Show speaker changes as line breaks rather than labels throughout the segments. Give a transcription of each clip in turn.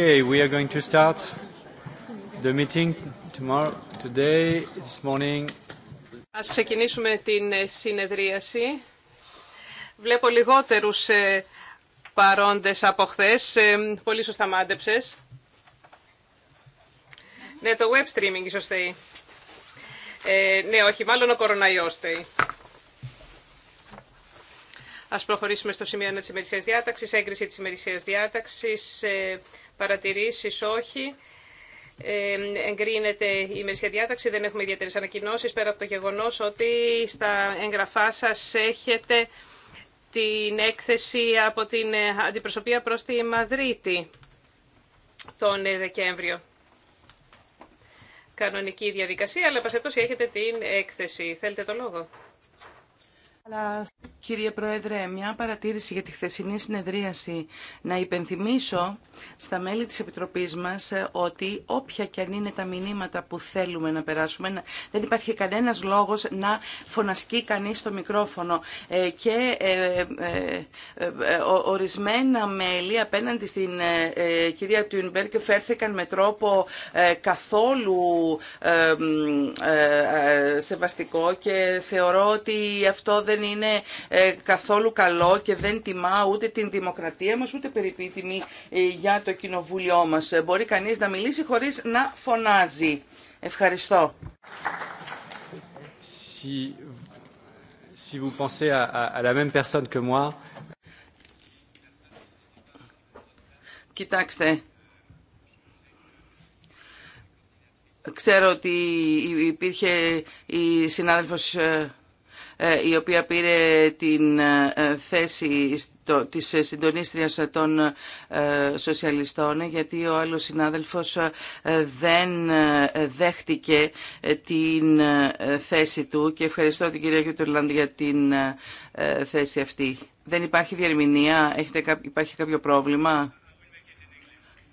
Okay, we are going to start the meeting tomorrow, today, this morning.
Ας ξεκινήσουμε την ε, συνεδρίαση. Βλέπω λιγότερους ε, παρόντες από χθες, ε, Πολύ σωστά μάντεψες. Ναι, το web streaming ίσως θέει. ναι, όχι, μάλλον ο κοροναϊός θέει. Ας προχωρήσουμε στο σημείο της ημερησίας διάταξης, έγκριση της ημερησίας διάταξης παρατηρήσεις όχι. εγκρίνεται η ημερήσια διάταξη, δεν έχουμε ιδιαίτερε ανακοινώσει. πέρα από το γεγονός ότι στα εγγραφά σα έχετε την έκθεση από την ε, αντιπροσωπεία προς τη Μαδρίτη τον ε, Δεκέμβριο. Κανονική διαδικασία, αλλά πασχετός έχετε την έκθεση. Θέλετε το λόγο.
Κύριε Πρόεδρε, μια παρατήρηση για τη χθεσινή συνεδρίαση. Να υπενθυμίσω στα μέλη της Επιτροπής μας ε, ότι όποια και αν είναι τα μηνύματα που θέλουμε να περάσουμε, δεν υπάρχει κανένας λόγος να φωνασκεί κανείς στο μικρόφωνο. Ε, και ε, ορισμένα μέλη απέναντι στην κυρία Τιουνμπέρκ φέρθηκαν με τρόπο καθόλου σεβαστικό και θεωρώ ότι αυτό δεν δεν είναι ε, καθόλου καλό και δεν τιμά ούτε την δημοκρατία μας ούτε περιπίτιμη ε, για το κοινοβούλιο μας. Μπορεί κανείς να μιλήσει χωρίς να φωνάζει. Ευχαριστώ.
Si, si vous pensez à, à, la même personne que moi... Κοιτάξτε,
ξέρω ότι υπήρχε η συνάδελφος ε, ε, η οποία πήρε την ε, θέση της συντονίστριας των ε, σοσιαλιστών γιατί ο άλλος συνάδελφος δεν δέχτηκε την θέση του και ευχαριστώ την κυρία Γιουτουρλάνδη για την θέση αυτή. Δεν υπάρχει διερμηνία, Έχετε, υπάρχει κάποιο πρόβλημα.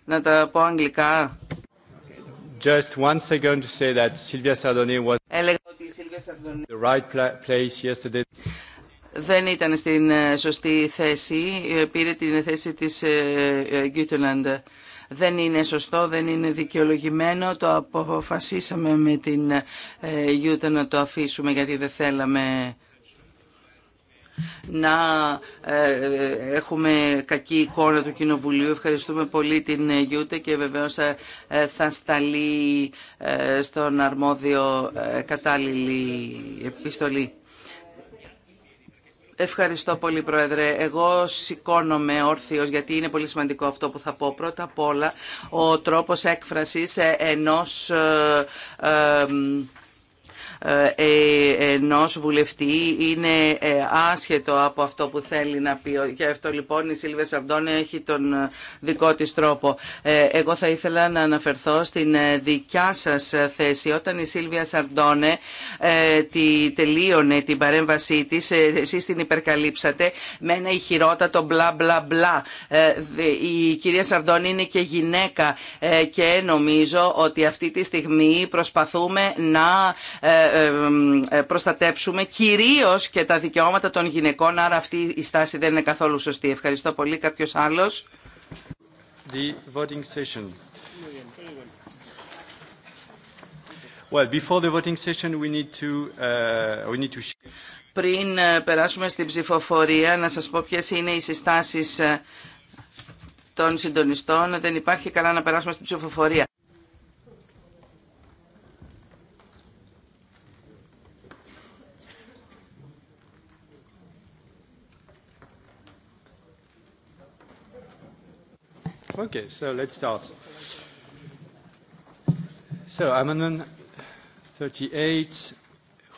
Να
τα πω αγγλικά. Just one second to say that Sylvia Έλεγα ότι η Σίλβια δεν ήταν στην
ε, σωστή θέση, ε, πήρε την θέση της Γκίτουλαντ. Ε, δεν είναι σωστό, δεν είναι δικαιολογημένο, το αποφασίσαμε με την Γιούτα να το αφήσουμε γιατί δεν θέλαμε να ε, έχουμε κακή εικόνα του Κοινοβουλίου. Ευχαριστούμε πολύ την ε, Γιούτε και βεβαίως ε, θα σταλεί στον αρμόδιο κατάλληλη επιστολή. Ευχαριστώ πολύ, Πρόεδρε. Εγώ σηκώνομαι όρθιο γιατί είναι πολύ σημαντικό αυτό που θα πω. Πρώτα απ' όλα, ο τρόπος έκφρασης ενός... Ε, ενός βουλευτή είναι ε, άσχετο από αυτό που θέλει να πει. Γι' αυτό λοιπόν η Σίλβια Σαρντόνε έχει τον ε, δικό της τρόπο. Εγώ θα ήθελα να αναφερθώ στην δικιά σας θέση. Όταν η Σίλβια Σαρντόνε τη, τελείωνε την παρέμβασή της, εσείς την υπερκαλύψατε με ένα ηχηρότατο μπλα μπλα μπλα. Η κυρία Σαρντόνε είναι και γυναίκα και νομίζω ότι αυτή τη στιγμή προσπαθούμε να ε, ε, προστατέψουμε κυρίως και τα δικαιώματα των γυναικών, άρα αυτή η στάση δεν είναι καθόλου σωστή. Ευχαριστώ πολύ. Κάποιος άλλος.
Well, before the voting session, we need to, uh, we need to... Πριν ε, περάσουμε στην ψηφοφορία,
να σας πω ποιες είναι οι συστάσεις των συντονιστών. Δεν υπάρχει καλά να περάσουμε στην ψηφοφορία.
Okay, so let's start. So, amendment 38,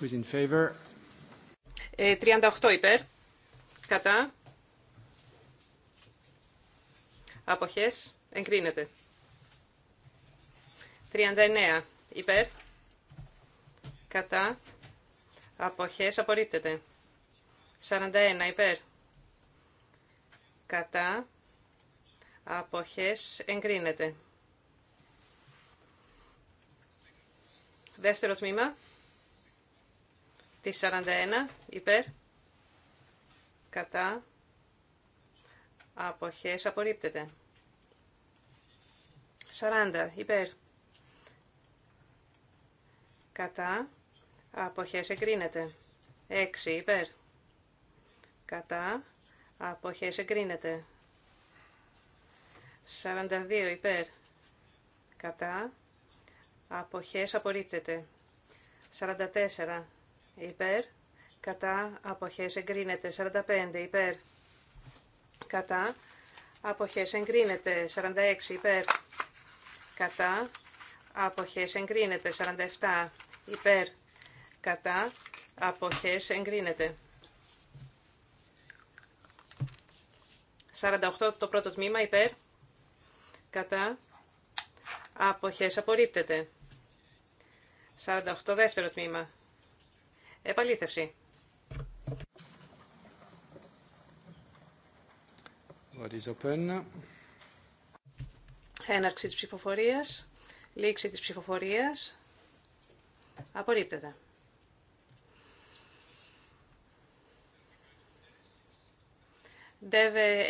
is in favor?
38 ε, υπέρ, κατά, αποχές, εγκρίνεται. 39 υπέρ, κατά, αποχές, απορρίπτεται. 41 υπέρ, κατά, αποχές εγκρίνεται. Δεύτερο τμήμα τη 41 υπέρ κατά αποχές απορρίπτεται. 40 υπέρ κατά αποχές εγκρίνεται. 6 υπέρ κατά αποχές εγκρίνεται. 42 υπέρ. Κατά. Αποχές απορρίπτεται. 44 υπέρ. Κατά. Αποχές εγκρίνεται. 45 υπέρ. Κατά. Αποχές εγκρίνεται. 46 υπέρ. Κατά. Αποχές εγκρίνεται. 47 υπέρ. Κατά. Αποχές εγκρίνεται. 48 το πρώτο τμήμα υπέρ κατά αποχές απορρίπτεται. 48 δεύτερο τμήμα. Επαλήθευση. open; Έναρξη της ψηφοφορίας. Λήξη της ψηφοφορίας. Απορρίπτεται.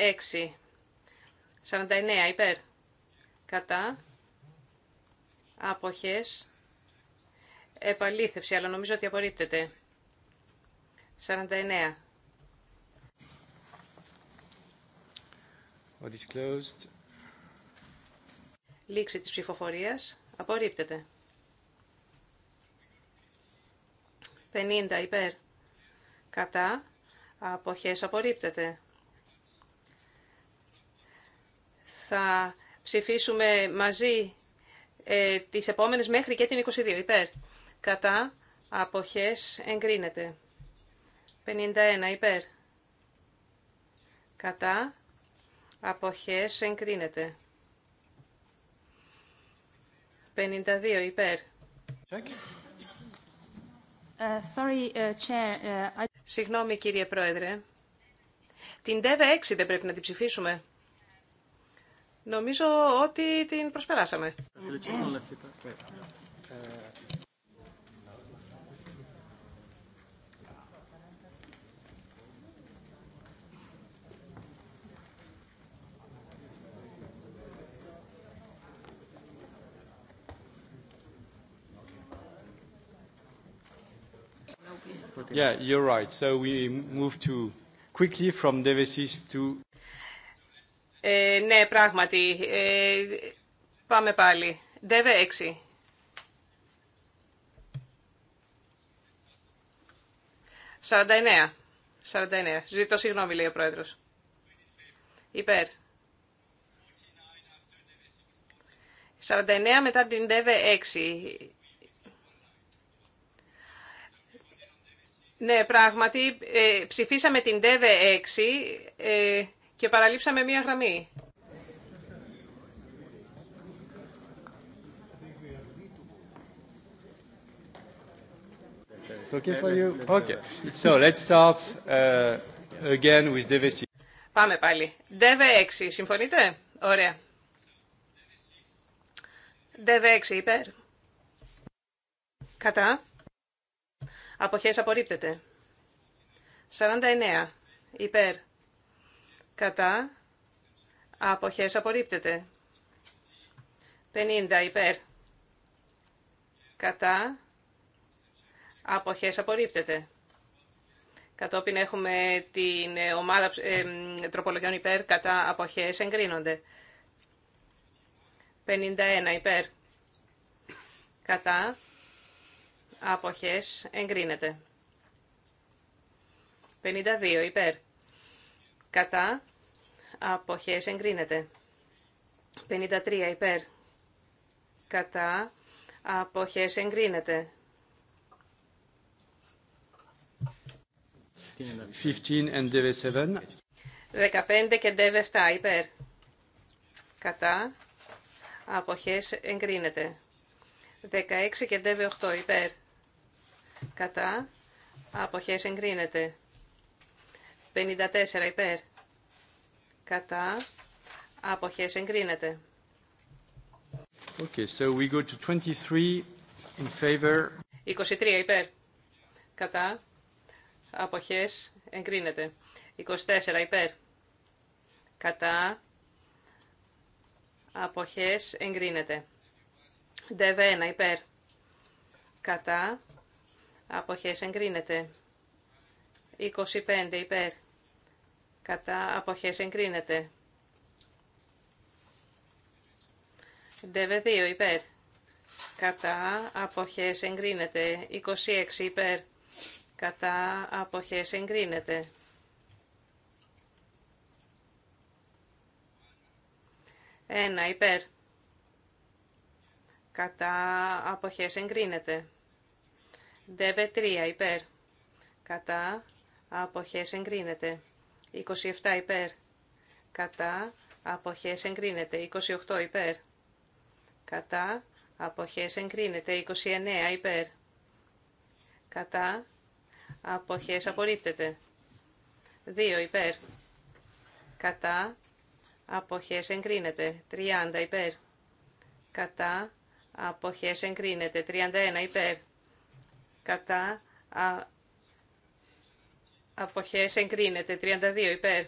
6. 49 υπέρ κατά αποχές επαλήθευση, αλλά νομίζω ότι απορρίπτεται. 49. Λήξη της ψηφοφορίας. Απορρίπτεται. 50 υπέρ. Κατά. Αποχές απορρίπτεται. Θα ψηφίσουμε μαζί ε, τις επόμενες μέχρι και την 22. Υπέρ. Κατά. Αποχές εγκρίνεται. 51. Υπέρ. Κατά. Αποχές εγκρίνεται. 52. Υπέρ. Uh, sorry, uh, chair, uh, Συγγνώμη κύριε Πρόεδρε. Την ΤΕΒΕ 6 δεν πρέπει να την ψηφίσουμε. Νομίζω ότι την προσπεράσαμε.
Yeah, you're right. So we move to quickly from devices to
ε, ναι, πράγματι. Ε, πάμε πάλι. ΔΕΒΕ 6. 49. Ζητώ συγγνώμη, λέει ο πρόεδρο. Υπέρ. 49 μετά την ΔΕΒΕ 6. Ναι, πράγματι, ε, ψηφίσαμε την ΔΕΒΕ 6. Ε, και παραλείψαμε μία γραμμή. Πάμε πάλι. DV6, συμφωνείτε? Ωραία. DV6 υπέρ. Κατά. Αποχές απορρίπτεται. 49 υπέρ κατά, αποχές απορρίπτεται. 50 υπέρ, κατά, αποχές απορρίπτεται. Κατόπιν έχουμε την ομάδα ε, τροπολογιών υπέρ, κατά, αποχές εγκρίνονται. 51 υπέρ, κατά, αποχές εγκρίνεται. 52 υπέρ, κατά, αποχές εγκρίνεται. 53 υπέρ, κατά, αποχές εγκρίνεται. 15 και 7 υπέρ. Κατά. Αποχές εγκρίνεται. 16 και 8 υπέρ. Κατά. Αποχές εγκρίνεται. 54 υπέρ κατά, αποχές εγκρίνεται.
Okay, so we go to 23 in favor.
23 υπέρ, κατά, αποχές εγκρίνεται. 24 υπέρ, κατά, αποχές εγκρίνεται. ΔΕΒ1 υπέρ, κατά, αποχές εγκρίνεται. 25 υπέρ, κατά αποχές εγκρίνεται. ΔΕΒΕ 2 υπέρ. Κατά αποχές εγκρίνεται. 26 υπέρ. Κατά αποχές εγκρίνεται. 1 υπέρ. Κατά αποχές εγκρίνεται. ΔΕΒΕ 3 υπέρ. Κατά αποχές εγκρίνεται. 27 υπέρ. Κατά αποχές εγκρίνεται. 28 υπέρ. Κατά αποχές εγκρίνεται. 29 υπέρ. Κατά αποχές απορρίπτεται. 2 υπέρ. Κατά αποχές εγκρίνεται. 30 υπέρ. Κατά αποχές εγκρίνεται. 31 υπέρ. Κατά αποχές εγκρίνεται 32 υπέρ.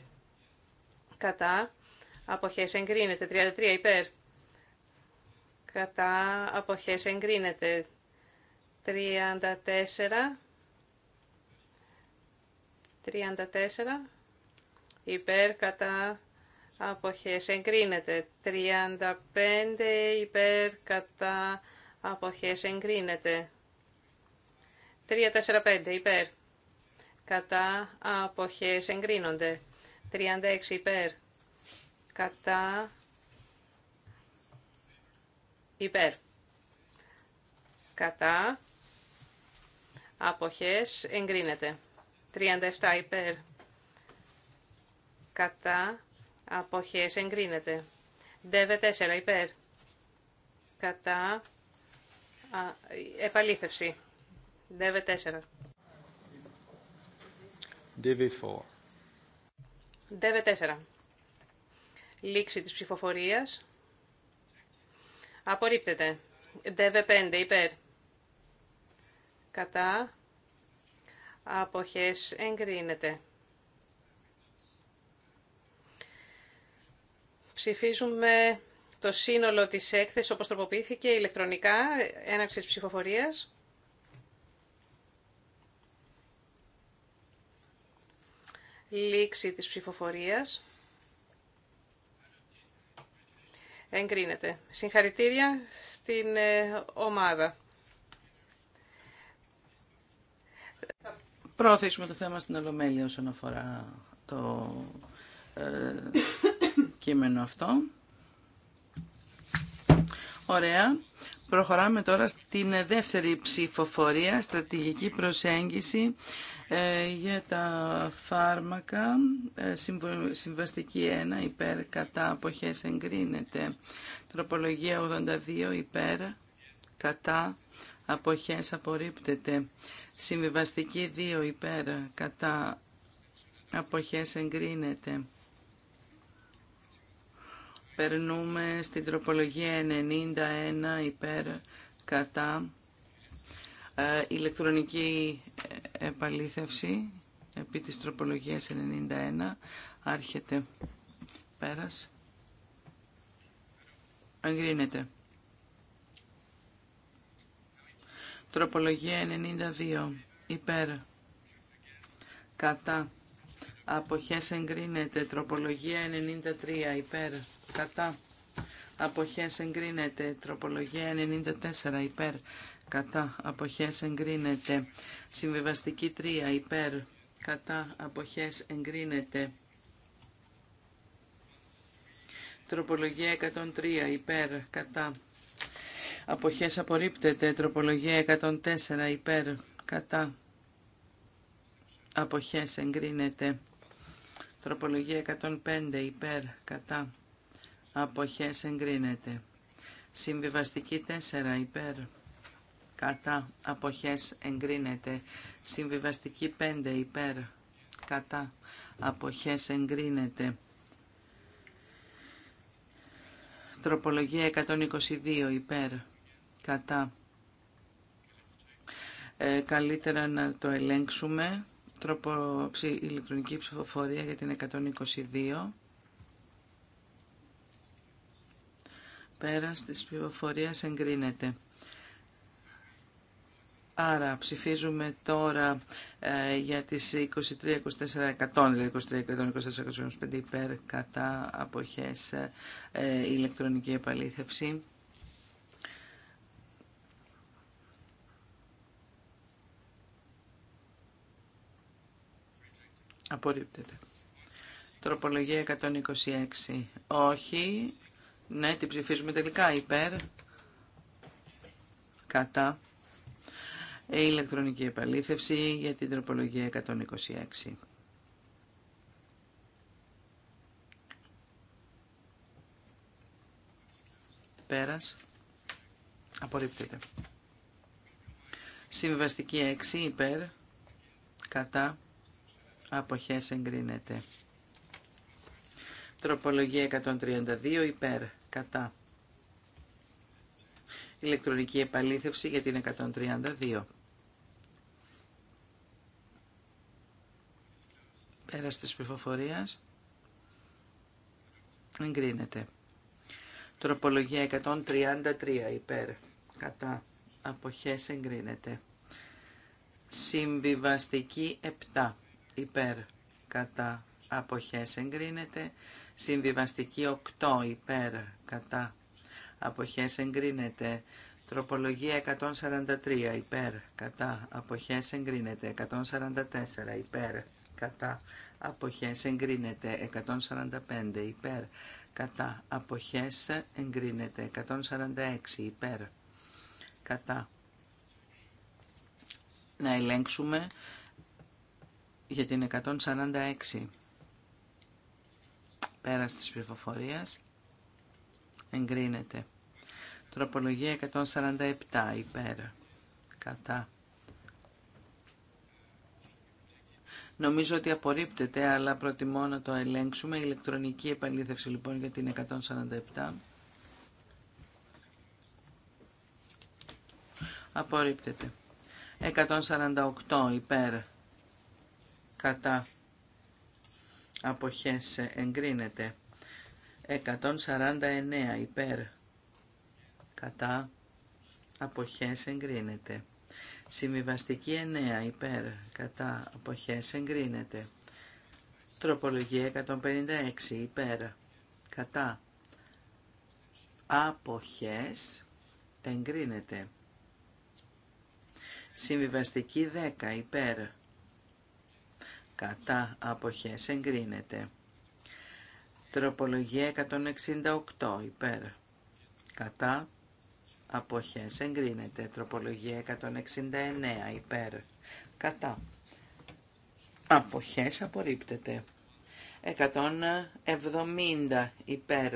Κατά αποχές εγκρίνεται 33 υπέρ. Κατά αποχές εγκρίνεται 34. 34 υπέρ κατά αποχές εγκρίνεται. 35 υπέρ κατά αποχές εγκρίνεται. 3-4-5 υπέρ κατά αποχές εγκρίνονται. 36 υπέρ κατά υπέρ κατά αποχές εγκρίνεται. 37 υπέρ κατά αποχές εγκρίνεται. Δεβε 4 υπέρ κατά α, επαλήθευση. Δεβε 4. DV4. DV4. Λήξη της ψηφοφορίας. Απορρίπτεται. DV5 υπέρ. Κατά. Αποχές εγκρίνεται. Ψηφίζουμε το σύνολο της έκθεσης όπως τροποποιήθηκε ηλεκτρονικά έναρξη ψηφοφορίας. Λήξη της ψηφοφορίας. Εγκρίνεται. Συγχαρητήρια στην ε, ομάδα.
Προωθήσουμε το θέμα στην Ολομέλεια όσον αφορά το ε, κείμενο αυτό. Ωραία. Προχωράμε τώρα στην δεύτερη ψηφοφορία, στρατηγική προσέγγιση ε, για τα φάρμακα, ε, συμβαστική 1, υπέρ, κατά, αποχές, εγκρίνεται. Τροπολογία 82, υπέρ, κατά, αποχές, απορρίπτεται. Συμβιβαστική 2, υπέρ, κατά, αποχές, εγκρίνεται. Περνούμε στην τροπολογία 91, υπέρ, κατά, ε, ηλεκτρονική ε, επαλήθευση επί της τροπολογίας 91 άρχεται πέρας εγκρίνεται τροπολογία 92 υπέρ κατά αποχές εγκρίνεται τροπολογία 93 υπέρ κατά αποχές εγκρίνεται τροπολογία 94 υπέρ κατά αποχές εγκρίνεται. Συμβιβαστική 3 υπέρ κατά αποχές εγκρίνεται. Τροπολογία 103 υπέρ κατά αποχές απορρίπτεται. Τροπολογία 104 υπέρ κατά αποχές εγκρίνεται. Τροπολογία 105 υπέρ κατά αποχές εγκρίνεται. Συμβιβαστική 4 υπέρ κατά αποχές εγκρίνεται. Συμβιβαστική 5 υπέρ κατά αποχές εγκρίνεται. Τροπολογία 122 υπέρ κατά. Ε, καλύτερα να το ελέγξουμε. Τρόπο ηλεκτρονική ψηφοφορία για την 122. Πέρας της ψηφοφορίας εγκρίνεται. Άρα ψηφίζουμε τώρα ε, για τις 23, 24, 100, 23, 24, 25 υπέρ κατά αποχές ε, ε, ηλεκτρονική επαλήθευση. Απορρίπτεται. Τροπολογία 126. Όχι. Ναι, την ψηφίζουμε τελικά υπέρ. Κατά. Ε, ηλεκτρονική επαλήθευση για την τροπολογία 126. Πέρας. Απορρίπτεται. Συμβαστική 6 υπέρ. Κατά. Αποχές εγκρίνεται. Τροπολογία 132 υπέρ. Κατά. Ηλεκτρονική επαλήθευση για την 132. Πέρας της ψηφοφορίας εγκρίνεται. Τροπολογία 133 υπέρ κατά αποχές εγκρίνεται. Συμβιβαστική 7 υπέρ κατά αποχές εγκρίνεται. Συμβιβαστική 8 υπέρ κατά αποχές εγκρίνεται. Τροπολογία 143 υπέρ κατά αποχές εγκρίνεται. 144 υπέρ κατά αποχές εγκρίνεται 145 υπέρ κατά αποχές εγκρίνεται 146 υπέρ κατά να ελέγξουμε για την 146 πέρας της ψηφοφορίας εγκρίνεται τροπολογία 147 υπέρ κατά Νομίζω ότι απορρίπτεται, αλλά προτιμώ να το ελέγξουμε. Ηλεκτρονική επαλήθευση λοιπόν για την 147. Απορρίπτεται. 148 υπέρ κατά αποχές εγκρίνεται. 149 υπέρ κατά αποχές εγκρίνεται. Συμβιβαστική 9 υπέρ κατά αποχές εγκρίνεται. Τροπολογία 156 υπέρ κατά αποχές εγκρίνεται. Συμβιβαστική 10 υπέρ κατά αποχές εγκρίνεται. Τροπολογία 168 υπέρ κατά αποχές εγκρίνεται. Τροπολογία 169 υπέρ κατά αποχές απορρίπτεται. 170 υπέρ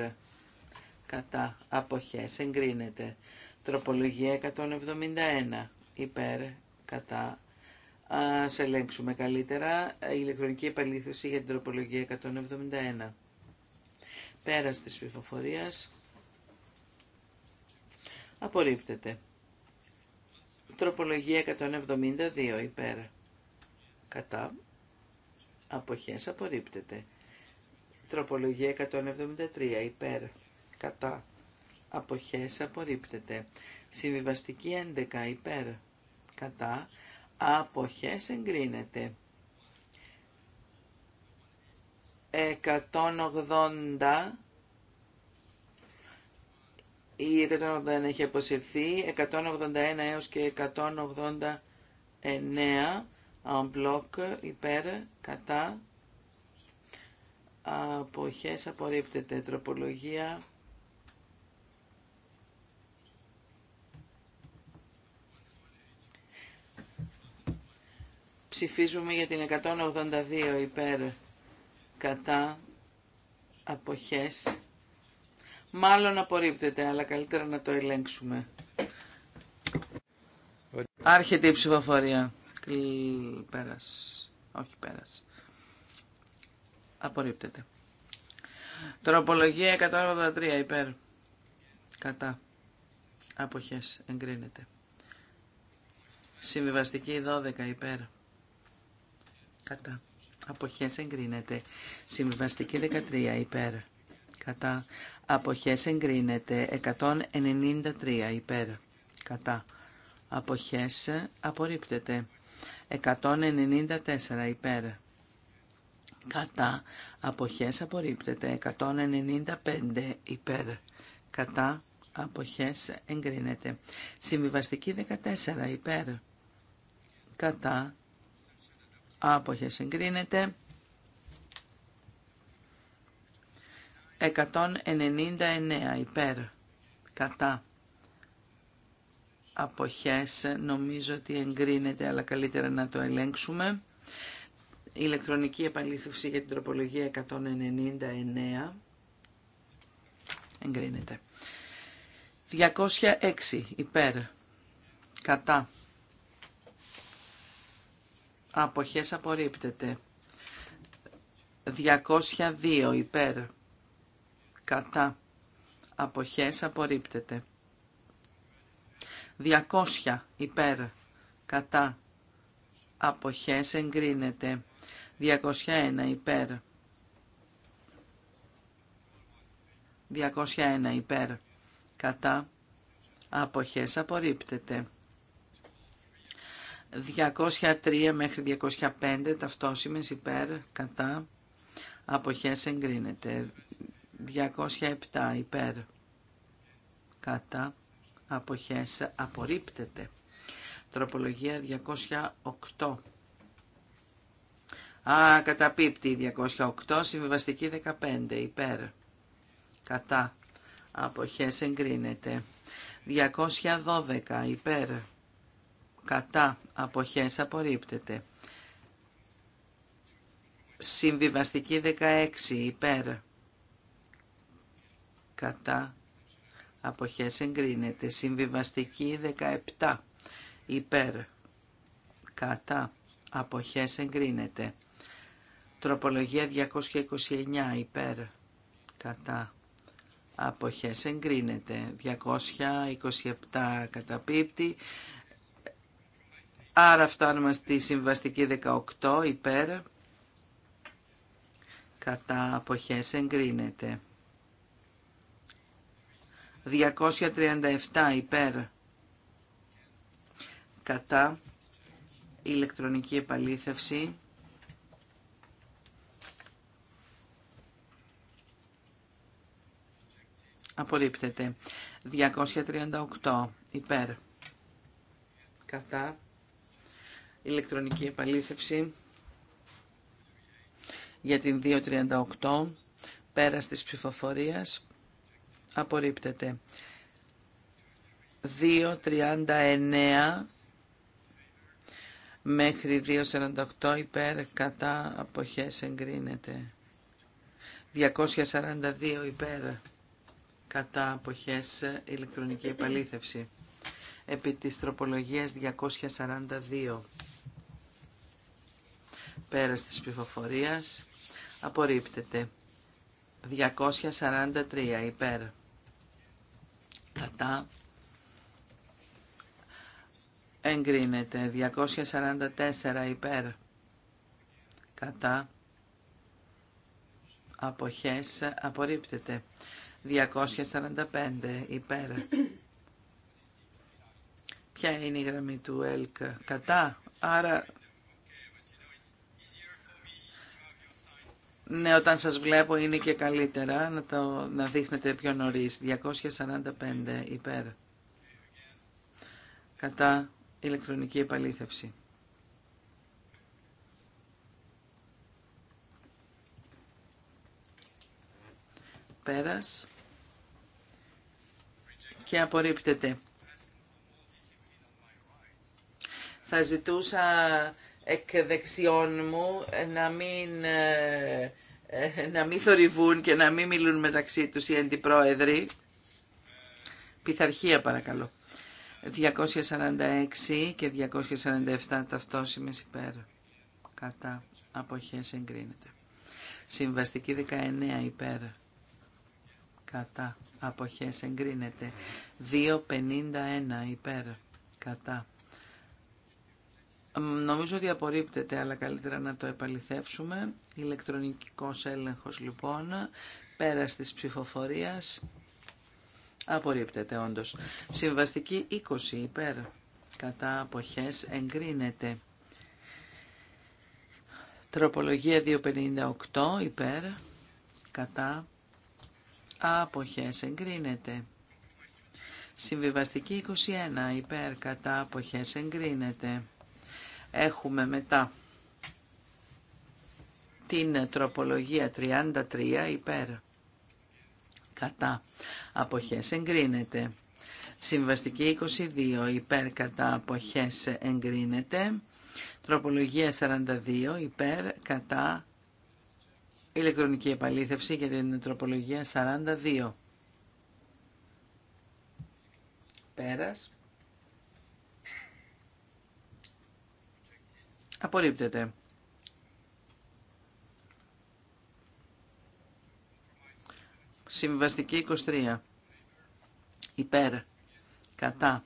κατά αποχές εγκρίνεται. Τροπολογία 171 υπέρ κατά Ας ελέγξουμε καλύτερα ηλεκτρονική επαλήθευση για την τροπολογία 171. Πέρας της ψηφοφορίας Απορρίπτεται. Τροπολογία 172 υπέρ. Κατά. Αποχές απορρίπτεται. Τροπολογία 173 υπέρ. Κατά. Αποχές απορρίπτεται. Συμβιβαστική 11 υπέρ. Κατά. Αποχές εγκρίνεται. 180 η 181 έχει αποσυρθεί. 181 έως και 189 en bloc υπέρ, κατά. Αποχές απορρίπτεται. Τροπολογία Ψηφίζουμε για την 182 υπέρ κατά αποχές Μάλλον απορρίπτεται, αλλά καλύτερα να το ελέγξουμε. Άρχεται η ψηφοφορία. Πέρας. Όχι πέρας. Απορρίπτεται. Τροπολογία 183 υπέρ. Κατά. Αποχές. Εγκρίνεται. Συμβιβαστική 12 υπέρ. Κατά. Αποχές εγκρίνεται. Συμβιβαστική 13 υπέρ. Κατά αποχές εγκρίνεται 193 υπέρ κατά αποχές απορρίπτεται 194 υπέρ κατά αποχές απορρίπτεται 195 υπέρ κατά αποχές εγκρίνεται συμβιβαστική 14 υπέρ κατά αποχές εγκρίνεται 199 υπέρ κατά αποχές νομίζω ότι εγκρίνεται αλλά καλύτερα να το ελέγξουμε ηλεκτρονική επαλήθευση για την τροπολογία 199 εγκρίνεται 206 υπέρ κατά αποχές απορρίπτεται 202 υπέρ κατά αποχές απορρίπτεται. 200 υπέρ κατά αποχές εγκρίνεται. 201 υπέρ. 201 υπέρ κατά αποχές απορρίπτεται. 203 μέχρι 205 ταυτόσημες υπέρ κατά αποχές εγκρίνεται. 207 υπέρ κατά αποχές απορρίπτεται. Τροπολογία 208. Α, καταπίπτει 208, συμβιβαστική 15, υπέρ. Κατά. Αποχές εγκρίνεται. 212, υπέρ. Κατά. Αποχές απορρίπτεται. Συμβιβαστική 16, υπέρ κατά αποχές εγκρίνεται. Συμβιβαστική 17 υπέρ κατά αποχές εγκρίνεται. Τροπολογία 229 υπέρ κατά αποχές εγκρίνεται. 227 καταπίπτει. Άρα φτάνουμε στη συμβαστική 18 υπέρ κατά αποχές εγκρίνεται. 237 υπέρ κατά ηλεκτρονική επαλήθευση απορρίπτεται 238 υπέρ κατά ηλεκτρονική επαλήθευση για την 238 πέρας της ψηφοφορίας απορρίπτεται. 2.39 μέχρι 2.48 υπέρ κατά αποχές εγκρίνεται. 242 υπέρ κατά αποχές ηλεκτρονική επαλήθευση. Επί της τροπολογίας 242 πέρας της πληροφορία απορρίπτεται. 243 υπέρ Κατά εγκρίνεται 244 υπέρ κατά αποχές απορρίπτεται 245 υπέρ ποια είναι η γραμμή του ΕΛΚ κατά άρα Ναι, όταν σας βλέπω είναι και καλύτερα να, το, να δείχνετε πιο νωρίς. 245 υπέρ. Κατά ηλεκτρονική επαλήθευση. Πέρας. Και απορρίπτεται. Θα ζητούσα εκ δεξιών μου να μην, ε, να μην θορυβούν και να μην μιλούν μεταξύ τους οι αντιπρόεδροι. Πειθαρχία παρακαλώ. 246 και 247 ταυτόσημες υπέρ. Κατά αποχές εγκρίνεται. Συμβαστική 19 υπέρ. Κατά αποχές εγκρίνεται. 251 υπέρ. Κατά Νομίζω ότι απορρίπτεται, αλλά καλύτερα να το επαληθεύσουμε. Ηλεκτρονικός έλεγχος λοιπόν, πέρα της ψηφοφορίας. Απορρίπτεται όντως. Συμβαστική 20 υπέρ. Κατά αποχές εγκρίνεται. Τροπολογία 258 υπέρ. Κατά αποχές εγκρίνεται. Συμβιβαστική 21 υπέρ. Κατά αποχές εγκρίνεται. Έχουμε μετά την τροπολογία 33 υπέρ. Κατά. Αποχές εγκρίνεται. Συμβαστική 22 υπέρ κατά αποχές εγκρίνεται. Τροπολογία 42 υπέρ κατά ηλεκτρονική επαλήθευση για την τροπολογία 42. Πέρας. Απορρίπτεται. Συμβαστική 23. Υπέρ. Κατά.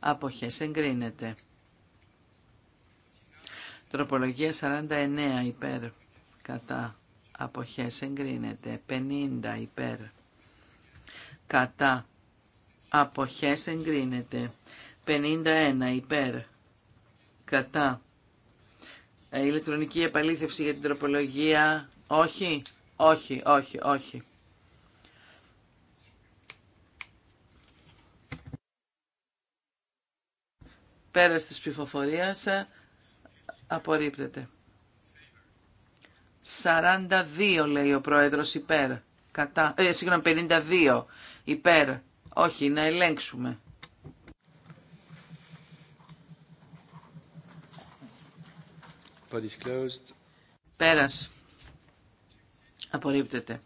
Αποχές. Εγκρίνεται. Τροπολογία 49. Υπέρ. Κατά. Αποχές. Εγκρίνεται. 50. Υπέρ. Κατά. Αποχές εγκρίνεται. 51 υπέρ. Κατά. Ε, ηλεκτρονική επαλήθευση για την τροπολογία. Όχι, όχι, όχι, όχι. Πέρας της ψηφοφορίας ε, απορρίπτεται. 42 λέει ο πρόεδρος υπέρ. Κατά, ε, συγγνώμη, 52 υπέρ. Όχι, να ελέγξουμε. Πέρας. Απορρίπτεται.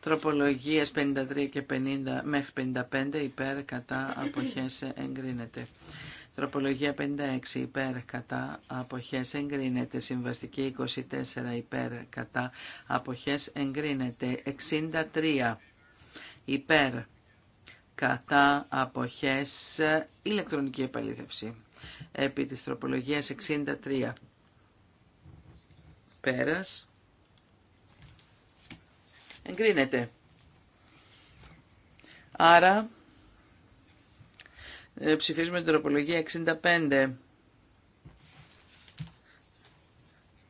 Τροπολογίες 53 και 50 μέχρι 55 υπέρ κατά αποχές εγκρίνεται. Τροπολογία 56 υπέρ κατά αποχές εγκρίνεται. Συμβαστική 24 υπέρ κατά αποχές εγκρίνεται. 63 υπέρ κατά αποχές ηλεκτρονική επαλήθευση. Επί της τροπολογίας 63. Πέρας. Εγκρίνεται. Άρα ε, ψηφίζουμε την τροπολογία 65.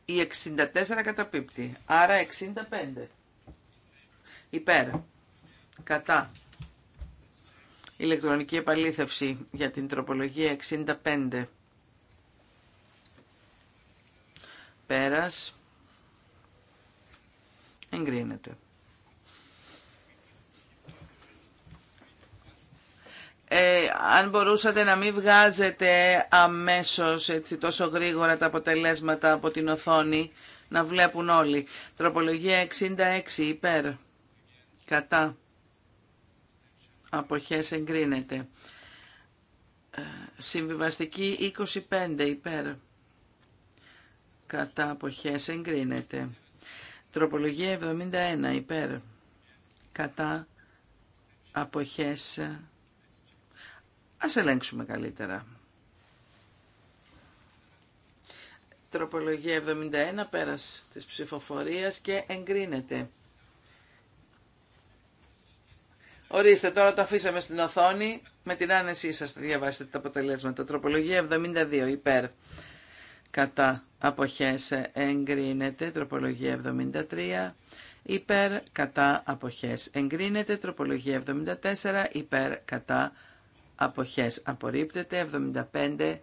Η 64 καταπίπτει. Άρα 65. Υπέρ. Κατά. Ηλεκτρονική επαλήθευση για την τροπολογία 65. Πέρας. Εγκρίνεται. Ε, αν μπορούσατε να μην βγάζετε αμέσως έτσι, τόσο γρήγορα τα αποτελέσματα από την οθόνη, να βλέπουν όλοι. Τροπολογία 66 υπέρ. Κατά. Αποχές εγκρίνεται. Ε, συμβιβαστική 25 υπέρ. Κατά αποχές εγκρίνεται. Τροπολογία 71 υπέρ κατά αποχές. Ας ελέγξουμε καλύτερα. Τροπολογία 71 πέρας της ψηφοφορίας και εγκρίνεται. Ορίστε, τώρα το αφήσαμε στην οθόνη. Με την άνεσή σας θα διαβάσετε τα αποτελέσματα. Τροπολογία 72 υπέρ κατά αποχές εγκρίνεται, τροπολογία 73, υπέρ κατά αποχές εγκρίνεται, τροπολογία 74, υπέρ κατά αποχές απορρίπτεται, 75,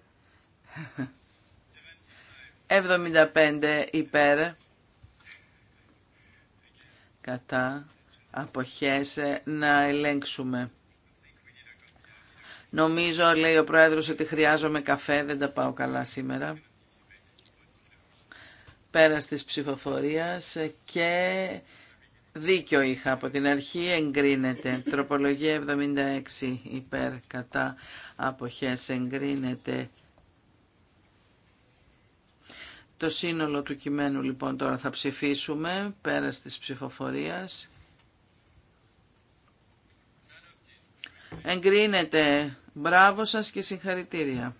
75 υπέρ κατά αποχές να ελέγξουμε. Νομίζω, λέει ο Πρόεδρος, ότι χρειάζομαι καφέ, δεν τα πάω καλά σήμερα πέρας της ψηφοφορίας και δίκιο είχα από την αρχή εγκρίνεται τροπολογία 76 υπέρ κατά αποχές εγκρίνεται το σύνολο του κειμένου λοιπόν τώρα θα ψηφίσουμε πέρας της ψηφοφορίας εγκρίνεται μπράβο σας και συγχαρητήρια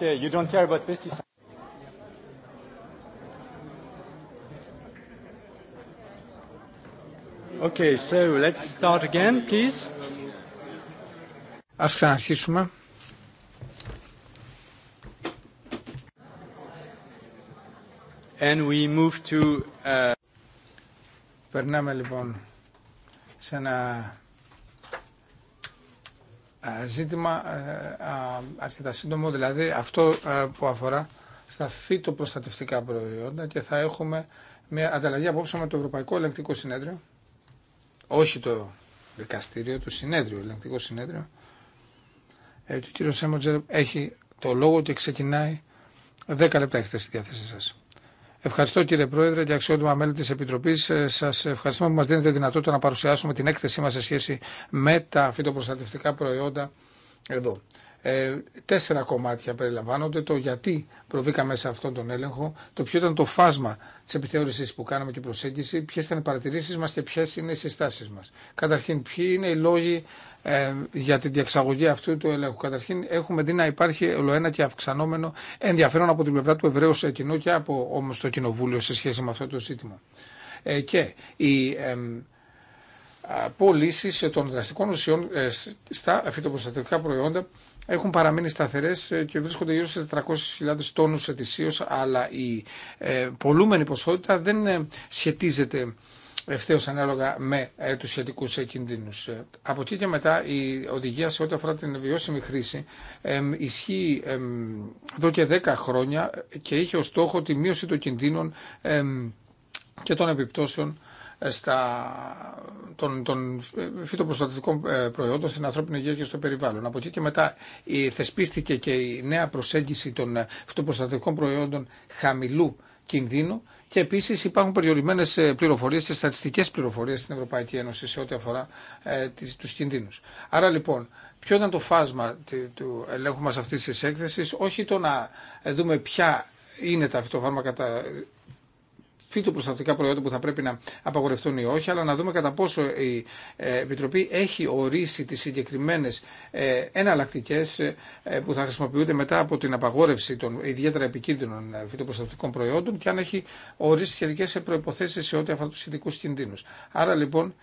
Okay, you don't care about pesticides. Okay, so let's start again, please.
Ας ξαναρχίσουμε.
And we move to, uh... Περνάμε λοιπόν σε ένα
ε, ζήτημα ε, αρκετά σύντομο, δηλαδή αυτό ε, που αφορά στα φυτοπροστατευτικά προϊόντα και θα έχουμε μια ανταλλαγή απόψε με το Ευρωπαϊκό Ελεγκτικό Συνέδριο, όχι το δικαστήριο, το συνέδριο, ελεγκτικό συνέδριο. Ε, το κύριο Σέμοντζερ έχει το λόγο και ξεκινάει 10 λεπτά έχετε στη διάθεσή σας. Ευχαριστώ κύριε Πρόεδρε και αξιότιμα μέλη τη Επιτροπή. Ε, Σα ευχαριστούμε που μα δίνετε δυνατότητα να παρουσιάσουμε την έκθεσή μα σε σχέση με τα φυτοπροστατευτικά προϊόντα εδώ. Ε, τέσσερα κομμάτια περιλαμβάνονται. Το γιατί προβήκαμε σε αυτόν τον έλεγχο, το ποιο ήταν το φάσμα τη επιθεώρηση που κάναμε και προσέγγιση, ποιε ήταν οι παρατηρήσει μα και ποιε είναι οι συστάσει μα. Καταρχήν, ποιοι είναι οι λόγοι ε, για την διαξαγωγή αυτού του ελέγχου. Καταρχήν, έχουμε δει να υπάρχει ολοένα και αυξανόμενο ενδιαφέρον από την πλευρά του Εβραίου σε κοινό και από όμω το Κοινοβούλιο σε σχέση με αυτό το ζήτημα. Ε, και η. Ε, πωλήσει των δραστικών ουσιών ε, στα φυτοπροστατευτικά προϊόντα έχουν παραμείνει σταθερέ ε, και βρίσκονται γύρω σε 400.000 τόνους ετησίω, αλλά η ε, πολλούμενη ποσότητα δεν ε, σχετίζεται ευθέω ανάλογα με ε, τους σχετικούς ε, από εκεί και μετά η οδηγία σε ό,τι αφορά την βιώσιμη χρήση ε, ισχύει εδώ και 10 χρόνια και είχε ως στόχο τη μείωση των κινδύνων και των επιπτώσεων στα, των, των φυτοπροστατικών ε, προϊόντων στην ανθρώπινη υγεία και στο περιβάλλον. Από εκεί και μετά θεσπίστηκε και η νέα προσέγγιση των ε, φυτοπροστατικών προϊόντων χαμηλού κινδύνου και επίση υπάρχουν περιορισμένε ε, πληροφορίε και στατιστικέ πληροφορίε στην Ευρωπαϊκή Ένωση σε ό,τι αφορά ε, του κινδύνου. Άρα λοιπόν, ποιο ήταν το φάσμα του ελέγχου μα αυτή τη έκθεση, όχι το να δούμε ποια είναι τα φυτοφάρμακα τα φυτοπροστατικά προϊόντα που θα πρέπει να απαγορευτούν ή όχι, αλλά να δούμε κατά πόσο η ε, Επιτροπή έχει ορίσει τις συγκεκριμένε εναλλακτικέ ε, που θα χρησιμοποιούνται μετά από την απαγόρευση των ιδιαίτερα επικίνδυνων ε, φυτοπροστατικών προϊόντων και αν έχει ορίσει σχετικέ προποθέσει σε ό,τι αφορά του σχετικού κινδύνου. Άρα λοιπόν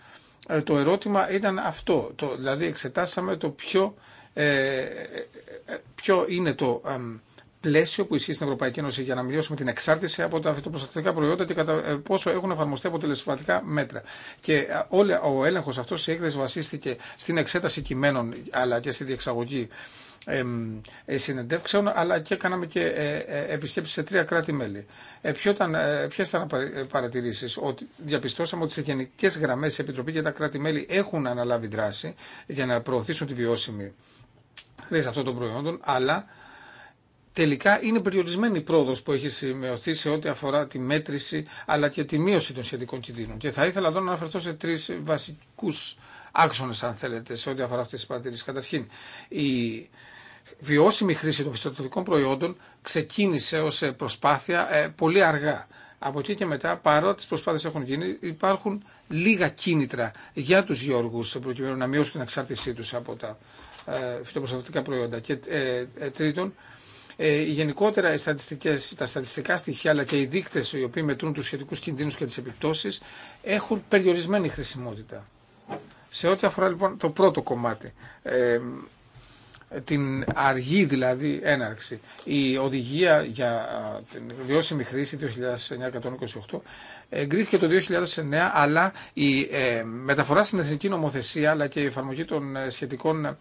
το ερώτημα ήταν αυτό. Το, δηλαδή εξετάσαμε το ποιο είναι το πλαίσιο που ισχύει στην Ευρωπαϊκή Ένωση για να μειώσουμε την εξάρτηση από τα φυτοπροστατευτικά προϊόντα και κατά ε, πόσο έχουν εφαρμοστεί αποτελεσματικά μέτρα. Και ε, όλη, ο έλεγχο αυτό η έκθεση βασίστηκε στην εξέταση κειμένων αλλά και στη διεξαγωγή ε, συνεντεύξεων, αλλά και κάναμε και επισκέψει σε τρία κράτη-μέλη. Ποιε ήταν παρατηρήσει Ότι διαπιστώσαμε ότι σε γενικέ γραμμέ η Επιτροπή και τα κράτη-μέλη έχουν αναλάβει δράση για να προωθήσουν τη βιώσιμη χρήση αυτών των προϊόντων, αλλά τελικά είναι περιορισμένη η πρόοδο που έχει σημειωθεί σε ό,τι αφορά τη μέτρηση αλλά και τη μείωση των σχετικών κινδύνων. Και θα ήθελα εδώ να αναφερθώ σε τρει βασικού άξονε, αν θέλετε σε ό,τι αφορά αυτέ τι παρατηρήσει. Καταρχήν, η βιώσιμη χρήση των φυσιοτροφικών προϊόντων ξεκίνησε ω ε, προσπάθεια ε, πολύ αργά. Από εκεί και μετά, παρότι τι προσπάθειες έχουν γίνει, υπάρχουν λίγα κίνητρα για τους γεώργου προκειμένου να μειώσουν την εξάρτησή του από τα ε, φυτοπροστατευτικά προϊόντα. Και τρίτον, ε, γενικότερα οι στατιστικές, τα στατιστικά στοιχεία αλλά και οι δείκτες οι οποίοι μετρούν τους σχετικούς κινδύνους και τις επιπτώσεις έχουν περιορισμένη χρησιμότητα. Σε ό,τι αφορά λοιπόν το πρώτο κομμάτι, ε, την αργή δηλαδή έναρξη, η οδηγία για την βιώσιμη χρήση 1928 εγκρίθηκε το 2009 αλλά η ε, μεταφορά στην εθνική νομοθεσία αλλά και η εφαρμογή των σχετικών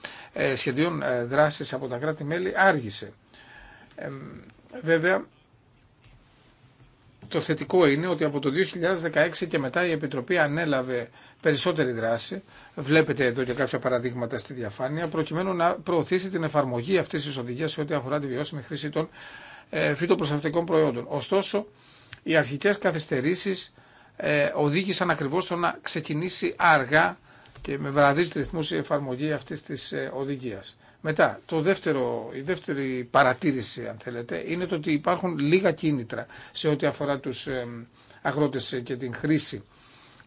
σχεδίων δράσης από τα κράτη-μέλη άργησε βέβαια, το θετικό είναι ότι από το 2016 και μετά η Επιτροπή ανέλαβε περισσότερη δράση, βλέπετε εδώ και κάποια παραδείγματα στη διαφάνεια, προκειμένου να προωθήσει την εφαρμογή αυτής της οδηγίας σε ό,τι αφορά τη βιώσιμη χρήση των ε, φυτοπροστατικών προϊόντων. Ωστόσο, οι αρχικές καθυστερήσεις ε, οδήγησαν ακριβώς στο να ξεκινήσει αργά και με βραδείς ρυθμούς η εφαρμογή αυτής της ε, οδηγίας. Μετά, το δεύτερο, η δεύτερη παρατήρηση, αν θέλετε, είναι το ότι υπάρχουν λίγα κίνητρα σε ό,τι αφορά τους αγρότες και την χρήση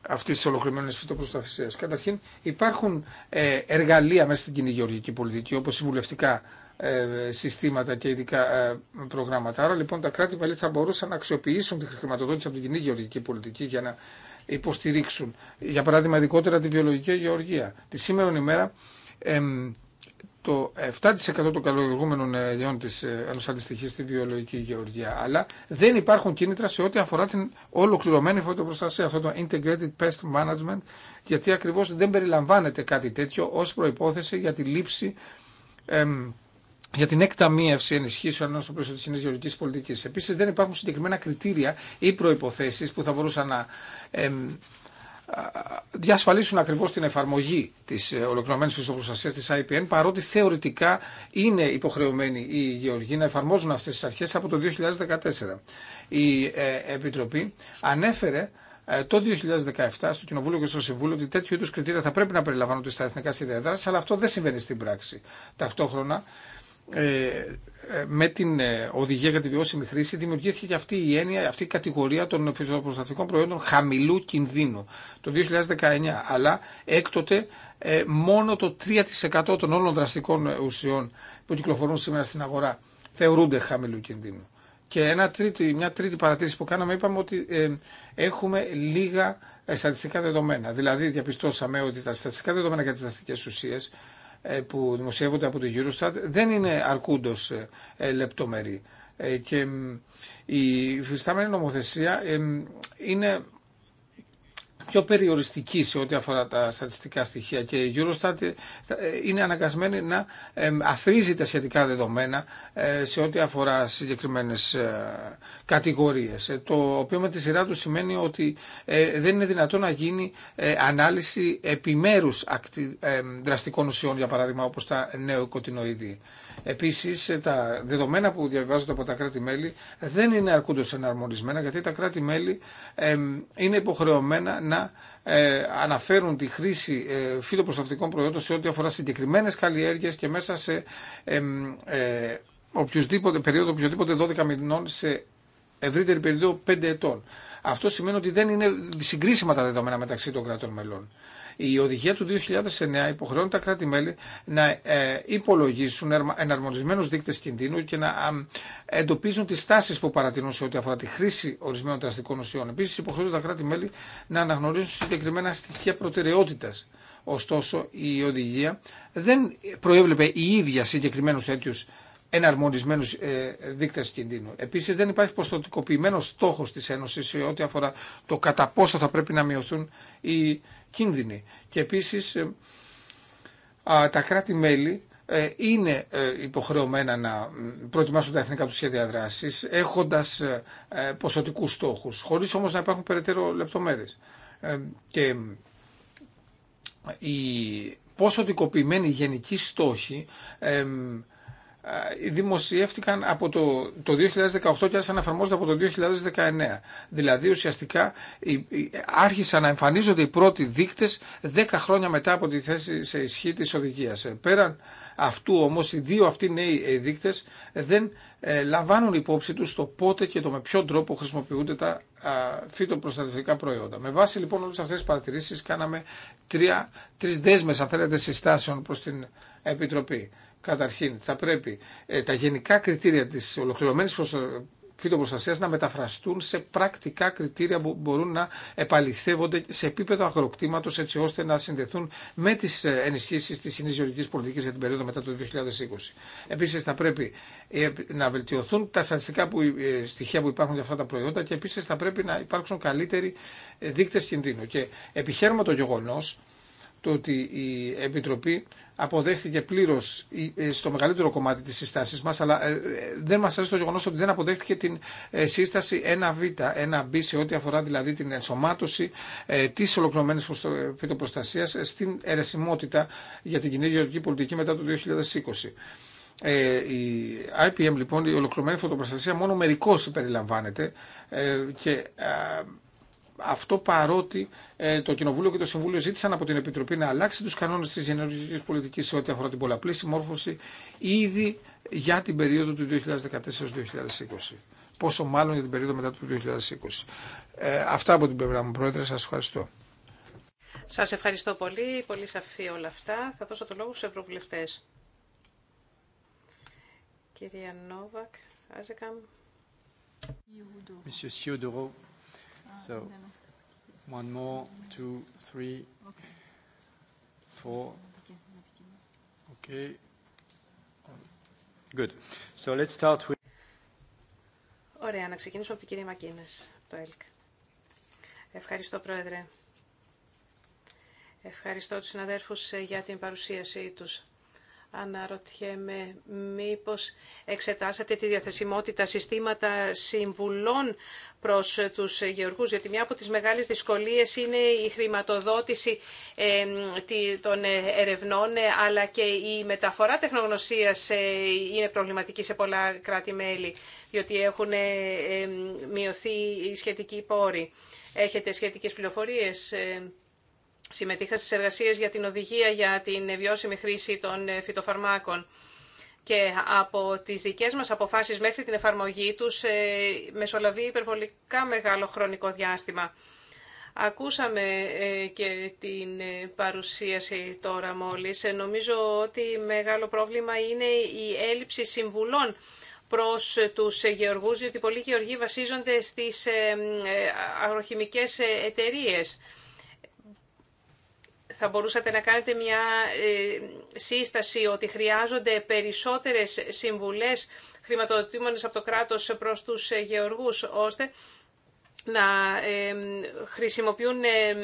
αυτή τη ολοκληρωμένη φυτοπροστασία. Καταρχήν, υπάρχουν ε, εργαλεία μέσα στην κοινή γεωργική πολιτική, όπω συμβουλευτικά ε, συστήματα και ειδικά ε, προγράμματα. Άρα, λοιπόν, τα κρατη πάλι θα μπορούσαν να αξιοποιήσουν τη χρηματοδότηση από την κοινή γεωργική πολιτική για να υποστηρίξουν, για παράδειγμα, ειδικότερα τη βιολογική γεωργία. Τη σήμερα ημέρα, ε, το 7% των καλλιεργούμενων ελαιών της ε, ενό αντιστοιχεί στη βιολογική γεωργία. Αλλά δεν υπάρχουν κίνητρα σε ό,τι αφορά την ολοκληρωμένη φωτοπροστασία, αυτό το Integrated Pest Management, γιατί ακριβώ δεν περιλαμβάνεται κάτι τέτοιο ω προπόθεση για τη λήψη εμ, για την εκταμείευση ενισχύσεων στο πλαίσιο τη κοινή γεωργική πολιτική. Επίση, δεν υπάρχουν συγκεκριμένα κριτήρια ή προποθέσει που θα μπορούσαν να εμ, διασφαλίσουν ακριβώς την εφαρμογή της ε, ολοκληρωμένης πιστοπροστασίας της IPN παρότι θεωρητικά είναι υποχρεωμένοι οι γεωργοί να εφαρμόζουν αυτές τις αρχές από το 2014. Η ε, Επιτροπή ανέφερε ε, το 2017 στο Κοινοβούλιο και στο Συμβούλιο ότι τέτοιου είδου κριτήρια θα πρέπει να περιλαμβάνονται στα εθνικά σχέδια δράση, αλλά αυτό δεν συμβαίνει στην πράξη. Ταυτόχρονα, ε, ε, με την ε, οδηγία για τη βιώσιμη χρήση δημιουργήθηκε και αυτή η έννοια, αυτή η κατηγορία των φυσικοπροστατικών προϊόντων χαμηλού κινδύνου το 2019. Αλλά έκτοτε μόνο το 3% των όλων δραστικών ουσιών που κυκλοφορούν σήμερα στην αγορά θεωρούνται χαμηλού κινδύνου. Και ένα τρίτη, μια τρίτη παρατήρηση που κάναμε είπαμε ότι έχουμε λίγα στατιστικά δεδομένα. Δηλαδή διαπιστώσαμε ότι τα στατιστικά δεδομένα για τις δραστικές ουσίες ε, που δημοσιεύονται από το Eurostat δεν είναι αρκούντος ε, ε, λεπτομερή και η φυστάμενη νομοθεσία είναι πιο περιοριστική σε ό,τι αφορά τα στατιστικά στοιχεία και η Eurostat ε, είναι αναγκασμένη να αθρίζει τα σχετικά δεδομένα ε, σε ό,τι αφορά συγκεκριμένες ε, κατηγορίες. Το οποίο με τη σειρά του σημαίνει ότι δεν είναι δυνατό να γίνει ανάλυση επιμέρους δραστικών ουσιών, για παράδειγμα, όπως τα νεοκοτινοειδή. Επίση, ε, τα δεδομένα που διαβάζονται από τα κράτη-μέλη δεν είναι αρκούντω εναρμονισμένα, γιατί τα κράτη-μέλη είναι υποχρεωμένα να ε, αναφέρουν τη χρήση ε, φυτοπροστατευτικών προϊόντων σε ό,τι αφορά συγκεκριμένε καλλιέργειε και μέσα σε ε, οποιοδήποτε περίοδο, οποιοδήποτε 12 μηνών σε ευρύτερη περίοδο 5 ετών. Αυτό σημαίνει ότι δεν είναι συγκρίσιμα τα δεδομένα μεταξύ των κρατών μελών. Η οδηγία του 2009 υποχρεώνει τα κράτη-μέλη να ε, υπολογίσουν εναρμονισμένου δείκτε κινδύνου και να εντοπίζουν τι τάσει που παρατηρούν σε ό,τι αφορά τη χρήση ορισμένων δραστικών ουσιών. Επίση, υποχρεώνουν τα κράτη-μέλη να αναγνωρίζουν συγκεκριμένα στοιχεία προτεραιότητα. Ωστόσο, η οδηγία δεν προέβλεπε η ίδια συγκεκριμένου τέτοιου εναρμονισμένου ε, δείκτε κινδύνου. Επίση, δεν υπάρχει προστατικοποιημένο στόχο τη Ένωση σε ό,τι αφορά το κατά πόσο θα πρέπει να μειωθούν οι κίνδυνη Και επίσης ε, τα κράτη-μέλη ε, είναι ε, υποχρεωμένα να προετοιμάσουν τα εθνικά του σχέδια δράσης έχοντας ποσοτικούς στόχους, χωρίς όμως να υπάρχουν περαιτέρω λεπτομέρειες. Και η ποσοτικοποιημένη γενική στόχη δημοσιεύτηκαν από το, το 2018 και άρχισαν να εφαρμόζονται από το 2019. Δηλαδή ουσιαστικά άρχισαν να εμφανίζονται οι πρώτοι δείκτες 10 χρόνια μετά από τη θέση σε ισχύ της οδηγίας. Ε, πέραν αυτού όμως οι δύο αυτοί νέοι ε, δείκτες δεν ε, λαμβάνουν υπόψη τους το πότε και το με ποιον τρόπο χρησιμοποιούνται τα φυτοπροστατευτικά προϊόντα. Με βάση λοιπόν όλες αυτές τις παρατηρήσεις κάναμε τρία, τρεις δέσμες αν θέλετε συστάσεων προς την Επιτροπή. Καταρχήν, θα πρέπει ε, τα γενικά κριτήρια τη ολοκληρωμένη φυτοπροστασία να μεταφραστούν σε πρακτικά κριτήρια που μπορούν να επαληθεύονται σε επίπεδο αγροκτήματο έτσι ώστε να συνδεθούν με τι ε, ενισχύσει τη κοινή γεωργική πολιτική για την περίοδο μετά το 2020. Επίση, θα πρέπει ε, να βελτιωθούν τα στατιστικά που, στοιχεία που υπάρχουν για αυτά τα προϊόντα και επίση θα πρέπει να υπάρξουν καλύτεροι δείκτε κινδύνου. Και επιχαίρουμε το γεγονό το ότι η Επιτροπή αποδέχθηκε πλήρω ε, ε, στο μεγαλύτερο κομμάτι τη συστάση μα, αλλά ε, δεν μα αρέσει το γεγονό ότι δεν αποδέχτηκε την σύσταση 1β, 1b σε ό,τι αφορά δηλαδή την ενσωμάτωση τη ολοκληρωμένη φυτοπροστασία στην αιρεσιμότητα για την κοινή γεωργική πολιτική μετά το 2020. η IPM λοιπόν, η ολοκληρωμένη φωτοπροστασία μόνο μερικώς περιλαμβάνεται και αυτό παρότι ε, το Κοινοβούλιο και το Συμβούλιο ζήτησαν από την Επιτροπή να αλλάξει τους κανόνες της ενεργειακής πολιτικής σε ό,τι αφορά την πολλαπλή συμμόρφωση ήδη για την περίοδο του 2014-2020. Πόσο μάλλον για την περίοδο μετά του 2020. Ε, αυτά από την πλευρά μου, Πρόεδρε. Σας ευχαριστώ.
Σας ευχαριστώ πολύ. Πολύ σαφή όλα αυτά. Θα δώσω το λόγο στους ευρωβουλευτές. Κυρία Νόβακ, Άζεκαμ.
Monsieur So ah, one more, two, three, four. Okay. Good. So let's start with...
Ωραία, να ξεκινήσουμε από την κυρία Μακίνες, το ΕΛΚ. Ευχαριστώ, Πρόεδρε. Ευχαριστώ τους συναδέρφους ε, για την παρουσίασή τους. Αναρωτιέμαι μήπως εξετάσατε τη διαθεσιμότητα συστήματα συμβουλών προς τους γεωργούς, γιατί μια από τις μεγάλες δυσκολίες είναι η χρηματοδότηση των ερευνών, αλλά και η μεταφορά τεχνογνωσίας ε, είναι προβληματική σε πολλά κράτη-μέλη, διότι έχουν μειωθεί οι σχετικοί πόροι. Έχετε σχετικές πληροφορίες. Ε, Συμμετείχα στις εργασίες για την οδηγία για την βιώσιμη χρήση των ε, φυτοφαρμάκων και από τις δικές μας αποφάσεις μέχρι την εφαρμογή τους ε, μεσολαβεί υπερβολικά μεγάλο χρονικό διάστημα. Ακούσαμε ε, και την παρουσίαση τώρα μόλις. Νομίζω ότι μεγάλο πρόβλημα είναι η έλλειψη συμβουλών προς τους γεωργούς, διότι πολλοί γεωργοί βασίζονται στις αγροχημικές εταιρείες θα μπορούσατε να κάνετε μια ε, σύσταση ότι χρειάζονται περισσότερες συμβουλές χρηματοδοτήμονες από το κράτος προς τους γεωργούς, ώστε να ε, χρησιμοποιούν ε,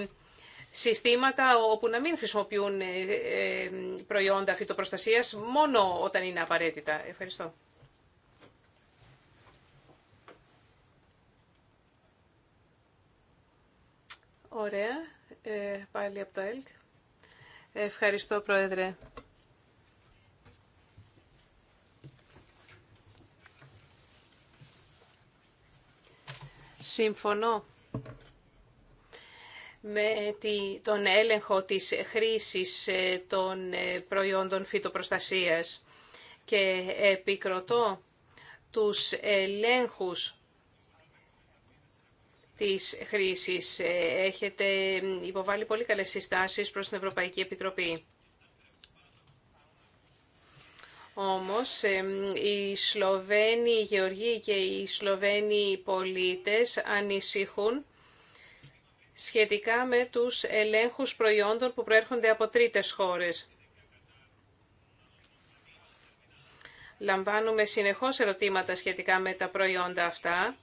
συστήματα όπου να μην χρησιμοποιούν προϊόντα φυτοπροστασίας μόνο όταν είναι απαραίτητα. Ευχαριστώ. Ωραία. Ε, πάλι από το ΕΛΚ. Ευχαριστώ, Πρόεδρε. Συμφωνώ με τον έλεγχο της χρήσης ε, των ε, προϊόντων φυτοπροστασίας και επικροτώ τους ελέγχους της χρήσης. Ε, έχετε υποβάλει πολύ καλές συστάσεις προς την Ευρωπαϊκή Επιτροπή. Όμως, οι Σλοβαίνοι γεωργοί και οι Σλοβαίνοι πολίτες ανησυχούν σχετικά με τους ελέγχους προϊόντων που προέρχονται από τρίτες χώρες. Λαμβάνουμε συνεχώς ερωτήματα σχετικά με τα προϊόντα αυτά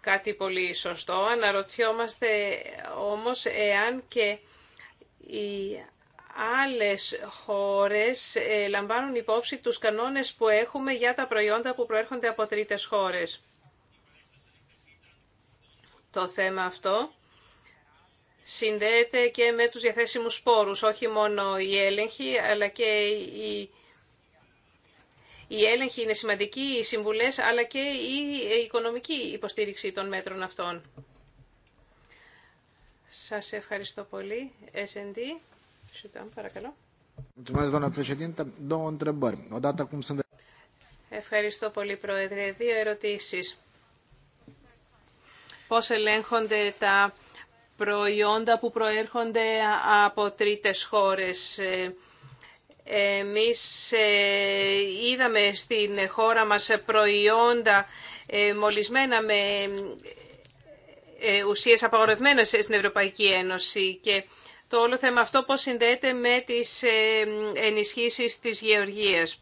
κάτι πολύ σωστό. Αναρωτιόμαστε όμως εάν και οι άλλες χώρες ε, λαμβάνουν υπόψη τους κανόνες που έχουμε για τα προϊόντα που προέρχονται από τρίτες χώρες. Το θέμα αυτό συνδέεται και με τους διαθέσιμους σπόρους, όχι μόνο η έλεγχη αλλά και η η έλεγχοι είναι σημαντικοί, οι συμβουλές, αλλά και η ε, οικονομική υποστήριξη των μέτρων αυτών. Σας ευχαριστώ πολύ. S&D, παρακαλώ. Ευχαριστώ πολύ, Πρόεδρε. Δύο ερωτήσεις. Πώς ελέγχονται τα προϊόντα που προέρχονται από τρίτες χώρες. Ε, εμείς ε, είδαμε στην χώρα μας προϊόντα ε, μολυσμένα με ε, ουσίες απαγορευμένες στην Ευρωπαϊκή Ένωση και το όλο θέμα αυτό πώς συνδέεται με τις ενισχύσεις της γεωργίας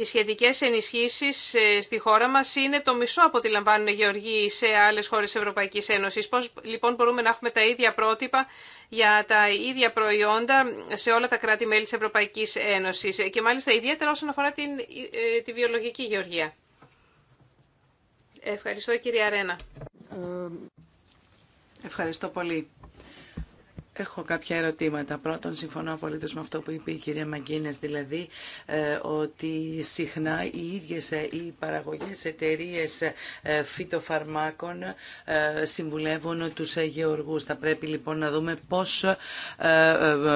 οι σχετικές ενισχύσεις ε, στη χώρα μας είναι το μισό από ό,τι λαμβάνουν οι γεωργοί σε άλλες χώρες Ευρωπαϊκής Ένωσης. Πώ λοιπόν μπορούμε να έχουμε τα ίδια πρότυπα για τα ίδια προϊόντα σε όλα τα κράτη-μέλη της Ευρωπαϊκής Ένωσης και μάλιστα ιδιαίτερα όσον αφορά την, ε, τη βιολογική γεωργία. Ευχαριστώ κυρία Ρένα.
Ευχαριστώ πολύ. Έχω κάποια ερωτήματα. Πρώτον, συμφωνώ απολύτω με αυτό που είπε η κυρία Μαγκίνες, δηλαδή ε, ότι συχνά οι ίδιε ε, οι παραγωγές εταιρείε ε, φυτοφαρμάκων συμβουλεύουν τους γεωργούς. Θα πρέπει λοιπόν να δούμε πώς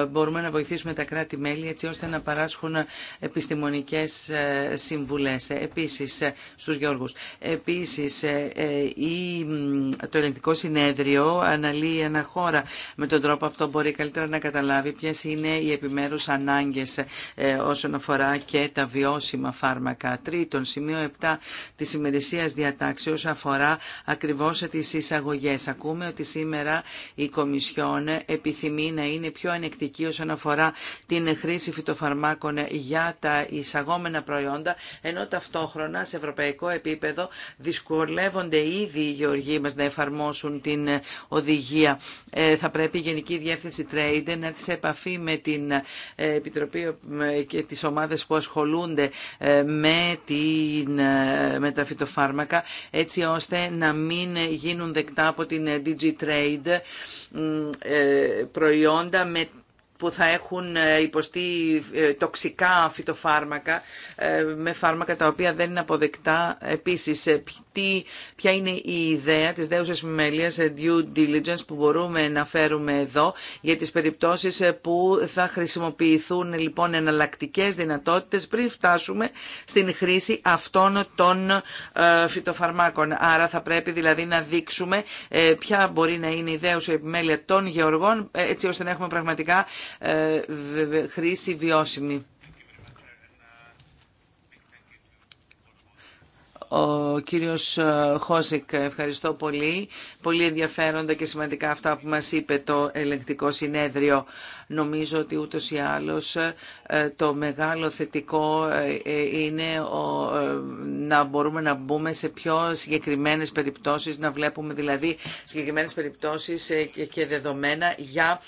μπορούμε να βοηθήσουμε τα κράτη-μέλη έτσι ώστε να παράσχουν επιστημονικές συμβουλές. Επίσης, στους γεωργούς. Επίσης, το ελεγκτικό συνέδριο αναλύει ένα χώρα με τον τρόπο αυτό μπορεί καλύτερα να καταλάβει ποιες είναι οι επιμέρους ανάγκες ε, όσον αφορά και τα βιώσιμα φάρμακα. Τρίτον, σημείο 7 της ημερησίας διατάξεως αφορά ακριβώς τις εισαγωγές. Ακούμε ότι σήμερα η Κομισιόν επιθυμεί να είναι πιο ανεκτική όσον αφορά την χρήση φυτοφαρμάκων για τα εισαγόμενα προϊόντα, ενώ ταυτόχρονα σε ευρωπαϊκό επίπεδο δυσκολεύονται ήδη οι γεωργοί μας να εφαρμόσουν την οδηγία. Ε, θα πρέπει η Γενική Διεύθυνση Trade να έρθει σε επαφή με την ε, Επιτροπή ε, και τις ομάδες που ασχολούνται ε, με, την, με τα φυτοφάρμακα έτσι ώστε να μην γίνουν δεκτά από την Digitrade Trade προϊόντα με που θα έχουν υποστεί τοξικά φυτοφάρμακα με φάρμακα τα οποία δεν είναι αποδεκτά. Επίσης, τι, ποια είναι η ιδέα της δέουσας επιμέλειας ε, due diligence που μπορούμε να φέρουμε εδώ για τις περιπτώσεις ε, που θα χρησιμοποιηθούν λοιπόν εναλλακτικέ δυνατότητες πριν φτάσουμε στην χρήση αυτών των ε, φυτοφαρμάκων. Άρα θα πρέπει δηλαδή να δείξουμε ποια μπορεί να είναι η δέουσα επιμέλεια των γεωργών έτσι ώστε να έχουμε πραγματικά χρήση βιώσιμη. Ο κύριος ε, Χώσικ, ευχαριστώ πολύ. Πολύ ενδιαφέροντα και σημαντικά αυτά που μας είπε το ελεγκτικό συνέδριο. Νομίζω ότι ούτως ή άλλως ε, το μεγάλο θετικό ε, είναι να μπορούμε να μπούμε σε πιο συγκεκριμένες περιπτώσεις, να βλέπουμε δηλαδή συγκεκριμένες περιπτώσεις και δεδομένα για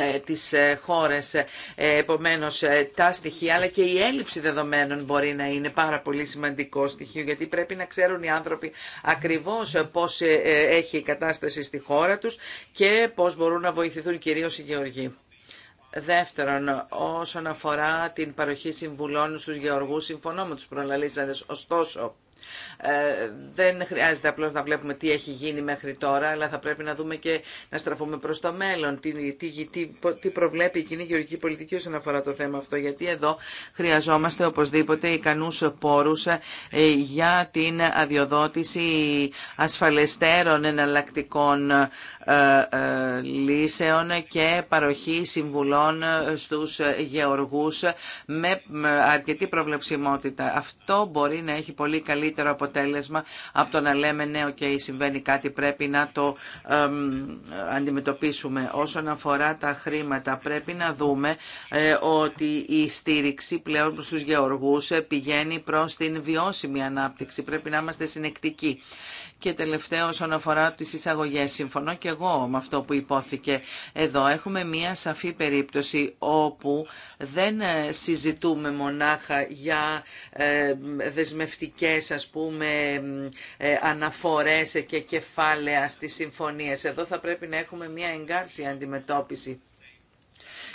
ε, τις ε, χώρες. Ε, επομένως, τα στοιχεία αλλά και η έλλειψη δεδομένων μπορεί να είναι πάρα πολύ σημαντικό στοιχείο γιατί πρέπει να ξέρουν οι άνθρωποι ακριβώς πώς έχει η κατάσταση στη χώρα τους και πώς μπορούν να βοηθηθούν κυρίως οι γεωργοί. Δεύτερον, όσον αφορά την παροχή συμβουλών στους γεωργούς, συμφωνώ με τους προλαλήσαντες. Ωστόσο, ε, δεν χρειάζεται απλώς να βλέπουμε τι έχει γίνει μέχρι τώρα, αλλά θα πρέπει να δούμε και να στραφούμε προς το μέλλον, τι, τι, προβλέπει η κοινή γεωργική πολιτική όσον αφορά το θέμα αυτό, γιατί εδώ χρειαζόμαστε οπωσδήποτε ικανούς πόρους ε, για την αδειοδότηση ασφαλεστέρων εναλλακτικών ε, λύσεων και παροχή συμβουλών στους γεωργούς με αρκετή προβλεψιμότητα. Αυτό μπορεί να έχει πολύ καλή καλύτερο αποτέλεσμα από το να λέμε ναι, ok, συμβαίνει κάτι, πρέπει να το αντιμετωπίσουμε. Όσον αφορά τα χρήματα, πρέπει να δούμε ε, ότι η στήριξη πλέον προς τους γεωργούς ε, πηγαίνει προς την βιώσιμη ανάπτυξη. Πρέπει να είμαστε συνεκτικοί. Και τελευταίο όσον αφορά τις εισαγωγές, συμφωνώ και εγώ με αυτό που υπόθηκε εδώ. Έχουμε μία σαφή περίπτωση όπου δεν ε, συζητούμε μονάχα για ε, δεσμευτικές ας πούμε ε, αναφορές και κεφάλαια στις συμφωνίες. Εδώ θα πρέπει να έχουμε μία εγκάρσια αντιμετώπιση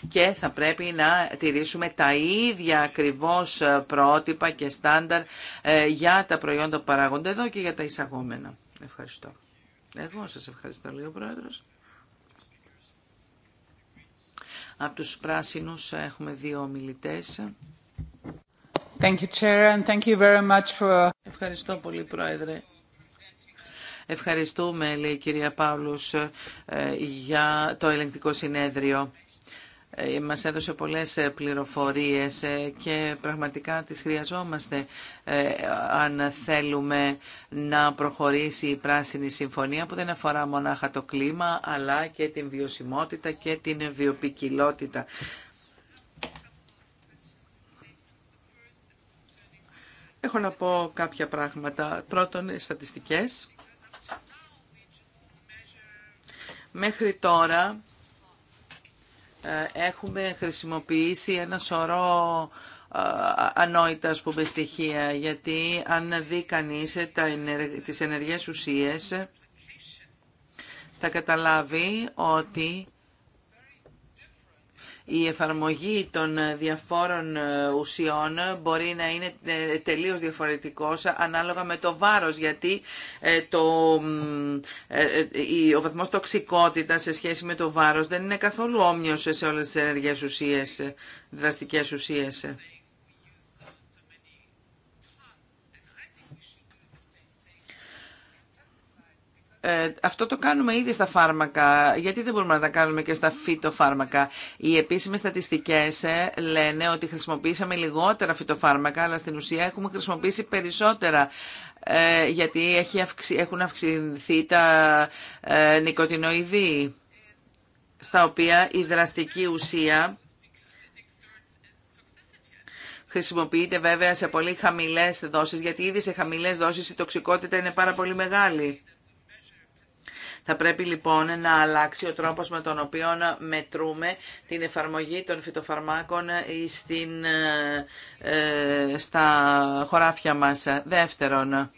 και θα πρέπει να τηρήσουμε τα ίδια ακριβώς ε, πρότυπα και στάνταρ ε, για τα προϊόντα που παράγονται εδώ και για τα εισαγόμενα. Ευχαριστώ. Εγώ σας ευχαριστώ λίγο Πρόεδρος. Από τους πράσινους έχουμε δύο ομιλητές.
Thank you,
Chair, and thank you very much for...
Ευχαριστώ πολύ, Πρόεδρε. Ευχαριστούμε, λέει η κυρία Παύλους, ε, για το ελεγκτικό συνέδριο. Ε, μας έδωσε πολλές ε, πληροφορίες ε, και πραγματικά τις χρειαζόμαστε αν θέλουμε να προχωρήσει η Πράσινη Συμφωνία που δεν αφορά μονάχα το κλίμα αλλά και την βιωσιμότητα και την βιοπικιλότητα. Έχω να πω κάποια πράγματα. Πρώτον, στατιστικές. Μέχρι τώρα ε, έχουμε χρησιμοποιήσει ένα σωρό ε, ανόητα που στοιχεία γιατί αν δει κανείς τα τις ενεργές ουσίες θα καταλάβει ότι η εφαρμογή των διαφόρων ε, ουσιών μπορεί να είναι ε, τελείως διαφορετικός ανάλογα με το βάρος γιατί ε, το, ο βαθμός τοξικότητας σε σχέση με το βάρος δεν είναι καθόλου όμοιος σε όλες τις ενεργές ουσίες, δραστικές ουσίες. Ε, αυτό το κάνουμε ήδη στα φάρμακα. Γιατί δεν μπορούμε να τα κάνουμε και στα φυτοφάρμακα. Οι επίσημες στατιστικές ε, λένε ότι χρησιμοποίησαμε λιγότερα φυτοφάρμακα, αλλά στην ουσία έχουμε χρησιμοποιήσει περισσότερα ε, γιατί έχει έχουν αυξηθεί τα ε, νοικοτινοειδή, στα οποία η δραστική ουσία χρησιμοποιείται βέβαια σε πολύ χαμηλές δόσεις, γιατί ήδη σε χαμηλές δόσεις η τοξικότητα είναι πάρα πολύ μεγάλη. Θα πρέπει λοιπόν να αλλάξει ο τρόπος με τον οποίο μετρούμε την εφαρμογή των φυτοφαρμάκων στην, ε, ε, στα χωράφια μας. Δεύτερον,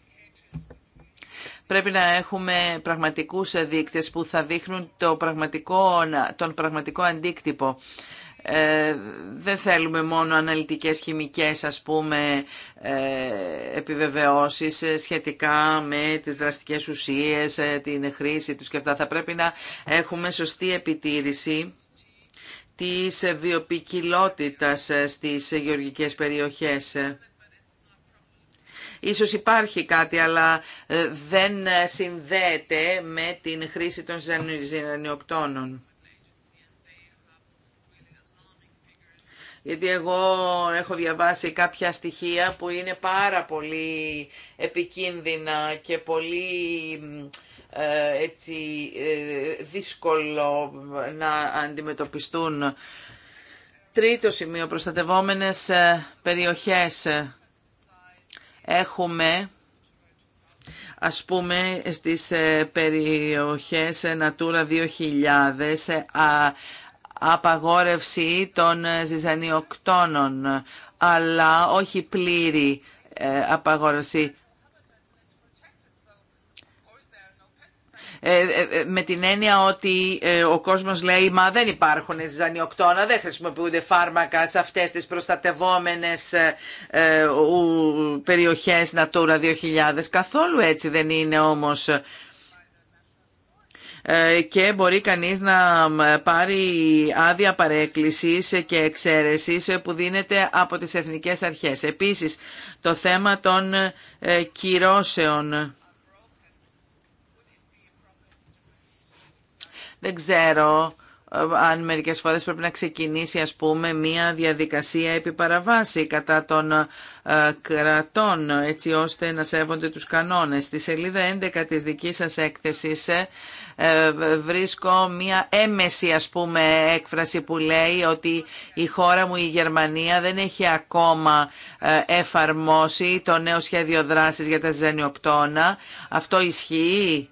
πρέπει να έχουμε πραγματικούς δείκτες που θα δείχνουν το πραγματικό, τον πραγματικό αντίκτυπο ε, δεν θέλουμε μόνο αναλυτικές χημικές ας πούμε ε, επιβεβαιώσεις ε, σχετικά με τις δραστικές ουσίες, ε, την χρήση τους και αυτά. Θα πρέπει να έχουμε σωστή επιτήρηση της βιοπικιλότητας στις γεωργικές περιοχές. Ίσως υπάρχει κάτι, αλλά δεν συνδέεται με την χρήση των ζανιοκτώνων. γιατί εγώ έχω διαβάσει κάποια στοιχεία που είναι πάρα πολύ επικίνδυνα και πολύ ε, έτσι ε, δύσκολο να αντιμετωπιστούν. Τρίτο σημείο, προστατευόμενες ε, περιοχές. Έχουμε ας πούμε στις περιοχές Natura 2000 απαγόρευση των ε, ζυζανιοκτώνων, αλλά όχι πλήρη ε, απαγόρευση. Ε, με την έννοια ότι ο κόσμος λέει «Μα δεν υπάρχουν ζυζανιοκτώνα, δεν χρησιμοποιούνται φάρμακα σε αυτές τις προστατευόμενες περιοχές Natura 2000». Καθόλου έτσι δεν είναι όμως ε, και μπορεί κανείς να πάρει άδεια παρέκκλησης και εξαίρεσης που δίνεται από τις εθνικές αρχές. Επίσης, το θέμα των ε, κυρώσεων. Δεν ξέρω ε, αν μερικές φορές πρέπει να ξεκινήσει ας πούμε μία διαδικασία επιπαραβάση κατά των ε, κρατών έτσι ώστε να σέβονται τους κανόνες. Στη σελίδα 11 της δικής σας έκθεσης ε, βρίσκω μία έμεση ας πούμε έκφραση που λέει ότι η χώρα μου η Γερμανία δεν έχει ακόμα εφαρμόσει το νέο σχέδιο δράσης για τα ζενιοπτώνα. Αυτό ισχύει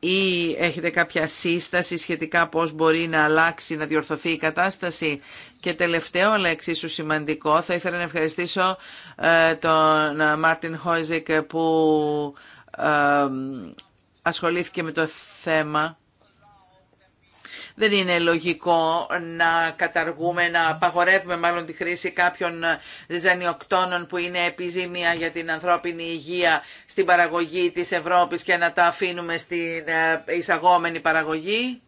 ή έχετε κάποια σύσταση σχετικά πώς μπορεί να αλλάξει, να διορθωθεί η κατάσταση. Και τελευταίο, αλλά εξίσου σημαντικό, θα ήθελα να ευχαριστήσω ε, τον ε, Μάρτιν Χόιζικ που ε, ασχολήθηκε με το θέμα δεν είναι λογικό να καταργούμε, να απαγορεύουμε μάλλον τη χρήση κάποιων ζανιοκτώνων που είναι επιζήμια για την ανθρώπινη υγεία στην παραγωγή της Ευρώπης και να τα αφήνουμε στην ε, εισαγόμενη παραγωγή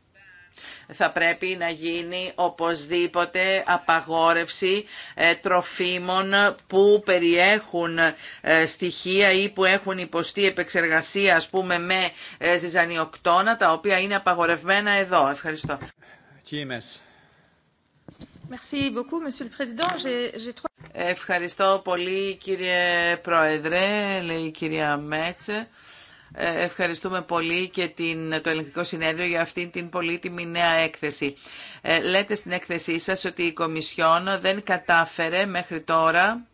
θα πρέπει να γίνει οπωσδήποτε απαγόρευση ε, τροφίμων που περιέχουν ε, στοιχεία ή που έχουν υποστεί επεξεργασία ας πούμε με ε, ζυζανιοκτώνα τα οποία είναι απαγορευμένα εδώ. Ευχαριστώ. Ευχαριστώ πολύ κύριε Πρόεδρε, λέει η κυρία Μέτσε. Ε, ευχαριστούμε πολύ και την, το Ελληνικό Συνέδριο για αυτήν την πολύτιμη νέα έκθεση. Ε, λέτε στην έκθεσή σας ότι η Κομισιόν δεν κατάφερε μέχρι τώρα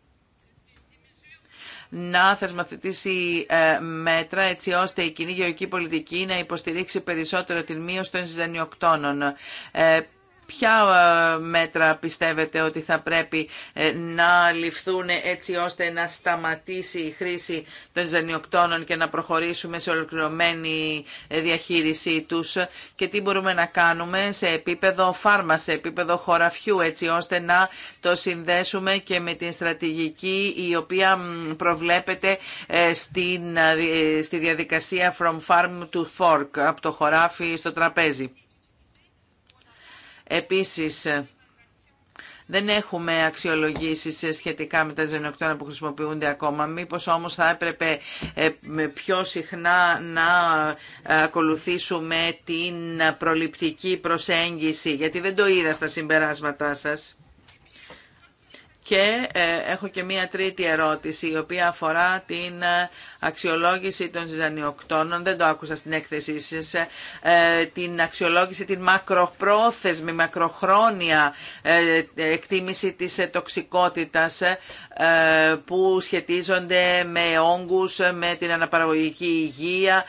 να θεσμοθετήσει ε, μέτρα έτσι ώστε η κοινή γεωργική πολιτική να υποστηρίξει περισσότερο την μείωση των ζυζανιοκτώνων ποια ε, μέτρα πιστεύετε ότι θα πρέπει ε, να ληφθούν έτσι ώστε να σταματήσει η χρήση των ζανιοκτώνων και να προχωρήσουμε σε ολοκληρωμένη ε, διαχείρισή τους και τι μπορούμε να κάνουμε σε επίπεδο φάρμα, σε επίπεδο χωραφιού έτσι ώστε να το συνδέσουμε και με την στρατηγική η οποία προβλέπεται στην, στη διαδικασία From Farm to Fork, από το χωράφι στο τραπέζι. Επίσης, δεν έχουμε αξιολογήσει σχετικά με τα ζενοκτώνα που χρησιμοποιούνται ακόμα. Μήπως όμως θα έπρεπε ε, πιο συχνά να ε, ακολουθήσουμε την προληπτική προσέγγιση, γιατί δεν το είδα στα συμπεράσματά σας. Και ε, έχω και μία τρίτη ερώτηση, η οποία αφορά την ε, αξιολόγηση των ζυζανιοκτώνων. Δεν το άκουσα στην έκθεσή σας. Ε, την αξιολόγηση, την μακροπρόθεσμη, μακροχρόνια εκτίμηση της τοξικότητας που σχετίζονται με όγκους, με την αναπαραγωγική υγεία,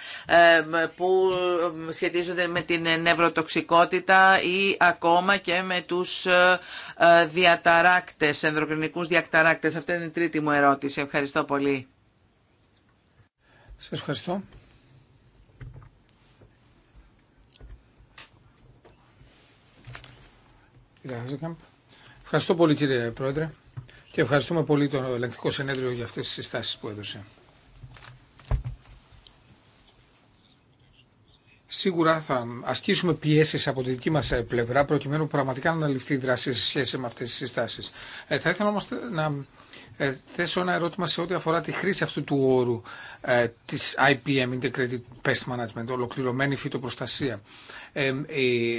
που σχετίζονται με την νευροτοξικότητα ή ακόμα και με τους διαταράκτες, ενδοκρινικούς διακταράκτες. Αυτή είναι η τρίτη μου ερώτηση. Ευχαριστώ πολύ.
Σας ευχαριστώ. Ευχαριστώ πολύ κύριε Πρόεδρε και ευχαριστούμε πολύ τον ελεγκτικό συνέδριο για αυτές τις συστάσεις που έδωσε. σίγουρα θα ασκήσουμε πιέσει από τη δική μα ε, πλευρά προκειμένου πραγματικά να αναλυφθεί η δράση σε σχέση με αυτέ τι συστάσεις. Ε, θα ήθελα όμω ε, να ε, θέσω ένα ερώτημα σε ό,τι αφορά τη χρήση αυτού του όρου ε, της IPM, Integrated Pest Management, ολοκληρωμένη φυτοπροστασία. Ε,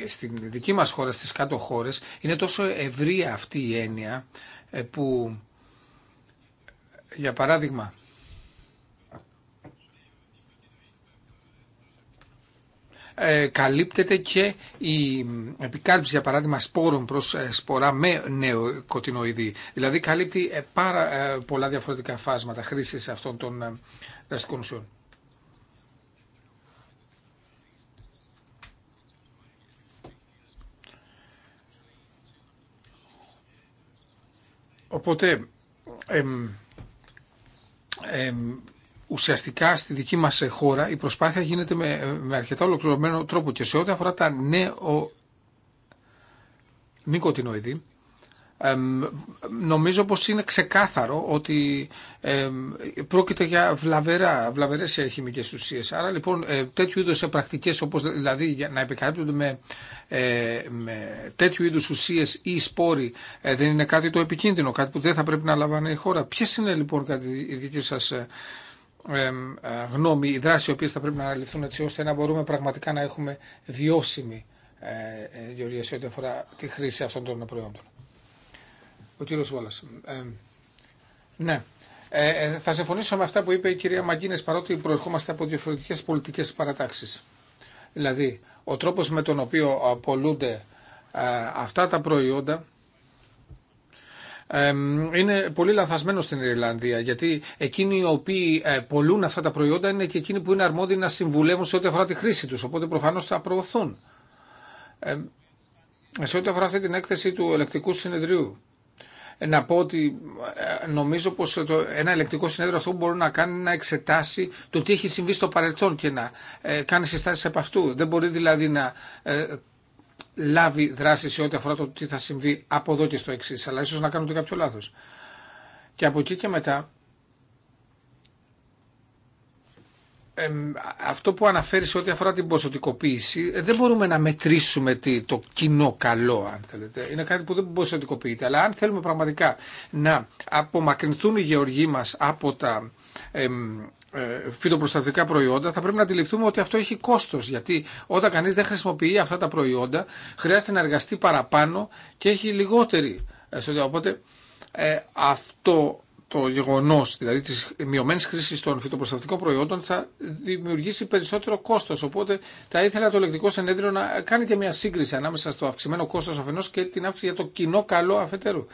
στην δική μας χώρα, στις κάτω χώρες, είναι τόσο ευρία αυτή η έννοια που, για παράδειγμα, Ε, καλύπτεται και η επικάλυψη για παράδειγμα σπόρων προς ε, σπορά με νέο κοτινοειδή. Δηλαδή καλύπτει ε, πάρα πολλά διαφορετικά φάσματα χρήσης αυτών των δραστικών ουσιών. Οπότε, ουσιαστικά στη δική μας χώρα η προσπάθεια γίνεται με, με αρκετά ολοκληρωμένο τρόπο και σε ό,τι αφορά τα νέο μη ε, νομίζω πως είναι ξεκάθαρο ότι ε, πρόκειται για βλαβερά, βλαβερές ε, χημικές ουσίες. Άρα λοιπόν ε, τέτοιου είδους ε, πρακτικές όπως δηλαδή να επικαλύπτονται με, ε, με τέτοιου είδους ουσίες ή σπόροι δεν είναι κάτι το επικίνδυνο, κάτι που δεν θα πρέπει να λαμβάνει η χώρα. Ποιες είναι λοιπόν κάτι οι δικές σας γνώμη, οι δράσει οι οποίε θα πρέπει να αναλυθούν έτσι ώστε να μπορούμε πραγματικά να έχουμε βιώσιμη ε, ε, γεωργία σε ό,τι αφορά τη χρήση αυτών των προϊόντων. Ο κύριο Βόλα. ναι. Ε, ε, θα συμφωνήσω με αυτά που είπε η κυρία Μαγκίνε παρότι προερχόμαστε από διαφορετικέ πολιτικέ παρατάξει. Δηλαδή, ο τρόπο με τον οποίο απολούνται αυτά τα προϊόντα είναι πολύ λανθασμένο στην Ιρλανδία. Γιατί εκείνοι οι οποίοι ε, πολλούν αυτά τα προϊόντα είναι και εκείνοι που είναι αρμόδιοι να συμβουλεύουν σε ό,τι αφορά τη χρήση του. Οπότε προφανώ θα προωθούν. Σε ό,τι αφορά αυτή την έκθεση του ελεκτικού συνεδρίου ε, να πω ότι ε, νομίζω πως το, ένα ελεκτικό συνέδριο αυτό μπορεί να κάνει να εξετάσει το τι έχει συμβεί στο παρελθόν και να κάνει συστάσεις από αυτού. Δεν μπορεί δηλαδή να λάβει δράση σε ό,τι αφορά το τι θα συμβεί από εδώ και στο εξή. Αλλά ίσω να κάνω και κάποιο λάθο. Και από εκεί και μετά, αυτό που αναφέρει σε ό,τι αφορά την ποσοτικοποίηση, ε, δεν μπορούμε να μετρήσουμε τι, το κοινό καλό, αν θέλετε. Είναι κάτι που δεν ποσοτικοποιείται. Αλλά αν θέλουμε πραγματικά να απομακρυνθούν οι γεωργοί μας από τα ε, φυτοπροστατικά προϊόντα, θα πρέπει να αντιληφθούμε ότι αυτό έχει κόστο, γιατί όταν κανεί δεν χρησιμοποιεί αυτά τα προϊόντα, χρειάζεται να εργαστεί παραπάνω και έχει λιγότερη εσόδια. Οπότε ε, αυτό το γεγονό δηλαδή τη μειωμένη χρήση των φυτοπροστατικών προϊόντων θα δημιουργήσει περισσότερο κόστο. Οπότε θα ήθελα το ελεκτικό συνέδριο να κάνει και μια σύγκριση ανάμεσα στο αυξημένο κόστο αφενό και την αύξηση για το κοινό καλό αφετέρου.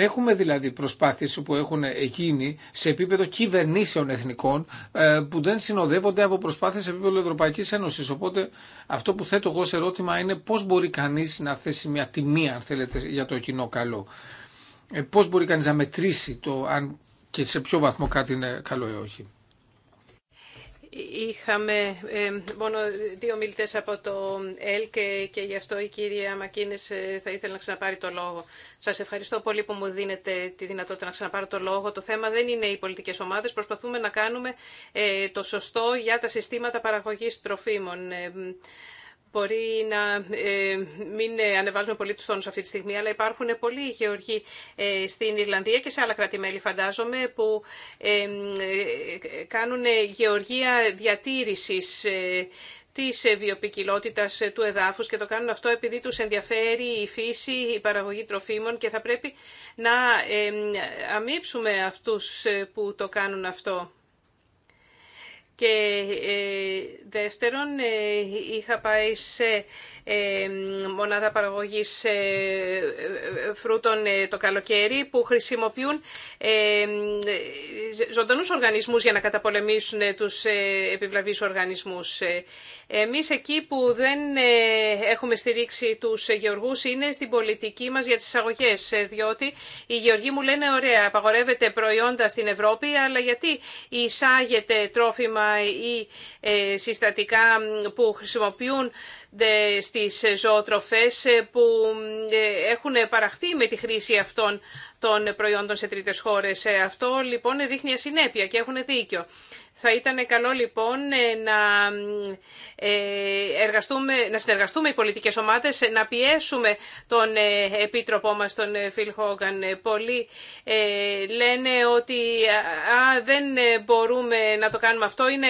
Έχουμε δηλαδή προσπάθειες που έχουν γίνει σε επίπεδο κυβερνήσεων εθνικών ε, που δεν συνοδεύονται από προσπάθειες σε επίπεδο Ευρωπαϊκής Ένωσης. Οπότε αυτό που θέτω εγώ σε ερώτημα είναι πώς μπορεί κανείς να θέσει μια τιμή αν θέλετε για το κοινό καλό. Ε, πώς μπορεί κανείς να μετρήσει το αν και σε ποιο βαθμό κάτι είναι καλό ή όχι.
Είχαμε ε, μόνο δύο μιλητέ από το ΕΛ και γι' αυτό η κυρία Μακίνης ε, θα ήθελε να ξαναπάρει το λόγο. Σας ευχαριστώ πολύ που μου δίνετε τη δυνατότητα να ξαναπάρω το λόγο. Το θέμα δεν είναι οι πολιτικές ομάδες. Προσπαθούμε να κάνουμε ε, το σωστό για τα συστήματα παραγωγή τροφίμων. Μπορεί να ε, μην ε, ανεβάζουμε πολύ του τόνου αυτή τη στιγμή, αλλά υπάρχουν πολλοί γεωργοί ε, στην Ιρλανδία και σε άλλα κράτη-μέλη, φαντάζομαι, που κάνουν γεωργία διατήρηση τη βιοπικιλότητα του εδάφου και το κάνουν αυτό επειδή του ενδιαφέρει η φύση, η παραγωγή τροφίμων και θα πρέπει να αμύψουμε αυτού που το κάνουν αυτό. Και ε, δεύτερον, ε, είχα πάει σε ε, μονάδα παραγωγής φρούτων το καλοκαίρι που χρησιμοποιούν ζωντανούς οργανισμούς για να καταπολεμήσουν τους επιβλαβείς οργανισμούς. Εμείς εκεί που δεν ε, έχουμε στηρίξει τους γεωργούς είναι στην πολιτική μας για τις εισαγωγές, ε, διότι οι γεωργοί μου λένε ωραία, απαγορεύεται προϊόντα στην Ευρώπη, αλλά γιατί εισάγεται τρόφιμα ή ε, συστατικά που χρησιμοποιούν στις ζωοτροφές που έχουν παραχθεί με τη χρήση αυτών των προϊόντων σε τρίτες χώρες. Αυτό λοιπόν δείχνει ασυνέπεια και έχουν δίκιο. Θα ήταν καλό λοιπόν ε, να, ε, εργαστούμε, να συνεργαστούμε οι πολιτικές ομάδες, να πιέσουμε τον ε, επίτροπό μας, τον Φιλ Χόγκαν. Πολλοί λένε ότι δεν μπορούμε να το κάνουμε αυτό, είναι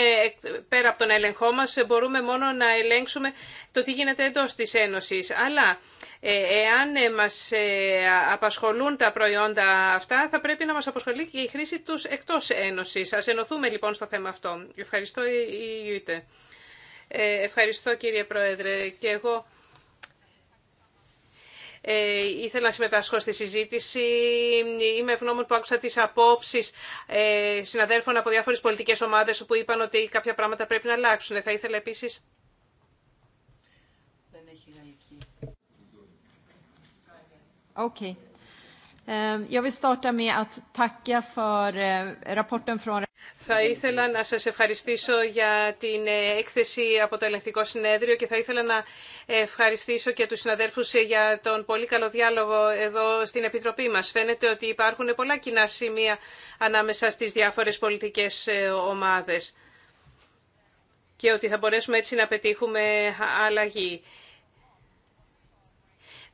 πέρα από τον έλεγχό μας, μπορούμε μόνο να ελέγξουμε το τι γίνεται εντός της Ένωσης. Αλλά ε, εάν ε, μας ε, απασχολούν τα προϊόντα αυτά, θα πρέπει να μας απασχολεί και η χρήση τους εκτός Ένωσης. Ας ενωθούμε λοιπόν στο θέμα αυτό. Ευχαριστώ η Ε, Ευχαριστώ κύριε Πρόεδρε και εγώ. Ε, ήθελα να συμμετάσχω στη συζήτηση. Είμαι ευγνώμων που άκουσα τις απόψεις ε, συναδέλφων από διάφορες πολιτικές ομάδες που είπαν ότι κάποια πράγματα πρέπει να αλλάξουν. Θα ήθελα επίσης Θα ήθελα να σας ευχαριστήσω για την eh, έκθεση από το Ελεκτικό Συνέδριο και θα ήθελα να ευχαριστήσω και τους συναδέλφους ε, για τον πολύ καλό διάλογο εδώ στην Επιτροπή μας. Φαίνεται ότι υπάρχουν πολλά κοινά σημεία ανάμεσα στις διάφορες πολιτικές ε, ομάδες και ότι θα μπορέσουμε έτσι να πετύχουμε αλλαγή.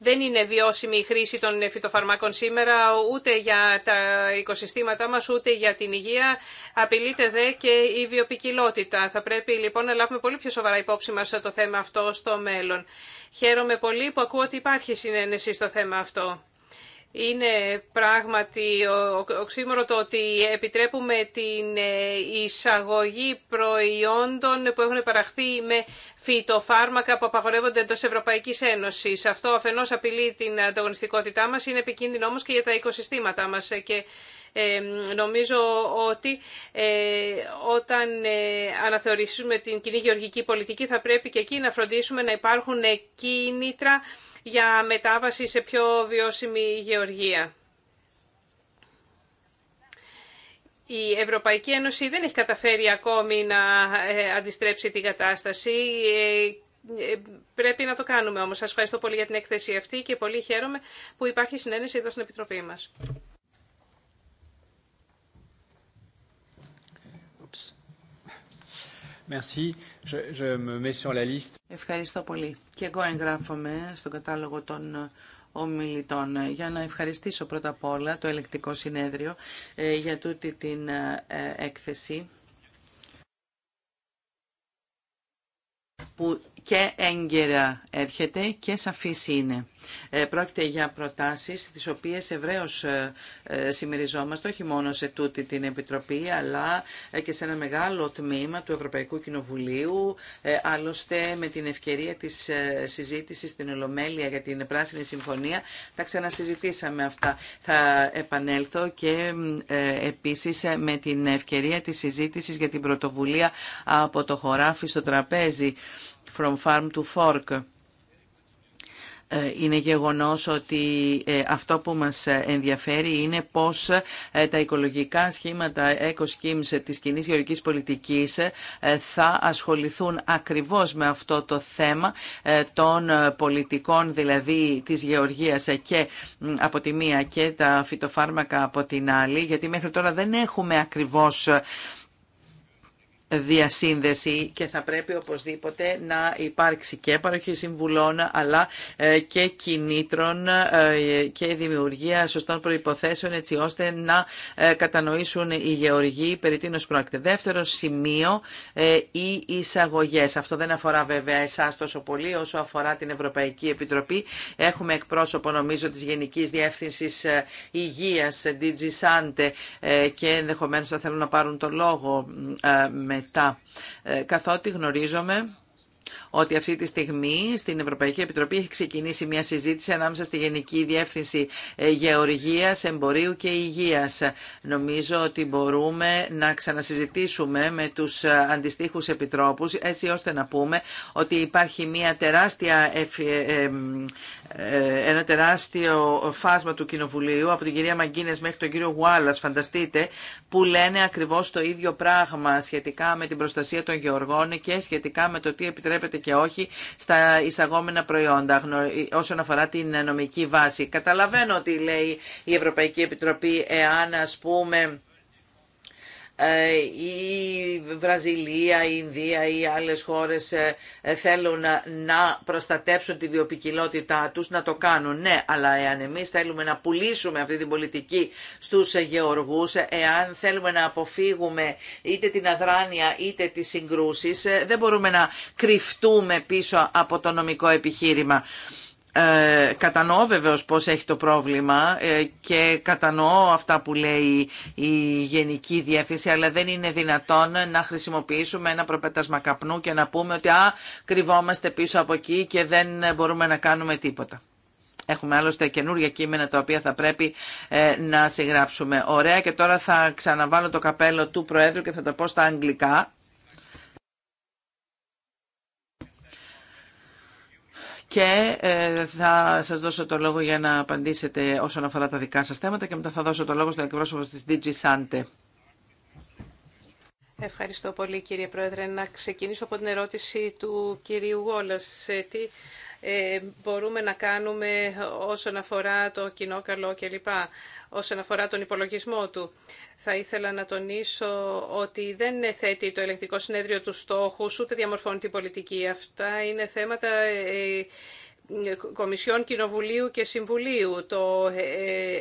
Δεν είναι βιώσιμη η χρήση των φυτοφαρμάκων σήμερα ούτε για τα οικοσυστήματά μας ούτε για την υγεία. Απειλείται δε και η βιοπικιλότητα. Θα πρέπει λοιπόν να λάβουμε πολύ πιο σοβαρά υπόψη μας το θέμα αυτό στο μέλλον. Χαίρομαι πολύ που ακούω ότι υπάρχει συνένεση στο θέμα αυτό. Είναι πράγματι οξύμορο το ότι επιτρέπουμε την ε, εισαγωγή προϊόντων που έχουν παραχθεί με φυτοφάρμακα που απαγορεύονται εντό Ευρωπαϊκή Ένωση. Αυτό αφενό απειλεί την ανταγωνιστικότητά μα, είναι επικίνδυνο όμω και για τα οικοσυστήματά μα. Και ε, νομίζω ότι ε, όταν ε, αναθεωρήσουμε την κοινή γεωργική πολιτική θα πρέπει και εκεί να φροντίσουμε να υπάρχουν κίνητρα για μετάβαση σε πιο βιώσιμη γεωργία. Η Ευρωπαϊκή Ένωση δεν έχει καταφέρει ακόμη να ε, αντιστρέψει την κατάσταση. Ε, ε, πρέπει να το κάνουμε όμως. Σας ευχαριστώ πολύ για την έκθεση αυτή και πολύ χαίρομαι που υπάρχει συνένεση εδώ στην Επιτροπή μας.
Merci.
Ευχαριστώ πολύ. Και εγώ εγγράφομαι στον κατάλογο των ε, ομιλητών για να ευχαριστήσω πρώτα απ' όλα το ελεκτικό συνέδριο ε, για τούτη την ε, έκθεση που και έγκαιρα έρχεται και σαφής είναι. Ε, πρόκειται για προτάσεις τις οποίες ευρέως ε, ε, συμμεριζόμαστε όχι μόνο σε τούτη την Επιτροπή αλλά και σε ένα μεγάλο τμήμα του Ευρωπαϊκού Κοινοβουλίου άλλωστε με την ευκαιρία της συζήτησης στην Ολομέλεια για την Πράσινη Συμφωνία Θα ξανασυζητήσαμε αυτά. Θα επανέλθω και επίσης με την ευκαιρία της συζήτησης για την πρωτοβουλία από το χωράφι στο τραπέζι From Farm to Fork ε, είναι γεγονός ότι ε, αυτό που μας ενδιαφέρει είναι πώς ε, τα οικολογικά σχήματα eco schemes της κοινή γεωργικής πολιτικής θα ασχοληθούν ακριβώς με αυτό το θέμα των πολιτικών δηλαδή της γεωργίας και από τη μία και τα φυτοφάρμακα από την άλλη γιατί μέχρι τώρα δεν έχουμε ακριβώς διασύνδεση και θα πρέπει οπωσδήποτε να υπάρξει και παροχή συμβουλών αλλά ε, και κινήτρων ε, και δημιουργία σωστών προϋποθέσεων έτσι ώστε να ε, κατανοήσουν οι γεωργοί περί τίνος πρόκειται. Δεύτερο σημείο, οι εισαγωγέ. Αυτό δεν αφορά βέβαια εσά τόσο πολύ όσο αφορά την Ευρωπαϊκή Επιτροπή. Έχουμε εκπρόσωπο νομίζω της Γενικής Διεύθυνσης Υγείας, DG Sante και ενδεχομένως θα θέλουν να πάρουν το λόγο με ε, καθότι γνωρίζομαι ότι αυτή τη στιγμή στην Ευρωπαϊκή Επιτροπή έχει ξεκινήσει μια συζήτηση ανάμεσα στη Γενική Διεύθυνση ε, Γεωργίας, Εμπορίου και υγεία. Νομίζω ότι μπορούμε να ξανασυζητήσουμε με του ε, αντιστοίχου επιτρόπους έτσι ώστε να πούμε ότι υπάρχει μια τεράστια ε, ένα τεράστιο φάσμα του Κοινοβουλίου από την κυρία Μαγκίνε μέχρι τον κύριο Γουάλλα. φανταστείτε, που λένε ακριβώ το ίδιο πράγμα σχετικά με την προστασία των γεωργών και σχετικά με το τι επιτρέπεται και όχι στα εισαγόμενα προϊόντα όσον αφορά την νομική βάση. Καταλαβαίνω ότι λέει η Ευρωπαϊκή Επιτροπή εάν ας πούμε ε, η Βραζιλία, η Ινδία ή άλλες χώρες ε, θέλουν να προστατέψουν τη βιοπικιλότητά τους, να το κάνουν. Ναι, αλλά εάν εμείς θέλουμε να πουλήσουμε αυτή την πολιτική στους γεωργούς, εάν θέλουμε να αποφύγουμε είτε την αδράνεια είτε τις συγκρούσεις, ε, δεν μπορούμε να κρυφτούμε πίσω από το νομικό επιχείρημα. Ε, κατανοώ βεβαίως πώς έχει το πρόβλημα ε, και κατανοώ αυτά που λέει η Γενική Διεύθυνση αλλά δεν είναι δυνατόν να χρησιμοποιήσουμε ένα προπέτασμα καπνού και να πούμε ότι α, κρυβόμαστε πίσω από εκεί και δεν μπορούμε να κάνουμε τίποτα. Έχουμε άλλωστε καινούργια κείμενα τα οποία θα πρέπει ε, να συγγράψουμε. Ωραία και τώρα θα ξαναβάλω το καπέλο του Προέδρου και θα τα πω στα αγγλικά και ε, θα σας δώσω το λόγο για να απαντήσετε όσον αφορά τα δικά σας θέματα και μετά θα δώσω το λόγο στον εκπρόσωπο της DG Sante.
Ευχαριστώ πολύ κύριε Πρόεδρε. Να ξεκινήσω από την ερώτηση του κυρίου Γόλας. Τι ε, μπορούμε να κάνουμε όσον αφορά το κοινό καλό κλπ. Όσον αφορά τον υπολογισμό του. Θα ήθελα να τονίσω ότι δεν θέτει το ελεγκτικό συνέδριο του στόχου, ούτε διαμορφώνει την πολιτική. Αυτά είναι θέματα ε, Κομισιόν Κοινοβουλίου και Συμβουλίου. Το ε,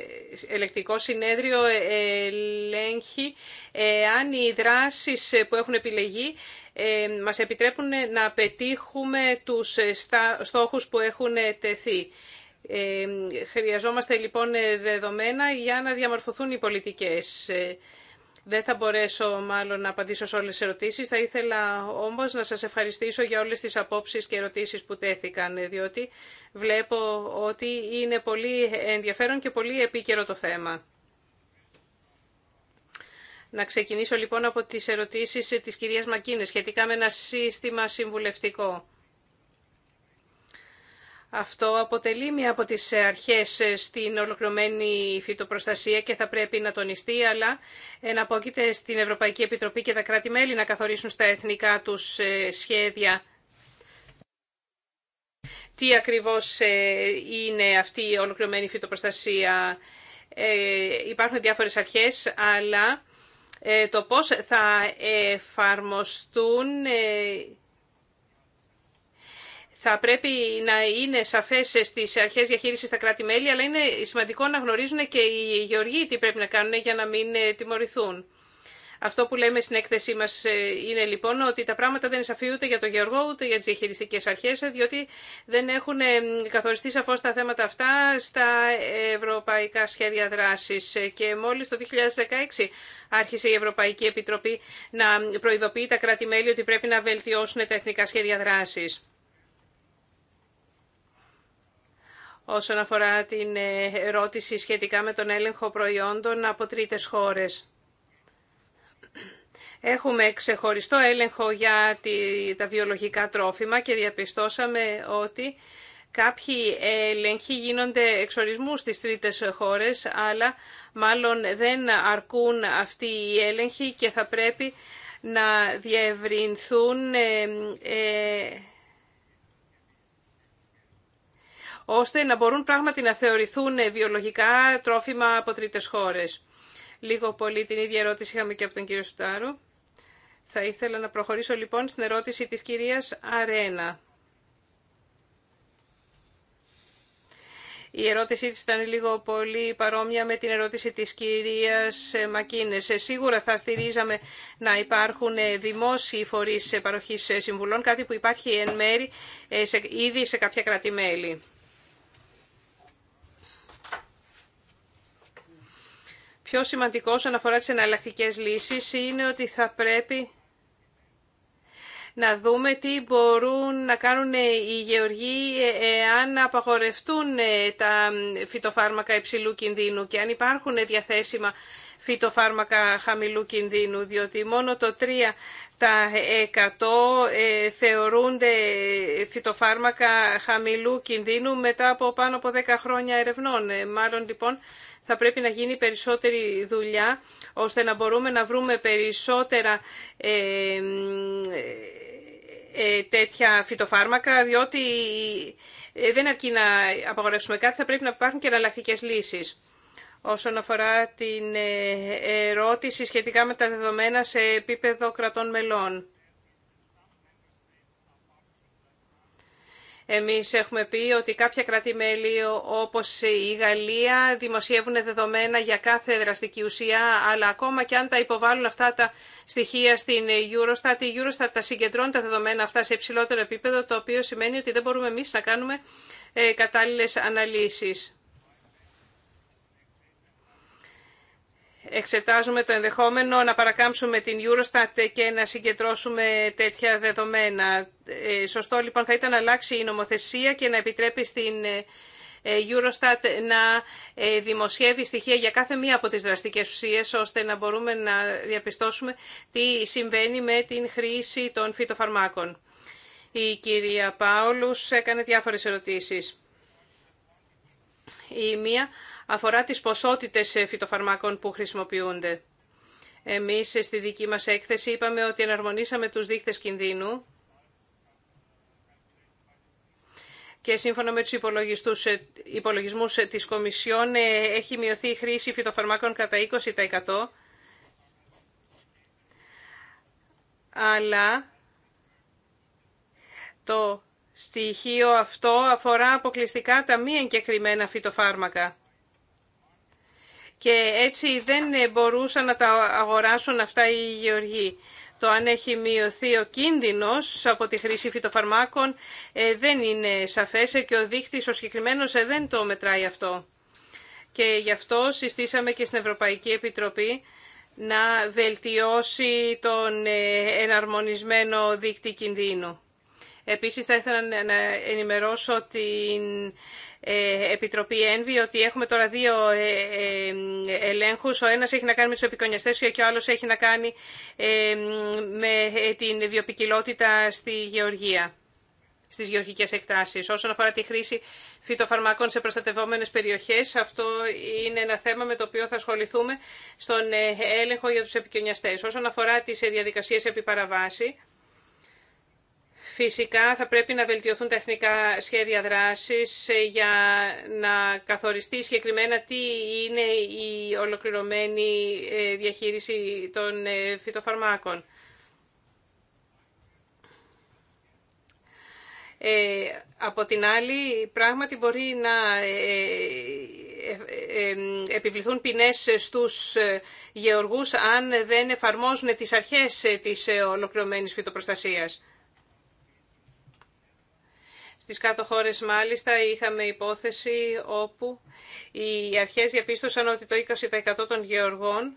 ελεκτικό συνέδριο ελέγχει αν οι δράσεις που έχουν επιλεγεί ε, μας επιτρέπουν να πετύχουμε τους ε, στόχους που έχουν ε, τεθεί. Χρειαζόμαστε λοιπόν δεδομένα για να διαμορφωθούν οι πολιτικές. Δεν θα μπορέσω μάλλον να απαντήσω σε όλες τις ερωτήσεις. Θα ήθελα όμως να σας ευχαριστήσω για όλες τις απόψεις και ερωτήσεις που τέθηκαν, διότι βλέπω ότι είναι πολύ ενδιαφέρον και πολύ επίκαιρο το θέμα. Να ξεκινήσω λοιπόν από τις ερωτήσεις ε, της κυρίας Μακίνης σχετικά με ένα σύστημα συμβουλευτικό. Αυτό αποτελεί μία από τις ε, αρχές ε, στην ολοκληρωμένη φυτοπροστασία και θα πρέπει να τονιστεί, αλλά εναπόκειται στην Ευρωπαϊκή Επιτροπή και τα κράτη-μέλη να καθορίσουν στα εθνικά τους σχέδια τι ακριβώς είναι αυτή η ολοκληρωμένη φυτοπροστασία. υπάρχουν διάφορες αρχές, αλλά ε, το πώς θα εφαρμοστούν ε, θα πρέπει να είναι σαφές στις αρχές διαχείριση στα κράτη-μέλη, αλλά είναι σημαντικό να γνωρίζουν και οι γεωργοί τι πρέπει να κάνουν για να μην ε, τιμωρηθούν. Αυτό που λέμε στην έκθεσή μα ε, είναι λοιπόν ότι τα πράγματα δεν είναι ούτε για τον Γεωργό ούτε για τι διαχειριστικέ αρχέ, ε, διότι δεν έχουν ε, καθοριστεί σαφώ τα θέματα αυτά στα ευρωπαϊκά σχέδια δράση. Και μόλι το 2016 άρχισε η Ευρωπαϊκή Επιτροπή να προειδοποιεί τα κράτη-μέλη ότι πρέπει να βελτιώσουν τα εθνικά σχέδια δράση. όσον αφορά την ερώτηση σχετικά με τον έλεγχο προϊόντων από τρίτες χώρες. Έχουμε ξεχωριστό έλεγχο για τα βιολογικά τρόφιμα και διαπιστώσαμε ότι κάποιοι έλεγχοι γίνονται εξορισμού στις τρίτες χώρες, αλλά μάλλον δεν αρκούν αυτοί οι έλεγχοι και θα πρέπει να διευρυνθούν ε, ε, ώστε να μπορούν πράγματι να θεωρηθούν βιολογικά τρόφιμα από τρίτες χώρες. Λίγο πολύ την ίδια ερώτηση είχαμε και από τον κύριο Σουτάρου. Θα ήθελα να προχωρήσω λοιπόν στην ερώτηση της κυρίας Αρένα. Η ερώτησή της ήταν λίγο πολύ παρόμοια με την ερώτηση της κυρίας Μακίνες. Σίγουρα θα στηρίζαμε να υπάρχουν δημόσιοι φορείς παροχής συμβουλών, κάτι που υπάρχει εν μέρη ήδη σε κάποια κράτη-μέλη. πιο σημαντικό όσον αφορά τις εναλλακτικέ λύσεις είναι ότι θα πρέπει να δούμε τι μπορούν να κάνουν οι γεωργοί εάν απαγορευτούν τα φυτοφάρμακα υψηλού κινδύνου και αν υπάρχουν διαθέσιμα φυτοφάρμακα χαμηλού κινδύνου, διότι μόνο το 3 τα 100 ε, θεωρούνται φυτοφάρμακα χαμηλού κινδύνου μετά από πάνω από 10 χρόνια ερευνών. Ε, μάλλον λοιπόν θα πρέπει να γίνει περισσότερη δουλειά ώστε να μπορούμε να βρούμε περισσότερα ε, τέτοια φυτοφάρμακα διότι δεν αρκεί να απαγορεύσουμε κάτι, θα πρέπει να υπάρχουν και εναλλακτικέ λύσεις όσον αφορά την ε, ερώτηση σχετικά με τα δεδομένα σε επίπεδο κρατών μελών. Εμείς έχουμε πει ότι κάποια κράτη-μέλη όπως η Γαλλία δημοσιεύουν δεδομένα για κάθε δραστική ουσία, αλλά ακόμα και αν τα υποβάλλουν αυτά τα στοιχεία στην Eurostat, η Eurostat τα συγκεντρώνει τα δεδομένα αυτά σε υψηλότερο επίπεδο, το οποίο σημαίνει ότι δεν μπορούμε εμείς να κάνουμε ε, κατάλληλες αναλύσεις. εξετάζουμε το ενδεχόμενο να παρακάμψουμε την Eurostat και να συγκεντρώσουμε τέτοια δεδομένα. Ε, σωστό λοιπόν θα ήταν να αλλάξει η νομοθεσία και να επιτρέπει στην ε, ε, Eurostat να δημοσιεύει στοιχεία για κάθε μία από τις δραστικές ουσίες ώστε να μπορούμε να διαπιστώσουμε τι συμβαίνει με την χρήση των φυτοφαρμάκων. Η κυρία Πάολους έκανε διάφορες ερωτήσεις. Η μία αφορά τις ποσότητες ε, φυτοφαρμάκων που χρησιμοποιούνται. Εμείς ε, στη δική μας έκθεση είπαμε ότι εναρμονίσαμε τους δείχτες κινδύνου και σύμφωνα με τους ε, υπολογισμούς της Κομισιόν έχει μειωθεί η χρήση φυτοφαρμάκων κατά 20% αλλά το στοιχείο αυτό αφορά αποκλειστικά τα μη εγκεκριμένα φυτοφάρμακα και έτσι δεν μπορούσαν να τα αγοράσουν αυτά οι γεωργοί. Το αν έχει μειωθεί ο κίνδυνος από τη χρήση φυτοφαρμάκων ε, δεν είναι σαφές ε, και ο δείχτης ο συγκεκριμένος ε, δεν το μετράει αυτό. Και γι' αυτό συστήσαμε και στην Ευρωπαϊκή Επιτροπή να βελτιώσει τον εναρμονισμένο δείκτη κινδύνου. Επίσης θα ήθελα να ενημερώσω την ε, Επιτροπή ΕΝΒΗ ότι έχουμε τώρα δύο ε, ε, ελέγχους. Ο ένας έχει να κάνει με τους επικονιαστές και ο άλλος έχει να κάνει με την βιοπικιλότητα στη γεωργία στις γεωργικές εκτάσεις. Όσον αφορά τη χρήση φυτοφαρμάκων σε προστατευόμενες περιοχές, αυτό είναι ένα θέμα με το οποίο θα ασχοληθούμε στον έλεγχο για τους επικοινωνιαστές. Όσον αφορά τις διαδικασίες επιπαραβάση, Φυσικά θα πρέπει να βελτιωθούν τα εθνικά σχέδια δράσης ε, για να καθοριστεί συγκεκριμένα τι είναι η ολοκληρωμένη ε, διαχείριση των ε, φυτοφαρμάκων. από την άλλη, πράγματι μπορεί να επιβληθούν ποινές στους γεωργούς αν δεν εφαρμόζουν τις αρχές της ολοκληρωμένης φυτοπροστασίας. Στις κάτω χώρες μάλιστα είχαμε υπόθεση όπου οι αρχές διαπίστωσαν ότι το 20% των γεωργών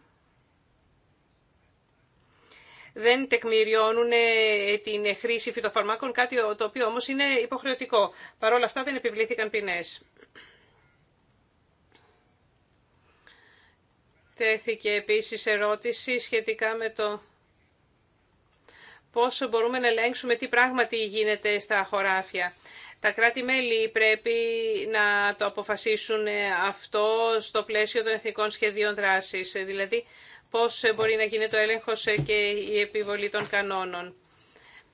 δεν τεκμηριώνουν την χρήση φυτοφαρμάκων, κάτι το οποίο όμως είναι υποχρεωτικό. Παρ' όλα αυτά δεν επιβλήθηκαν ποινές. Τέθηκε επίσης ερώτηση σχετικά με το πώς μπορούμε να ελέγξουμε τι πράγματι γίνεται στα χωράφια. Τα κράτη-μέλη πρέπει να το αποφασίσουν αυτό στο πλαίσιο των εθνικών σχεδίων δράσης, δηλαδή πώς μπορεί να γίνεται το έλεγχος και η επιβολή των κανόνων.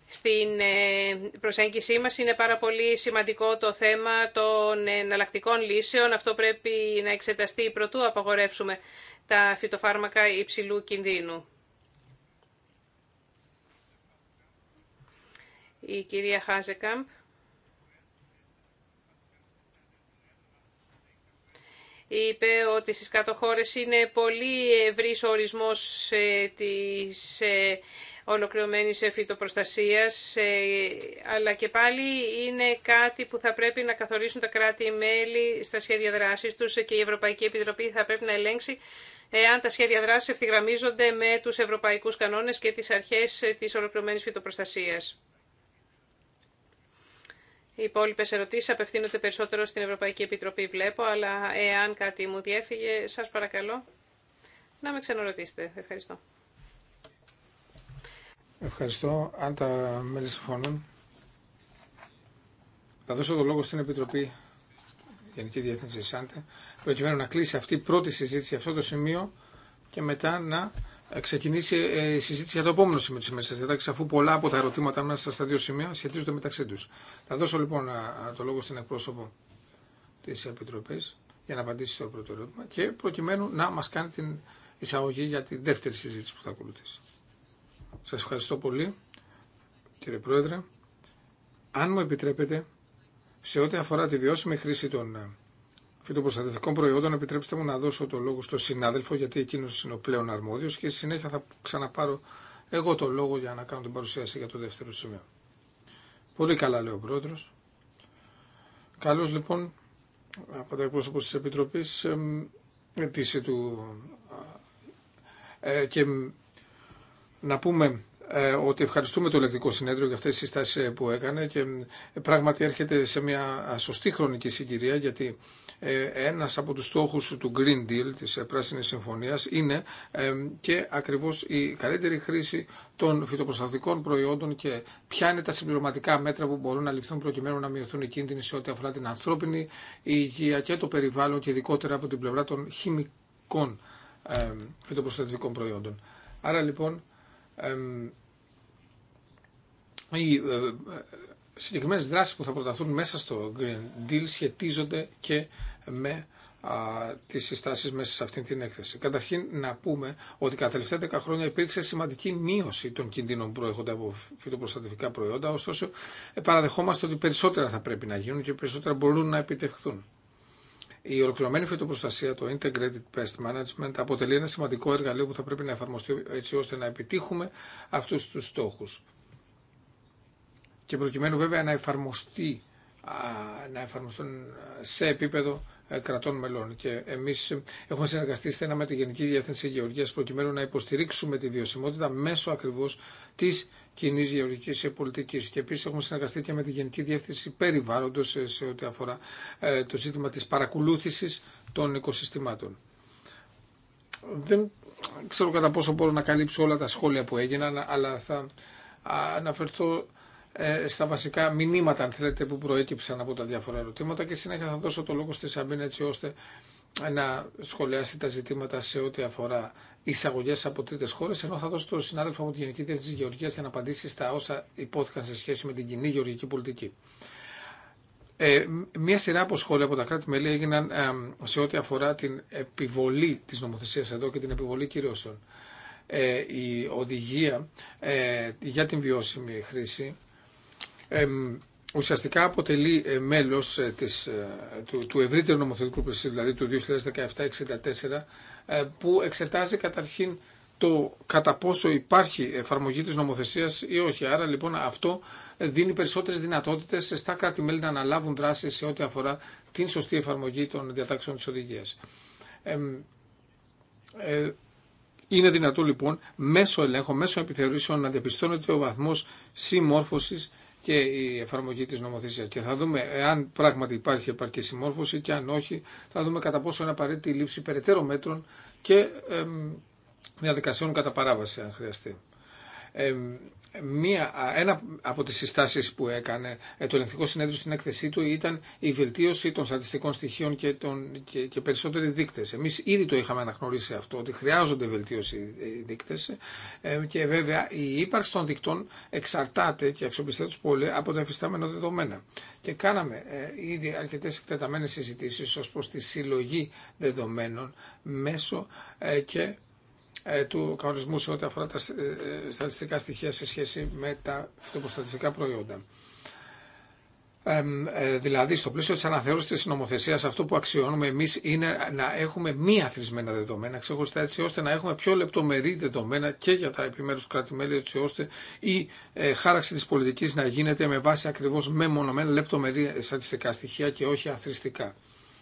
Στην ε, προσέγγιση μας είναι πάρα πολύ σημαντικό το θέμα των εναλλακτικών λύσεων. Αυτό πρέπει να εξεταστεί πρωτού απαγορεύσουμε τα φυτοφάρμακα υψηλού κινδύνου. η κυρία Χάζεκάμπ είπε ότι στις κάτω είναι πολύ ευρύς ο ορισμός ε, της ε, ολοκληρωμένης φυτοπροστασίας, ε, αλλά και πάλι είναι κάτι που θα πρέπει να καθορίσουν τα κράτη-μέλη στα σχέδια δράσης τους και η Ευρωπαϊκή Επιτροπή θα πρέπει να ελέγξει εάν τα σχέδια δράσης ευθυγραμμίζονται με τους ευρωπαϊκούς κανόνες και τις αρχές της ολοκληρωμένης φυτοπροστασίας. Οι υπόλοιπε ερωτήσει απευθύνονται περισσότερο στην Ευρωπαϊκή Επιτροπή, βλέπω, αλλά εάν κάτι μου διέφυγε, σα παρακαλώ να με ξαναρωτήσετε. Ευχαριστώ.
Ευχαριστώ. Αν τα μέλη συμφωνούν, θα δώσω το λόγο στην Επιτροπή Γενική Διεύθυνση Σάντε, προκειμένου να κλείσει αυτή η πρώτη συζήτηση, αυτό το σημείο και μετά να ε, ξεκινήσει ε, η συζήτηση για το επόμενο σημείο τη ημέρα Σα αφού πολλά από τα ερωτήματα μέσα στα δύο σημεία σχετίζονται μεταξύ του. Θα δώσω λοιπόν το λόγο στην εκπρόσωπο τη Επιτροπή για να απαντήσει στο πρώτο ερώτημα και προκειμένου να μα κάνει την εισαγωγή για τη δεύτερη συζήτηση που θα ακολουθήσει. Σα ευχαριστώ πολύ, κύριε Πρόεδρε. Αν μου επιτρέπετε, σε ό,τι αφορά τη βιώσιμη χρήση των ε, φυτοπροστατευτικών προϊόντων, επιτρέψτε μου να δώσω το λόγο στον συνάδελφο, γιατί εκείνο είναι ο πλέον αρμόδιο και συνέχεια θα ξαναπάρω εγώ το λόγο για να κάνω την παρουσίαση για το δεύτερο σημείο. Πολύ καλά, λέει ο πρόεδρο. Καλώ λοιπόν από τα εκπρόσωπο τη Επιτροπή του. Ε, και να πούμε ε, ότι ευχαριστούμε το Ελεκτικό Συνέδριο για αυτές τις συστάσεις ε, που έκανε και ε, πράγματι έρχεται σε μια σωστή χρονική συγκυρία γιατί ένας από τους στόχους του Green Deal, της Πράσινης Συμφωνίας, είναι και ακριβώς η καλύτερη χρήση των φυτοπροστατικών προϊόντων και ποια είναι τα συμπληρωματικά μέτρα που μπορούν να ληφθούν προκειμένου να μειωθούν οι κίνδυνοι σε ό,τι αφορά την ανθρώπινη υγεία και το περιβάλλον και ειδικότερα από την πλευρά των χημικών φυτοπροστατικών προϊόντων. Άρα λοιπόν οι ε, ε, συγκεκριμένες δράσεις που θα προταθούν μέσα στο Green Deal σχετίζονται και με τις συστάσεις μέσα σε αυτή την έκθεση. Καταρχήν, να πούμε ότι κατά τελευταία 10 χρόνια υπήρξε σημαντική μείωση των κινδύνων που προέρχονται από φυτοπροστατευτικά προϊόντα, ωστόσο παραδεχόμαστε ότι περισσότερα θα πρέπει να γίνουν και περισσότερα μπορούν να επιτευχθούν. Η ολοκληρωμένη φυτοπροστασία, το Integrated Pest Management, αποτελεί ένα σημαντικό εργαλείο που θα πρέπει να εφαρμοστεί έτσι ώστε να επιτύχουμε αυτού του στόχου και προκειμένου βέβαια να εφαρμοστεί να εφαρμοστούν σε επίπεδο ε, κρατών μελών. Και εμεί ε, έχουμε συνεργαστεί στενά με τη Γενική Διεύθυνση Γεωργία προκειμένου να υποστηρίξουμε τη βιωσιμότητα μέσω ακριβώ τη κοινή γεωργική ε, πολιτική. Και επίση έχουμε συνεργαστεί και με τη Γενική Διεύθυνση Περιβάλλοντο σε ό,τι αφορά το ζήτημα τη παρακολούθηση των οικοσυστημάτων. Δεν ξέρω κατά πόσο μπορώ να καλύψω όλα τα σχόλια που έγιναν, αλλά θα αναφερθώ ε, στα βασικά μηνύματα, αν θέλετε, που προέκυψαν από τα διάφορα ερωτήματα και συνέχεια θα δώσω το λόγο στη Σαμπίνα έτσι ώστε να σχολιάσει τα ζητήματα σε ό,τι αφορά εισαγωγέ από τρίτε χώρε, ενώ θα δώσω τον συνάδελφο από τη Γενική Διεύθυνση Γεωργία για να απαντήσει στα όσα υπόθηκαν σε σχέση με την κοινή γεωργική πολιτική. Ε, μία σειρά από σχόλια από τα κράτη-μέλη έγιναν ε, σε ό,τι αφορά την επιβολή τη νομοθεσία εδώ και την επιβολή κυρώσεων. Ε, η οδηγία ε, για την βιώσιμη χρήση ουσιαστικά αποτελεί ε, μέλος ε, της, ε, του, του ευρύτερου νομοθετικού πλαισίου, δηλαδή του 2017-64, που εξετάζει καταρχήν το κατά πόσο υπάρχει εφαρμογή της νομοθεσίας ή όχι. Άρα λοιπόν αυτό δίνει περισσότερες δυνατότητες στα κράτη-μέλη να αναλάβουν δράσεις σε ό,τι αφορά την σωστή εφαρμογή των διατάξεων της οδηγίας. ε, είναι δυνατό λοιπόν μέσω ελέγχου, μέσω επιθεωρήσεων να διαπιστώνεται ο βαθμός συμμόρφωσης και η εφαρμογή της νομοθεσίας. Και θα δούμε αν πράγματι υπάρχει επαρκή συμμόρφωση και αν όχι θα δούμε κατά πόσο είναι απαραίτητη η λήψη περαιτέρω μέτρων και διαδικασιών κατά παράβαση αν χρειαστεί. Ε, μία, ένα από τις συστάσεις που έκανε ε, το ελεγκτικό συνέδριο στην έκθεσή του ήταν η βελτίωση των στατιστικών στοιχείων και, των, και, και περισσότεροι δείκτες. Εμείς ήδη το είχαμε αναγνωρίσει αυτό, ότι χρειάζονται βελτίωση οι δείκτες ε, και βέβαια η ύπαρξη των δείκτων εξαρτάται και αξιοπιστέ πολύ από τα εφιστάμενα δεδομένα. Και κάναμε ε, ήδη αρκετές εκτεταμένες συζητήσεις ως προς τη συλλογή δεδομένων μέσω και ε, του κανονισμού σε ό,τι αφορά τα ε, ε, στατιστικά στοιχεία σε σχέση με τα φυτοποστατιστικά προϊόντα. Ε, δηλαδή, στο πλαίσιο τη αναθεώρηση τη νομοθεσία, αυτό που αξιώνουμε εμεί είναι να έχουμε μη αθροισμένα δεδομένα, ξεχωριστά έτσι ώστε να έχουμε πιο λεπτομερή δεδομένα και για τα επιμέρου κράτη-μέλη, έτσι ώστε η χάραξη τη πολιτική να γίνεται με βάση ακριβώ μεμονωμένα λεπτομερή στατιστικά στοιχεία και όχι αθρηστικά.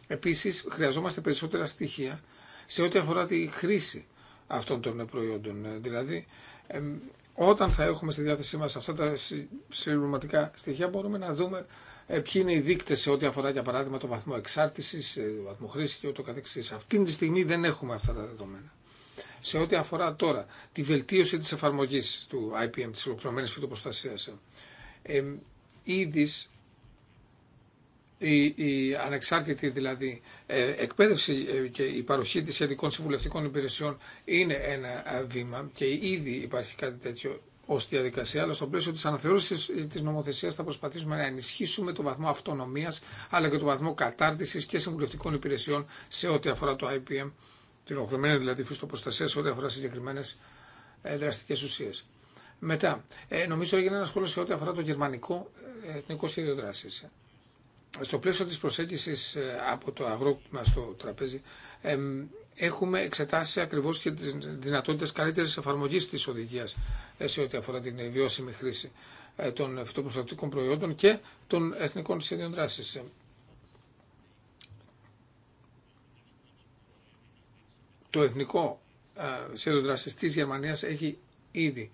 Επίση, χρειαζόμαστε περισσότερα στοιχεία σε ό,τι αφορά τη χρήση αυτών των προϊόντων. Ε, δηλαδή, όταν θα έχουμε στη διάθεσή μας αυτά τα συμπληρωματικά στοιχεία μπορούμε να δούμε ε, ποιοι είναι οι δείκτες σε ό,τι αφορά για παράδειγμα το βαθμό εξάρτησης, ε, το βαθμό χρήση και ούτω καθεξής. Αυτή τη στιγμή δεν έχουμε αυτά τα δεδομένα. Σε ό,τι αφορά τώρα τη βελτίωση της εφαρμογής του IPM, της ολοκληρωμένης φυτοπροστασίας, ε, η, η ανεξάρτητη δηλαδή ε, εκπαίδευση ε, και η παροχή της ειδικών συμβουλευτικών υπηρεσιών είναι ένα ε, βήμα και ήδη υπάρχει κάτι τέτοιο ω διαδικασία, αλλά στο πλαίσιο τη αναθεώρηση τη νομοθεσία θα προσπαθήσουμε να ενισχύσουμε το βαθμό αυτονομία αλλά και το βαθμό κατάρτιση και συμβουλευτικών υπηρεσιών σε ό,τι αφορά το IPM, την οχρεωμένη δηλαδή φυστοπροστασία σε ό,τι αφορά συγκεκριμένε δραστικέ ουσίε. Μετά, νομίζω έγινε ένα σχόλιο σε ό,τι αφορά το γερμανικό εθνικό σχέδιο δράση στο πλαίσιο της προσέγγισης ε, από το αγρόκτημα στο τραπέζι έχουμε εξετάσει ακριβώς και τις δυνατότητες καλύτερης εφαρμογής της οδηγίας ε, σε ό,τι αφορά την βιώσιμη χρήση ε, των φυτοπροστατικών προϊόντων και των εθνικών σχεδίων δράσης. Το εθνικό σχέδιο δράσης της Γερμανίας έχει ήδη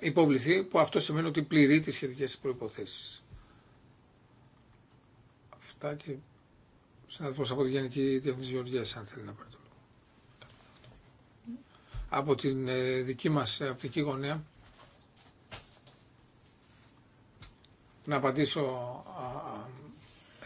υποβληθεί, που αυτό σημαίνει ότι πληρεί τις σχετικές προϋποθέσεις αυτά και ο από τη Γενική Διεύθυνση Γεωργίας αν θέλει να πάρει το λόγο. Από την ε, δική μας οπτική γωνία να απαντήσω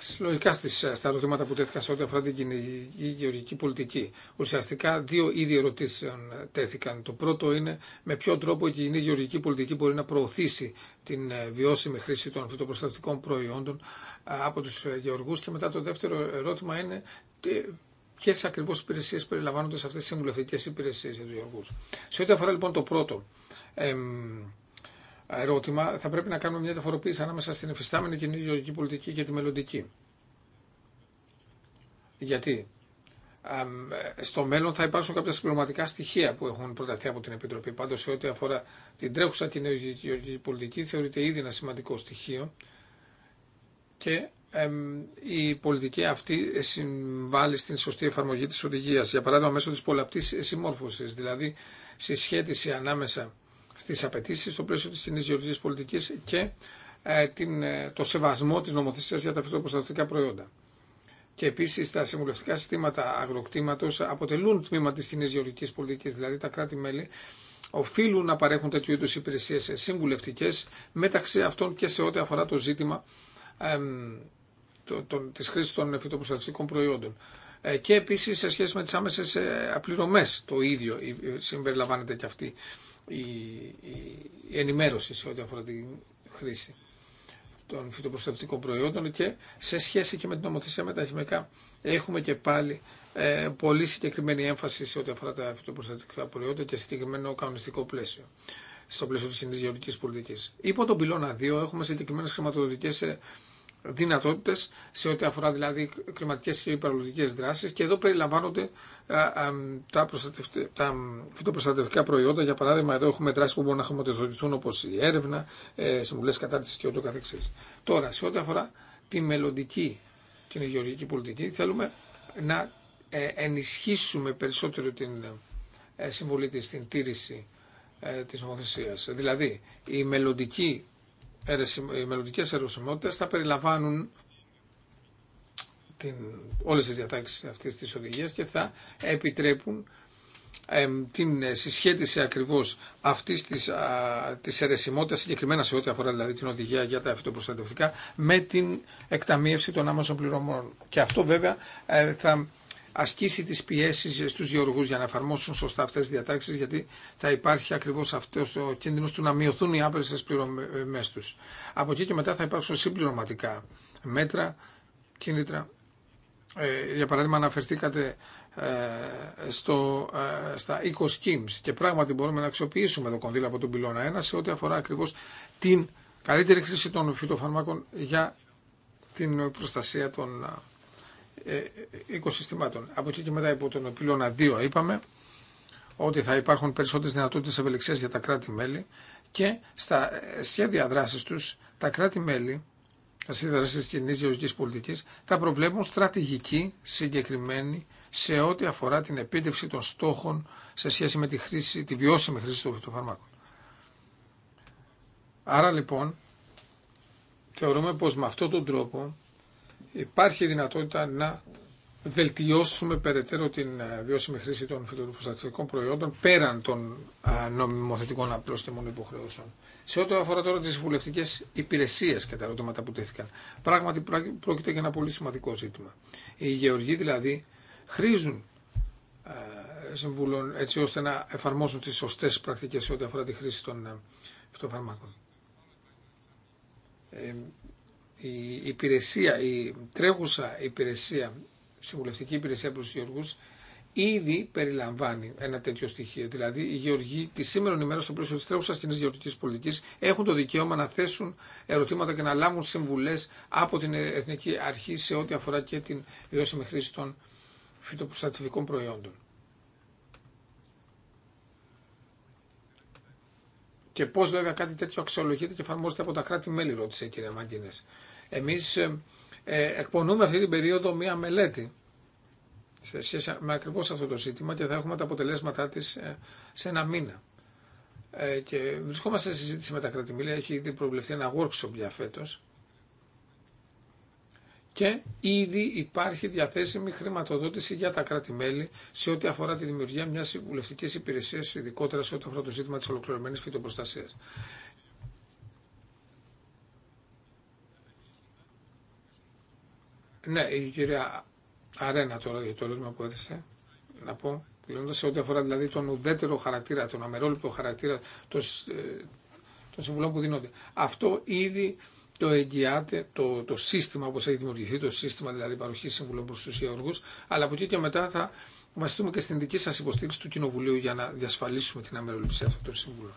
Συλλογικά στις, ε, στα ερωτήματα που τέθηκαν σε ό,τι αφορά την κοινή γεωργική πολιτική, ουσιαστικά δύο είδη ερωτήσεων ε, τέθηκαν. Το πρώτο είναι με ποιο τρόπο η κοινή γεωργική πολιτική μπορεί να προωθήσει την ε, βιώσιμη χρήση των φυτοπροστατικών προϊόντων από τους γεωργούς και μετά το δεύτερο ερώτημα είναι ποιε ακριβώ υπηρεσίε περιλαμβάνονται σε αυτέ τι συμβουλευτικέ υπηρεσίε για του γεωργού. Σε ό,τι αφορά λοιπόν το πρώτο, εμ, ερώτημα, θα πρέπει να κάνουμε μια διαφοροποίηση ανάμεσα στην εφιστάμενη κοινή γεωργική πολιτική και τη μελλοντική. Γιατί στο μέλλον θα υπάρξουν κάποια συμπληρωματικά στοιχεία που έχουν προταθεί από την Επιτροπή. Πάντω, σε ό,τι αφορά την τρέχουσα κοινή γεωργική πολιτική, θεωρείται ήδη ένα σημαντικό στοιχείο και η πολιτική αυτή συμβάλλει στην σωστή εφαρμογή της οδηγίας. Για παράδειγμα, μέσω της πολλαπτής συμμόρφωσης, δηλαδή σχέση ανάμεσα Στι απαιτήσει στο πλαίσιο τη κοινή γεωργική πολιτική και ε, την, ε, το σεβασμό τη νομοθεσία για τα φυτοπροστατευτικά προϊόντα. Και επίση τα συμβουλευτικά συστήματα αγροκτήματο αποτελούν τμήμα τη κοινή γεωργική πολιτική, δηλαδή τα κράτη-μέλη οφείλουν να παρέχουν τέτοιου είδου υπηρεσίε συμβουλευτικέ, μεταξύ αυτών και σε ό,τι αφορά το ζήτημα ε, τη χρήση των φυτοπροστατευτικών προϊόντων. Ε, και επίση σε σχέση με τι άμεσε απληρωμέ το ίδιο συμπεριλαμβάνεται και αυτή η ενημέρωση σε ό,τι αφορά την χρήση των φυτοπροστατευτικών προϊόντων και σε σχέση και με την νομοθεσία με τα χημικά έχουμε και πάλι ε, πολύ συγκεκριμένη έμφαση σε ό,τι αφορά τα φυτοπροστατευτικά προϊόντα και συγκεκριμένο κανονιστικό πλαίσιο στο πλαίσιο της κοινή γεωργική πολιτική. Υπό τον πυλώνα 2 έχουμε συγκεκριμένε χρηματοδοτικέ ε, δυνατότητε σε ό,τι αφορά δηλαδή κλιματικέ και υπεραλωτικέ δράσει και εδώ περιλαμβάνονται ε, ε, τα, τα φυτοπροστατευτικά προϊόντα. Για παράδειγμα, εδώ έχουμε δράσει που μπορούν να χρηματοδοτηθούν όπω η έρευνα, ε, συμβουλέ κατάρτιση και ούτω Τώρα, σε ό,τι αφορά τη μελλοντική την υγειολογική πολιτική, θέλουμε να ενισχύσουμε περισσότερο την συμβολή της στην τήρηση της νομοθεσίας. Δηλαδή, η μελλοντική οι μελλοντικές ερωσιμότητες θα περιλαμβάνουν την, όλες τις διατάξεις αυτής της οδηγίας και θα επιτρέπουν την ε, συσχέτιση ακριβώς αυτής της, α, της αιρεσιμότητας συγκεκριμένα σε ό,τι αφορά δηλαδή την οδηγία για τα αυτοπροστατευτικά με την εκταμείευση των άμεσων πληρωμών. Και αυτό βέβαια ε, θα ασκήσει τις πιέσεις στους γεωργούς για να εφαρμόσουν σωστά αυτές τις διατάξεις γιατί θα υπάρχει ακριβώς αυτό ο κίνδυνος του να μειωθούν οι άπρεστες πληρωμές τους. Από εκεί και μετά θα υπάρξουν συμπληρωματικά μέτρα, κίνητρα. Ε, για παράδειγμα αναφερθήκατε ε, στο, ε, στα eco schemes και πράγματι μπορούμε να αξιοποιήσουμε το κονδύλι από τον πυλώνα 1 σε ό,τι αφορά ακριβώς την καλύτερη χρήση των φυτοφαρμάκων για την προστασία των ε, ε, οικοσυστημάτων. Από εκεί και μετά υπό τον πυλώνα 2 είπαμε ότι θα υπάρχουν περισσότερες δυνατότητες ευελιξίας για τα κράτη-μέλη και στα ε, σχέδια δράσης τους τα κράτη-μέλη δράση της κοινή γεωργικής πολιτικής θα προβλέπουν στρατηγική συγκεκριμένη σε ό,τι αφορά την επίτευξη των στόχων σε σχέση με τη, χρήση, τη βιώσιμη χρήση των φαρμάκων. Άρα λοιπόν θεωρούμε πως με αυτόν τον τρόπο υπάρχει δυνατότητα να βελτιώσουμε περαιτέρω την ε, βιώσιμη χρήση των φυτοπροστατευτικών προϊόντων πέραν των ε, νομιμοθετικών μόνο υποχρεώσεων. Σε ό,τι αφορά τώρα τις βουλευτικές υπηρεσίες και τα ερωτήματα που τέθηκαν, πράγματι πρόκειται για ένα πολύ σημαντικό ζήτημα. Οι γεωργοί δηλαδή χρήζουν ε, συμβουλών έτσι ώστε να εφαρμόσουν τις σωστές πρακτικές σε ό,τι αφορά τη χρήση των φυτοφαρμάκων η υπηρεσία, η τρέχουσα υπηρεσία, συμβουλευτική υπηρεσία προς τους γεωργούς, ήδη περιλαμβάνει ένα τέτοιο στοιχείο. Δηλαδή, οι γεωργοί τη σήμερα ημέρα στο πλαίσιο τη τρέχουσα κοινή γεωργική πολιτική έχουν το δικαίωμα να θέσουν ερωτήματα και να λάβουν συμβουλέ από την Εθνική Αρχή σε ό,τι αφορά και την βιώσιμη χρήση των φυτοπροστατευτικών προϊόντων. Και πώ βέβαια κάτι τέτοιο αξιολογείται και εφαρμόζεται από τα κράτη-μέλη, ρώτησε η κυρία εμείς ε, ε, εκπονούμε αυτή την περίοδο μία μελέτη σε σχέση με ακριβώς αυτό το ζήτημα και θα έχουμε τα αποτελέσματά της ε, σε ένα μήνα. Και βρισκόμαστε σε συζήτηση με τα κρατημήλια, έχει ήδη προβλεφθεί ένα workshop για φέτος και ήδη υπάρχει διαθέσιμη χρηματοδότηση για τα κράτη-μέλη σε ό,τι αφορά τη δημιουργία μια συμβουλευτική υπηρεσία, ειδικότερα σε ό,τι αφορά το ζήτημα τη ολοκληρωμένη φυτοπροστασία. Ναι, η κυρία Αρένα τώρα για το ερώτημα που έθεσε να πω, κλείνοντα σε ό,τι αφορά δηλαδή τον ουδέτερο χαρακτήρα, τον αμερόληπτο χαρακτήρα ε, των συμβουλών που δίνονται. Αυτό ήδη το εγγυάται το, το σύστημα όπως έχει δημιουργηθεί, το σύστημα δηλαδή παροχή συμβουλών προ του γεωργού. αλλά από εκεί και μετά θα βασιστούμε και στην δική σα υποστήριξη του Κοινοβουλίου για να διασφαλίσουμε την αμεροληψία αυτών των συμβουλών.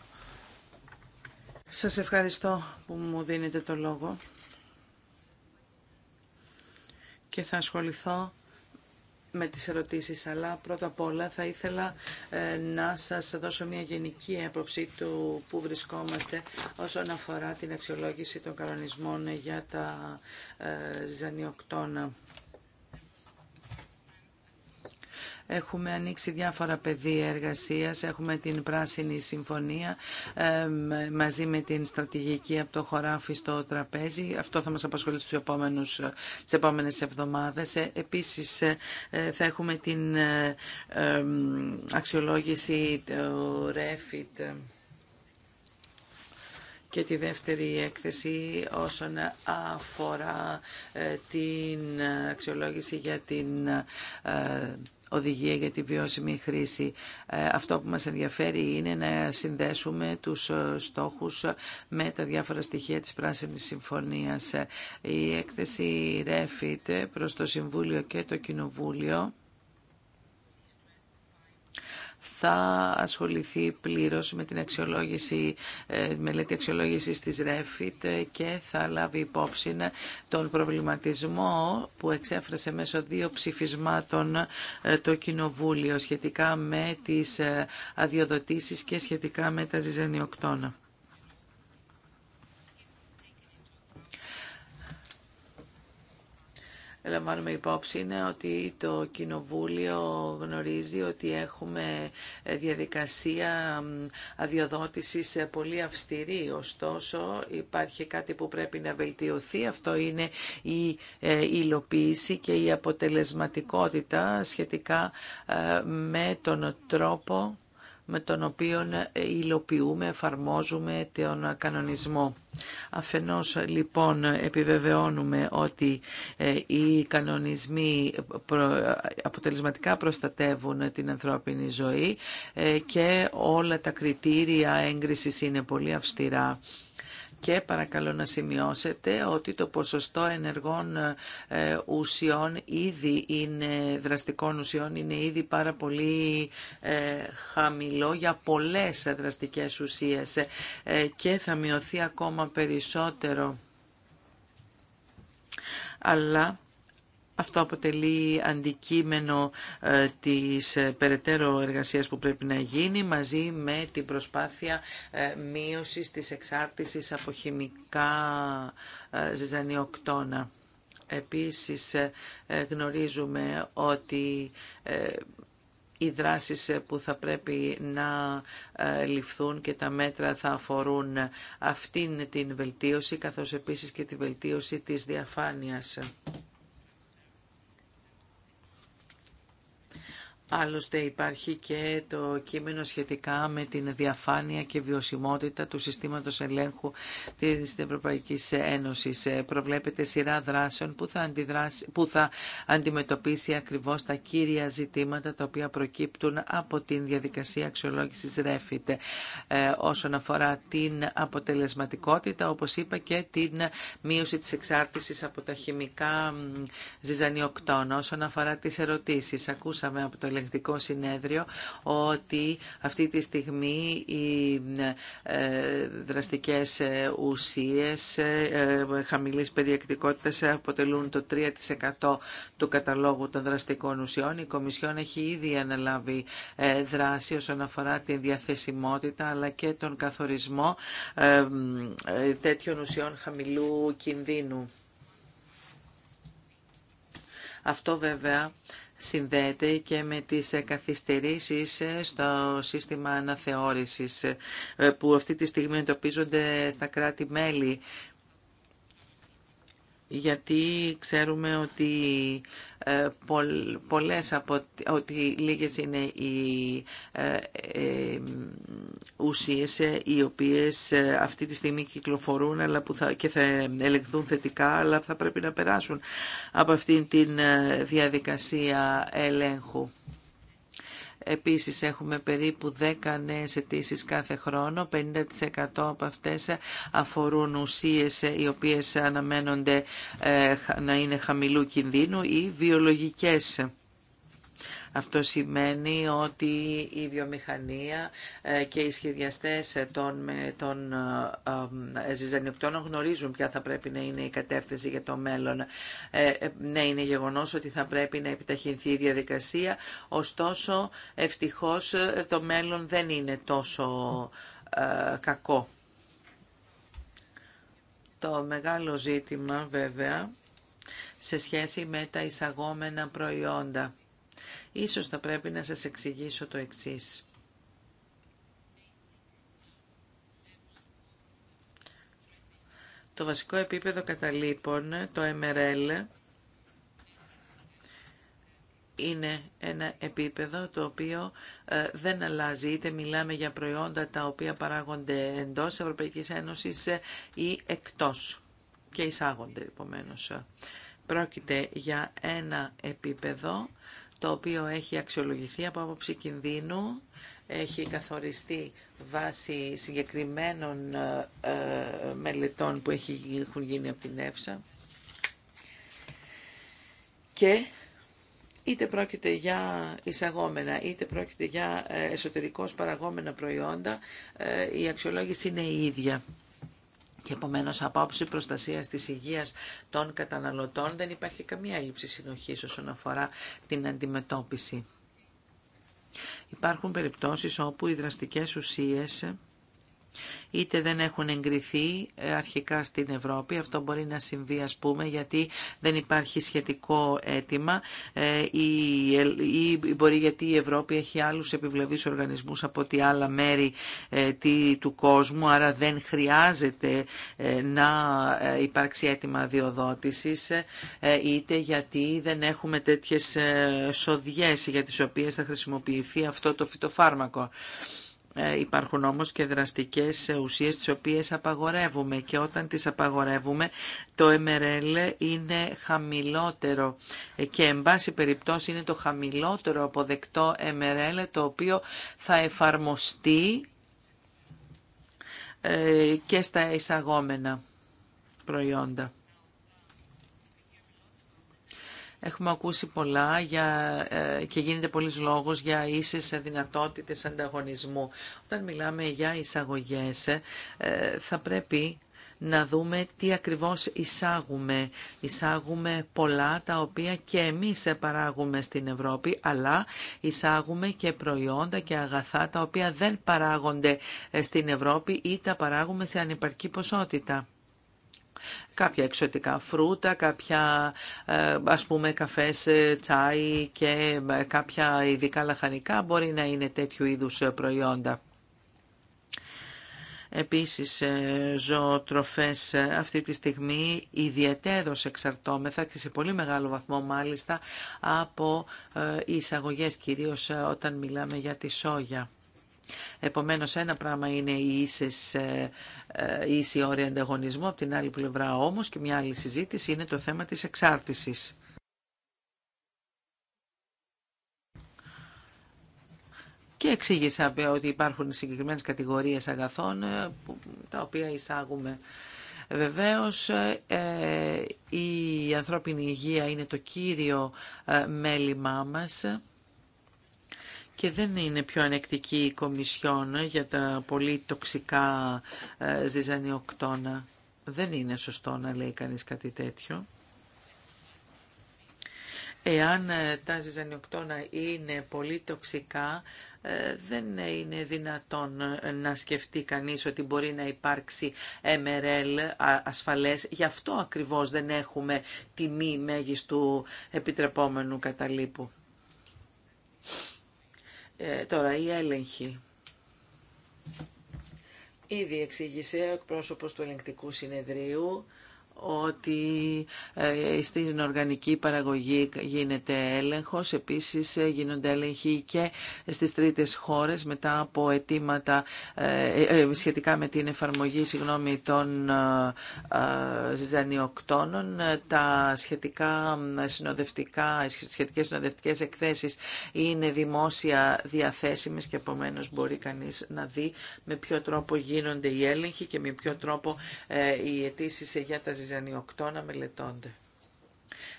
Σας ευχαριστώ που μου δίνετε το λόγο
και θα ασχοληθώ με τις ερωτήσεις, αλλά πρώτα απ' όλα θα ήθελα ε, να σας δώσω μια γενική έποψη του που βρισκόμαστε όσον αφορά την αξιολόγηση των κανονισμών για τα ε, ζανιοκτώνα. Έχουμε ανοίξει διάφορα πεδία εργασίας, έχουμε την Πράσινη Συμφωνία μαζί με την στρατηγική από το χωράφι στο τραπέζι. Αυτό θα μας απασχολήσει τις επόμενες, τις επόμενες εβδομάδες. Ε, επίσης ε, θα έχουμε την ε, αξιολόγηση του REFIT και τη δεύτερη έκθεση όσον αφορά την αξιολόγηση για την οδηγία για τη βιώσιμη χρήση. Ε, αυτό που μας ενδιαφέρει είναι να συνδέσουμε τους ε, στόχους ε, με τα διάφορα στοιχεία της Πράσινης Συμφωνίας. Η έκθεση REFIT προς το Συμβούλιο και το Κοινοβούλιο θα ασχοληθεί πλήρως με την αξιολόγηση, ε, μελέτη αξιολόγησης της REFIT και θα λάβει υπόψη τον προβληματισμό που εξέφρασε μέσω δύο ψηφισμάτων ε, το Κοινοβούλιο σχετικά με τις ε, αδειοδοτήσεις και σχετικά με τα ζυζανιοκτώνα. λαμβάνουμε υπόψη είναι ότι το Κοινοβούλιο γνωρίζει ότι έχουμε διαδικασία αδειοδότησης πολύ αυστηρή. Ωστόσο υπάρχει κάτι που πρέπει να βελτιωθεί. Αυτό είναι η ε, υλοποίηση και η αποτελεσματικότητα σχετικά ε, με τον τρόπο με τον οποίο ε, υλοποιούμε, εφαρμόζουμε τον κανονισμό. Αφενός λοιπόν επιβεβαιώνουμε ότι ε, οι κανονισμοί αποτελεσματικά προστατεύουν την ανθρώπινη ζωή ε, και όλα τα κριτήρια έγκρισης είναι πολύ αυστηρά και παρακαλώ να σημειώσετε ότι το ποσοστό ενεργών ε, ουσιών ήδη είναι, δραστικών ουσιών είναι ήδη πάρα πολύ ε, χαμηλό για πολλές δραστικές ουσίες ε, και θα μειωθεί ακόμα περισσότερο. Αλλά αυτό αποτελεί αντικείμενο ε, της ε, περαιτέρω εργασίας που πρέπει να γίνει μαζί με την προσπάθεια ε, μείωσης της εξάρτησης από χημικά ζυζανιοκτώνα. Επίσης γνωρίζουμε ότι οι δράσεις που θα πρέπει να ληφθούν και τα μέτρα θα αφορούν αυτήν την βελτίωση καθώς επίσης και τη βελτίωση της διαφάνειας. Άλλωστε υπάρχει και το κείμενο σχετικά με την διαφάνεια και βιωσιμότητα του συστήματος ελέγχου της Ευρωπαϊκής Ένωσης. Ε, προβλέπεται σειρά δράσεων που θα, αντιδράσει, που θα αντιμετωπίσει ακριβώς τα κύρια ζητήματα τα οποία προκύπτουν από την διαδικασία αξιολόγησης REFIT ε, όσον αφορά την αποτελεσματικότητα, όπως είπα και την μείωση της εξάρτησης από τα χημικά ζυζανιοκτώνα. Όσον αφορά τις ερωτήσεις, ακούσαμε από το συνέδριο ότι αυτή τη στιγμή οι ε, δραστικές ε, ουσίες ε, χαμηλής περιεκτικότητας αποτελούν το 3% του καταλόγου των δραστικών ουσιών. Η Κομισιόν έχει ήδη αναλάβει δράση όσον αφορά τη διαθεσιμότητα αλλά και τον καθορισμό τέτοιων ουσιών χαμηλού κινδύνου. Αυτό βέβαια συνδέεται και με τις καθυστερήσεις στο σύστημα αναθεώρησης ε, που αυτή τη στιγμή εντοπίζονται στα κράτη-μέλη γιατί ξέρουμε ότι ε, πολλές από ότι λίγες είναι οι ε, ε, ουσίες οι οποίες αυτή τη στιγμή κυκλοφορούν αλλά που θα, και θα ελεγχθούν θετικά αλλά θα πρέπει να περάσουν από αυτήν την διαδικασία ελέγχου. Επίσης έχουμε περίπου 10 νέες αιτήσει κάθε χρόνο. 50% από αυτές αφορούν ουσίες οι οποίες αναμένονται ε, να είναι χαμηλού κινδύνου ή βιολογικές αυτό σημαίνει ότι η βιομηχανία ε, και οι σχεδιαστές των, των ε, ε, γνωρίζουν ποια θα πρέπει να είναι η κατεύθυνση για το μέλλον. Ναι, είναι γεγονός ότι θα πρέπει να επιταχυνθεί η διαδικασία, ωστόσο ευτυχώς το μέλλον δεν είναι τόσο κακό. Το μεγάλο ζήτημα βέβαια σε σχέση με τα εισαγόμενα προϊόντα Ίσως θα πρέπει να σας εξηγήσω το εξής. Το βασικό επίπεδο καταλήπων, το MRL, είναι ένα επίπεδο το οποίο ε, δεν αλλάζει. Είτε μιλάμε για προϊόντα τα οποία παράγονται εντός Ευρωπαϊκής Ένωσης ε, ή εκτός και εισάγονται επομένως. Πρόκειται για ένα επίπεδο το οποίο έχει αξιολογηθεί από άποψη κινδύνου, έχει καθοριστεί βάσει συγκεκριμένων ε, ε, μελετών που έχουν γίνει από την ΕΦΣΑ και είτε πρόκειται για εισαγόμενα, είτε πρόκειται για ε, εσωτερικώς παραγόμενα προϊόντα, η αξιολόγηση είναι η ίδια. Και επομένω, από άποψη προστασία τη υγεία των καταναλωτών, δεν υπάρχει καμία έλλειψη συνοχή όσον αφορά την αντιμετώπιση. Υπάρχουν περιπτώσεις όπου οι δραστικές ουσίες είτε δεν έχουν εγκριθεί ε, αρχικά στην Ευρώπη. Αυτό μπορεί να συμβεί ας πούμε γιατί δεν υπάρχει σχετικό αίτημα ή ε, μπορεί γιατί η Ευρώπη έχει άλλους επιβλαβείς επιβλεβεις από ότι άλλα μέρη ε, του κόσμου άρα δεν χρειάζεται να υπάρξει αίτημα διοδότησης είτε γιατί δεν έχουμε τέτοιες σοδιές για τις οποίες θα χρησιμοποιηθεί αυτό το φυτοφάρμακο. Ε, υπάρχουν όμως και δραστικές ουσίες τις οποίες απαγορεύουμε και όταν τις απαγορεύουμε το MRL είναι χαμηλότερο ε, και εν πάση περιπτώσει είναι το χαμηλότερο αποδεκτό MRL το οποίο θα εφαρμοστεί ε, και στα εισαγόμενα προϊόντα. Έχουμε ακούσει πολλά για, ε, και γίνεται πολλή λόγος για ίσες δυνατότητε ανταγωνισμού. Όταν μιλάμε για εισαγωγές ε, θα πρέπει να δούμε τι ακριβώς εισάγουμε. Εισάγουμε πολλά τα οποία και εμείς παράγουμε στην Ευρώπη, αλλά εισάγουμε και προϊόντα και αγαθά τα οποία δεν παράγονται ε, στην Ευρώπη ή τα παράγουμε σε ανεπαρκή ποσότητα κάποια εξωτικά φρούτα, κάποια ε, ας πούμε καφές, ε, τσάι και ε, κάποια ειδικά λαχανικά μπορεί να είναι τέτοιου είδους προϊόντα. Επίσης ζωοτροφές αυτή τη στιγμή ιδιαιτέρως εξαρτώμεθα και σε πολύ μεγάλο βαθμό μάλιστα από εισαγωγές κυρίως όταν μιλάμε για τη σόγια. Επομένως ένα πράγμα είναι η η ε, ε, ίση όρια ανταγωνισμού, από την άλλη πλευρά όμως και μια άλλη συζήτηση είναι το θέμα της εξάρτησης. Και εξήγησα ε, ότι υπάρχουν συγκεκριμένες κατηγορίες αγαθών τα οποία εισάγουμε. Βεβαίως η ανθρώπινη υγεία είναι το κύριο μέλημά μας και δεν είναι πιο ανεκτική η Κομισιόν για τα πολύ τοξικά ε, ζυζανιοκτώνα. Δεν είναι σωστό να λέει κανείς κάτι τέτοιο. Εάν ε, τα ζυζανιοκτώνα είναι πολύ τοξικά, ε, δεν είναι δυνατόν να σκεφτεί κανείς ότι μπορεί να υπάρξει MRL ασφαλές. Γι' αυτό ακριβώς δεν έχουμε τιμή μέγιστου επιτρεπόμενου καταλήπου. Ε, τώρα, η έλεγχη. Ήδη εξήγησε ο εκπρόσωπος του ελεγκτικού συνεδρίου ότι ε, στην οργανική παραγωγή γίνεται έλεγχος, επίσης ε, γίνονται έλεγχοι και στις τρίτες χώρες μετά από αιτήματα ε, σχετικά με την εφαρμογή συγγνώμη, των ζανιοκτώνων, τα σχετικά συνοδευτικά, σχετικές συνοδευτικές εκθέσεις είναι δημόσια διαθέσιμες και επομένως μπορεί κανείς να δει με ποιο τρόπο γίνονται οι έλεγχοι και με ποιο τρόπο οι αιτήσει για τα να μελετώνται.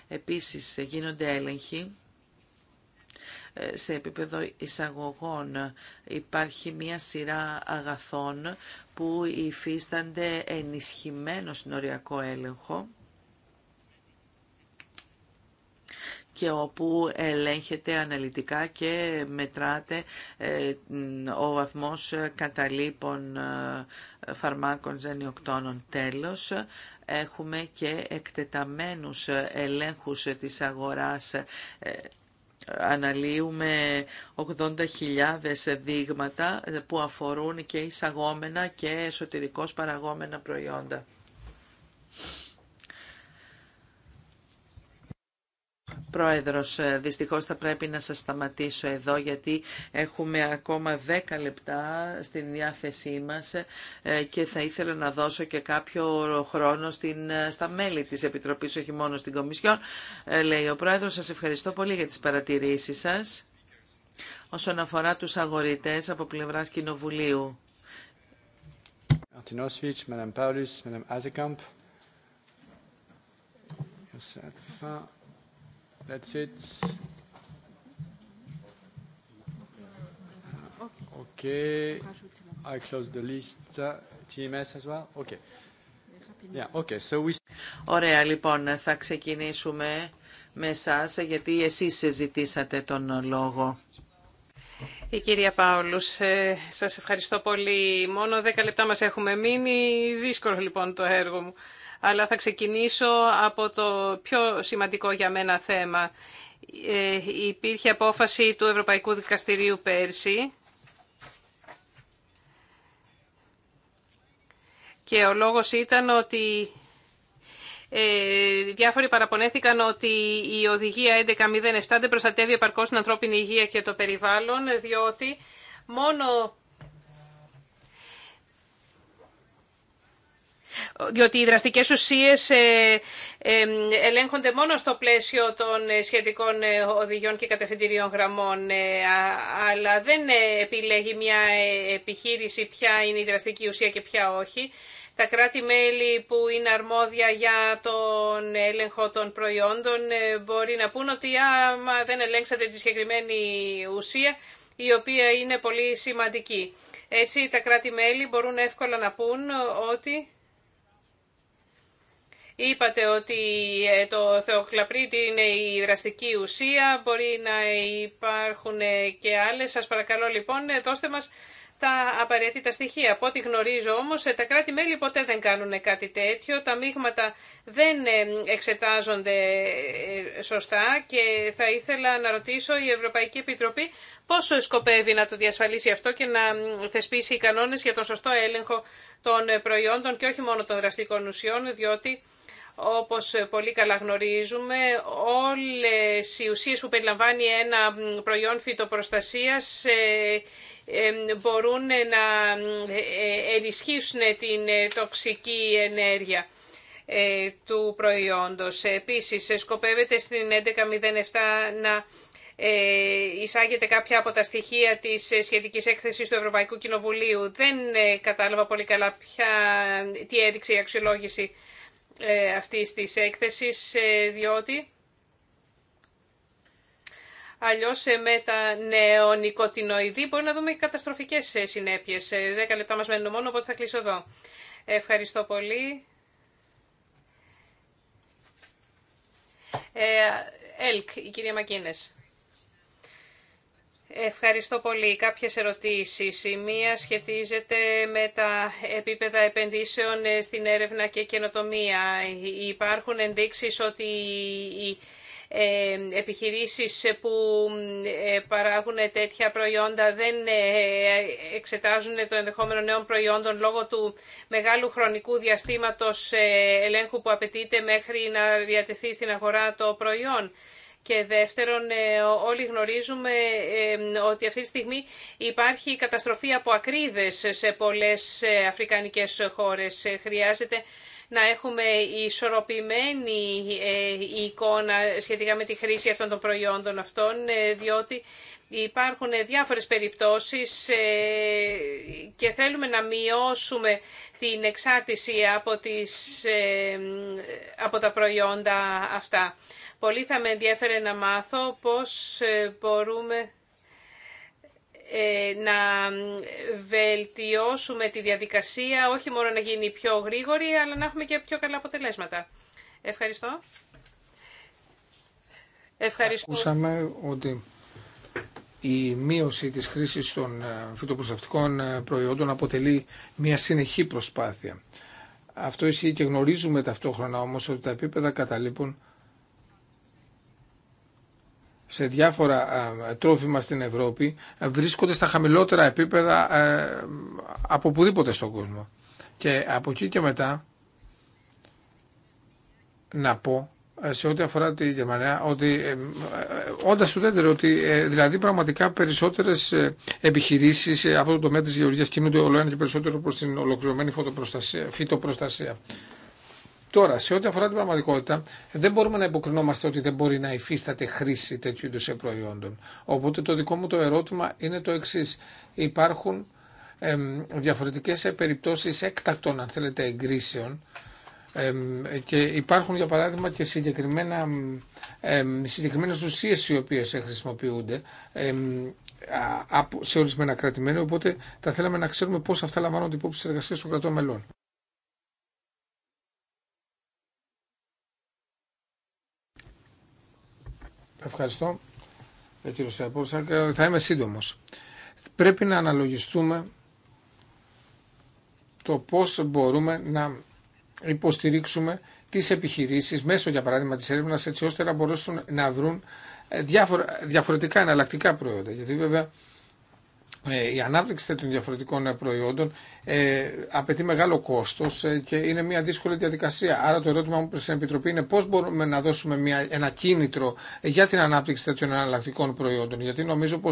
Επίσης γίνονται έλεγχοι ε, σε επίπεδο εισαγωγών. Υπάρχει μία σειρά αγαθών που υφίστανται ενισχυμένο συνοριακό έλεγχο και όπου ελέγχεται αναλυτικά και μετράται ε, ο βαθμός καταλήπων ε, φαρμάκων ζενιοκτώνων. Τέλος, έχουμε και εκτεταμένους ελέγχους της αγοράς ε, αναλύουμε 80.000 δείγματα που αφορούν και εισαγόμενα και εσωτερικώς παραγόμενα προϊόντα. Πρόεδρος, ε, δυστυχώς θα πρέπει να σας σταματήσω εδώ γιατί έχουμε ακόμα 10 λεπτά στην διάθεσή μας ε, και θα ήθελα να δώσω και κάποιο χρόνο στην, ε, στα μέλη της Επιτροπής, όχι μόνο στην Κομισιόν. Λέει ο Πρόεδρος, σας ευχαριστώ πολύ για τις παρατηρήσεις σας όσον αφορά τους αγορητές από πλευράς Κοινοβουλίου.
That's it. Okay. I close the list. Okay. Yeah, okay. So we... Ωραία, λοιπόν, θα ξεκινήσουμε
με εσά γιατί εσείς συζητήσατε τον λόγο.
Η κυρία Πάολου, ε, σας ευχαριστώ πολύ. Μόνο 10 λεπτά μας έχουμε μείνει. Δύσκολο λοιπόν το έργο μου αλλά θα ξεκινήσω από το πιο σημαντικό για μένα θέμα. Ε, υπήρχε απόφαση του Ευρωπαϊκού Δικαστηρίου πέρσι και ο λόγος ήταν ότι ε, διάφοροι παραπονέθηκαν ότι η Οδηγία 11.07 δεν προστατεύει επαρκώς την ανθρώπινη υγεία και το περιβάλλον, διότι μόνο διότι οι δραστικές ουσίες ε, ε, ελέγχονται μόνο στο πλαίσιο των ε, σχετικών οδηγιών και κατευθυντηριών γραμμών, αλλά δεν επιλέγει μια επιχείρηση ποια είναι η δραστική ουσία και ποια όχι. Τα κράτη-μέλη που είναι αρμόδια για τον έλεγχο των προϊόντων μπορεί να πούν ότι άμα δεν ελέγξατε τη συγκεκριμένη ουσία, η οποία είναι πολύ σημαντική. Έτσι, τα κράτη-μέλη μπορούν εύκολα να πούν ότι Είπατε ότι ε, το θεοκλαπρίτη είναι η δραστική ουσία, μπορεί να υπάρχουν ε, και άλλες. Σας παρακαλώ λοιπόν ε, δώστε μας τα απαραίτητα στοιχεία. Από ό,τι γνωρίζω όμως τα κράτη-μέλη ποτέ δεν κάνουν κάτι τέτοιο, τα μείγματα δεν εξετάζονται σωστά και θα ήθελα να ρωτήσω η Ευρωπαϊκή Επιτροπή πόσο σκοπεύει να το διασφαλίσει αυτό και να θεσπίσει οι κανόνες για το σωστό έλεγχο των προϊόντων και όχι μόνο των δραστικών ουσιών, διότι όπως πολύ καλά γνωρίζουμε, όλες οι ουσίες που περιλαμβάνει ένα προϊόν φυτοπροστασίας ε, ε, μπορούν να ε, ενισχύσουν την τοξική ενέργεια του προϊόντος. Επίσης, σκοπεύεται στην 11.07 να εισάγεται κάποια από τα στοιχεία της σχετικής έκθεσης του Ευρωπαϊκού Κοινοβουλίου. Δεν κατάλαβα πολύ καλά τι έδειξε η αξιολόγηση ε, αυτής της έκθεσης, ε, διότι αλλιώς ε, με τα νεονικοτινοειδή μπορεί να δούμε καταστροφικές συνέπειε. Δέκα λεπτά μας μένουν μόνο, οπότε θα κλείσω εδώ. Ευχαριστώ πολύ. Ε, ΕΛΚ, η κυρία Μακίνες. Ευχαριστώ πολύ. Κάποιες ερωτήσεις. Η μία σχετίζεται με τα επίπεδα επενδύσεων ε, στην έρευνα και καινοτομία. Υπάρχουν ενδείξεις ότι οι ε, επιχειρήσεις που ε, παράγουν τέτοια προϊόντα δεν εξετάζουν το ενδεχόμενο νέων προϊόντων λόγω του μεγάλου χρονικού διαστήματος ελέγχου που απαιτείται μέχρι να διατεθεί στην αγορά το προϊόν. Και δεύτερον, ε, όλοι γνωρίζουμε ε, ότι αυτή τη στιγμή υπάρχει καταστροφή από ακρίδες σε πολλές ε, αφρικανικές χώρες. Χρειάζεται να έχουμε ισορροπημένη ε, εικόνα σχετικά με τη χρήση αυτών των προϊόντων αυτών, ε, διότι υπάρχουν διάφορες περιπτώσεις ε, και θέλουμε να μειώσουμε την εξάρτηση από, τις, από τα προϊόντα αυτά. Πολύ θα με ενδιαφέρε να μάθω πώς μπορούμε ε, να βελτιώσουμε τη διαδικασία, όχι μόνο να γίνει πιο γρήγορη, αλλά να έχουμε και πιο καλά αποτελέσματα. Ευχαριστώ. Ευχαριστώ. Ακούσαμε
ότι η μείωση της χρήσης των ε, φυτοπροστατικών ε, προϊόντων αποτελεί μια συνεχή προσπάθεια. Αυτό ισχύει και γνωρίζουμε ταυτόχρονα όμως ότι τα επίπεδα καταλήπων σε διάφορα τρόφιμα στην Ευρώπη βρίσκονται στα χαμηλότερα επίπεδα από πουδήποτε στον κόσμο. Και από εκεί και μετά να πω σε ό,τι αφορά τη Γερμανία, ότι ε, ε όντας ουδέτερο, ότι ε, δηλαδή πραγματικά περισσότερες ε, επιχειρήσεις από το τομέα της γεωργίας κινούνται όλο ένα και περισσότερο προς την ολοκληρωμένη φυτοπροστασία. Τώρα, σε ό,τι αφορά την πραγματικότητα, δεν μπορούμε να υποκρινόμαστε ότι δεν μπορεί να υφίσταται χρήση τέτοιου είδου προϊόντων. Οπότε το δικό μου το ερώτημα είναι το εξή. Υπάρχουν εμ, διαφορετικές ε, περιπτώσεις έκτακτων, αν θέλετε, εγκρίσεων και υπάρχουν, για παράδειγμα, και συγκεκριμένα, εμ, συγκεκριμένες ουσίες οι οποίες ε, χρησιμοποιούνται σε ορισμενα κρατημένα, οπότε θα θέλαμε να ξέρουμε πώς αυτά λαμβάνονται υπόψη της εργασίες των κρατών μελών. Ευχαριστώ, ε, κύριο Σαπόλσακ. Ε, θα είμαι σύντομος. Πρέπει να αναλογιστούμε το πώς μπορούμε να υποστηρίξουμε τις επιχειρήσεις μέσω, για παράδειγμα, της έρευνας, έτσι ώστε να μπορέσουν να βρουν ε, διάφορα, διαφορετικά εναλλακτικά προϊόντα. Γιατί βέβαια ε, η ανάπτυξη τέτοιων διαφορετικών ε, προϊόντων ε, απαιτεί μεγάλο κόστο ε, και είναι μια δύσκολη διαδικασία. Άρα το ερώτημα μου προ την Επιτροπή είναι πώ μπορούμε να δώσουμε μια, ένα κίνητρο για την ανάπτυξη τέτοιων εναλλακτικών προϊόντων. Γιατί νομίζω πω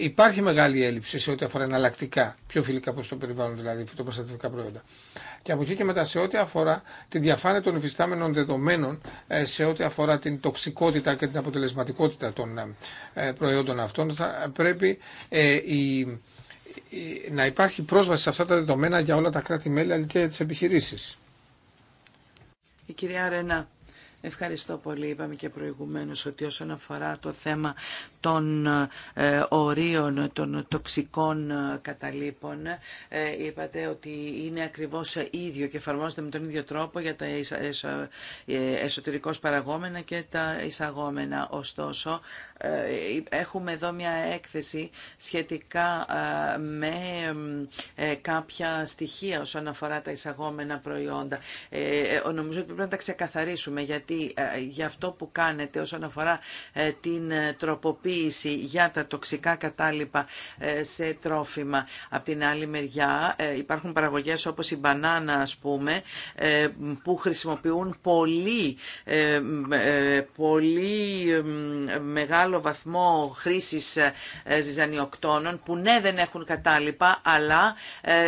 υπάρχει μεγάλη έλλειψη σε ό,τι αφορά εναλλακτικά, πιο φιλικά προ το περιβάλλον δηλαδή, φυτοπροστατευτικά προϊόντα. Και από εκεί και μετά σε ό,τι αφορά τη διαφάνεια των υφιστάμενων δεδομένων, ε, σε ό,τι αφορά την τοξικότητα και την αποτελεσματικότητα των ε, ε, προϊόντων αυτών, θα πρέπει η να υπάρχει πρόσβαση σε αυτά τα δεδομένα για όλα τα κράτη-μέλη αλλά και τις επιχειρήσεις.
Η κυρία Ρένα, ευχαριστώ πολύ. Είπαμε και προηγουμένως ότι όσον αφορά το θέμα των ε, ορίων των τοξικών ε, καταλήπων. Ε, είπατε ότι είναι ακριβώς ίδιο και εφαρμόζεται με τον ίδιο τρόπο για τα εσωτερικώς παραγόμενα και τα εισαγόμενα. Ωστόσο, έχουμε εδώ μια έκθεση σχετικά με κάποια στοιχεία όσον αφορά τα εισαγόμενα προϊόντα. Νομίζω ότι πρέπει να τα ξεκαθαρίσουμε, γιατί για αυτό που κάνετε όσον αφορά την τροποποίηση για τα τοξικά κατάλοιπα ε, σε τρόφιμα. Απ' την άλλη μεριά ε, υπάρχουν παραγωγές όπως η μπανάνα ας πούμε ε, που χρησιμοποιούν πολύ, πολύ μεγάλο βαθμό χρήσης ζυζανιοκτώνων που ναι δεν έχουν κατάλοιπα αλλά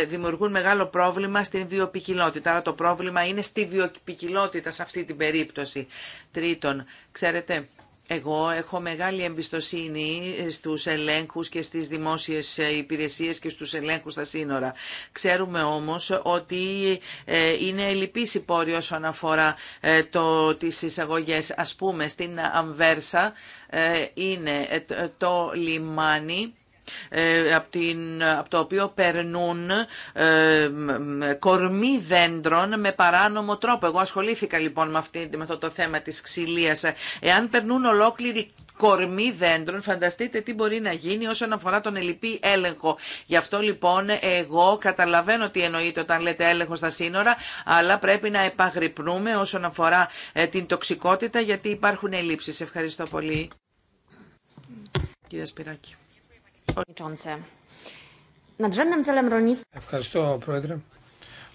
δημιουργούν μεγάλο πρόβλημα στην βιοπικιλότητα. Άρα το πρόβλημα είναι στη βιοπικιλότητα σε αυτή την περίπτωση. Τρίτον, ξέρετε, εγώ έχω μεγάλη εμπιστοσύνη στους ελέγχους και στις δημόσιες υπηρεσίες και στους ελέγχους στα σύνορα. Ξέρουμε όμως ότι ε, είναι ελλειπής η πόρη όσον αφορά ε, το, τις εισαγωγές. Ας πούμε, στην Αμβέρσα ε, είναι το λιμάνι ε, από το οποίο περνούν ε, κορμί δέντρων με παράνομο τρόπο. Εγώ ασχολήθηκα λοιπόν με, αυτή, με αυτό το θέμα της ξυλίας. Εάν περνούν ολόκληρη κορμί δέντρων. Φανταστείτε τι μπορεί να γίνει όσον αφορά τον ελληπή έλεγχο. Γι' αυτό λοιπόν εγώ καταλαβαίνω τι εννοείται όταν λέτε έλεγχο στα σύνορα, αλλά πρέπει να επαγρυπνούμε όσον αφορά ε, την τοξικότητα γιατί υπάρχουν ελλείψεις.
Ευχαριστώ πολύ. Κύριε Σπυράκη. Ευχαριστώ, Πρόεδρε.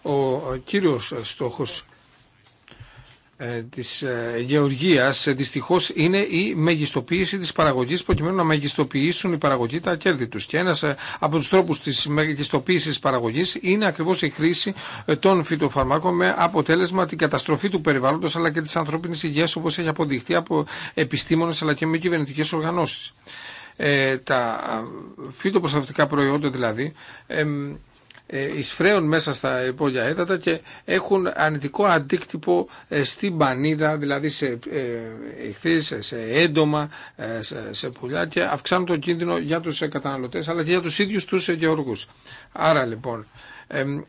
Ο κύριος στόχος ε, της ε, γεωργίας ε, δυστυχώ είναι η μεγιστοποίηση τη παραγωγή προκειμένου να μεγιστοποιήσουν οι παραγωγοί τα κέρδη του. και ένας από του τρόπου τη μεγιστοποίηση τη παραγωγή είναι ακριβώ η χρήση των φυτοφαρμάκων με αποτέλεσμα την καταστροφή του περιβάλλοντο αλλά και τη ανθρώπινη υγεία, όπω έχει αποδειχθεί από επιστήμονε αλλά και με κυβερνητικέ οργανώσει. Ε, τα φυτοπροστατευτικά προϊόντα δηλαδή ε, εισφραίουν μέσα στα υπόγεια έδατα και έχουν αρνητικό αντίκτυπο ε, στην πανίδα, δηλαδή σε ηχθείς, σε έντομα, σε πουλιά και αυξάνουν το κίνδυνο για τους καταναλωτές αλλά και για τους ίδιους τους γεωργούς. Άρα λοιπόν,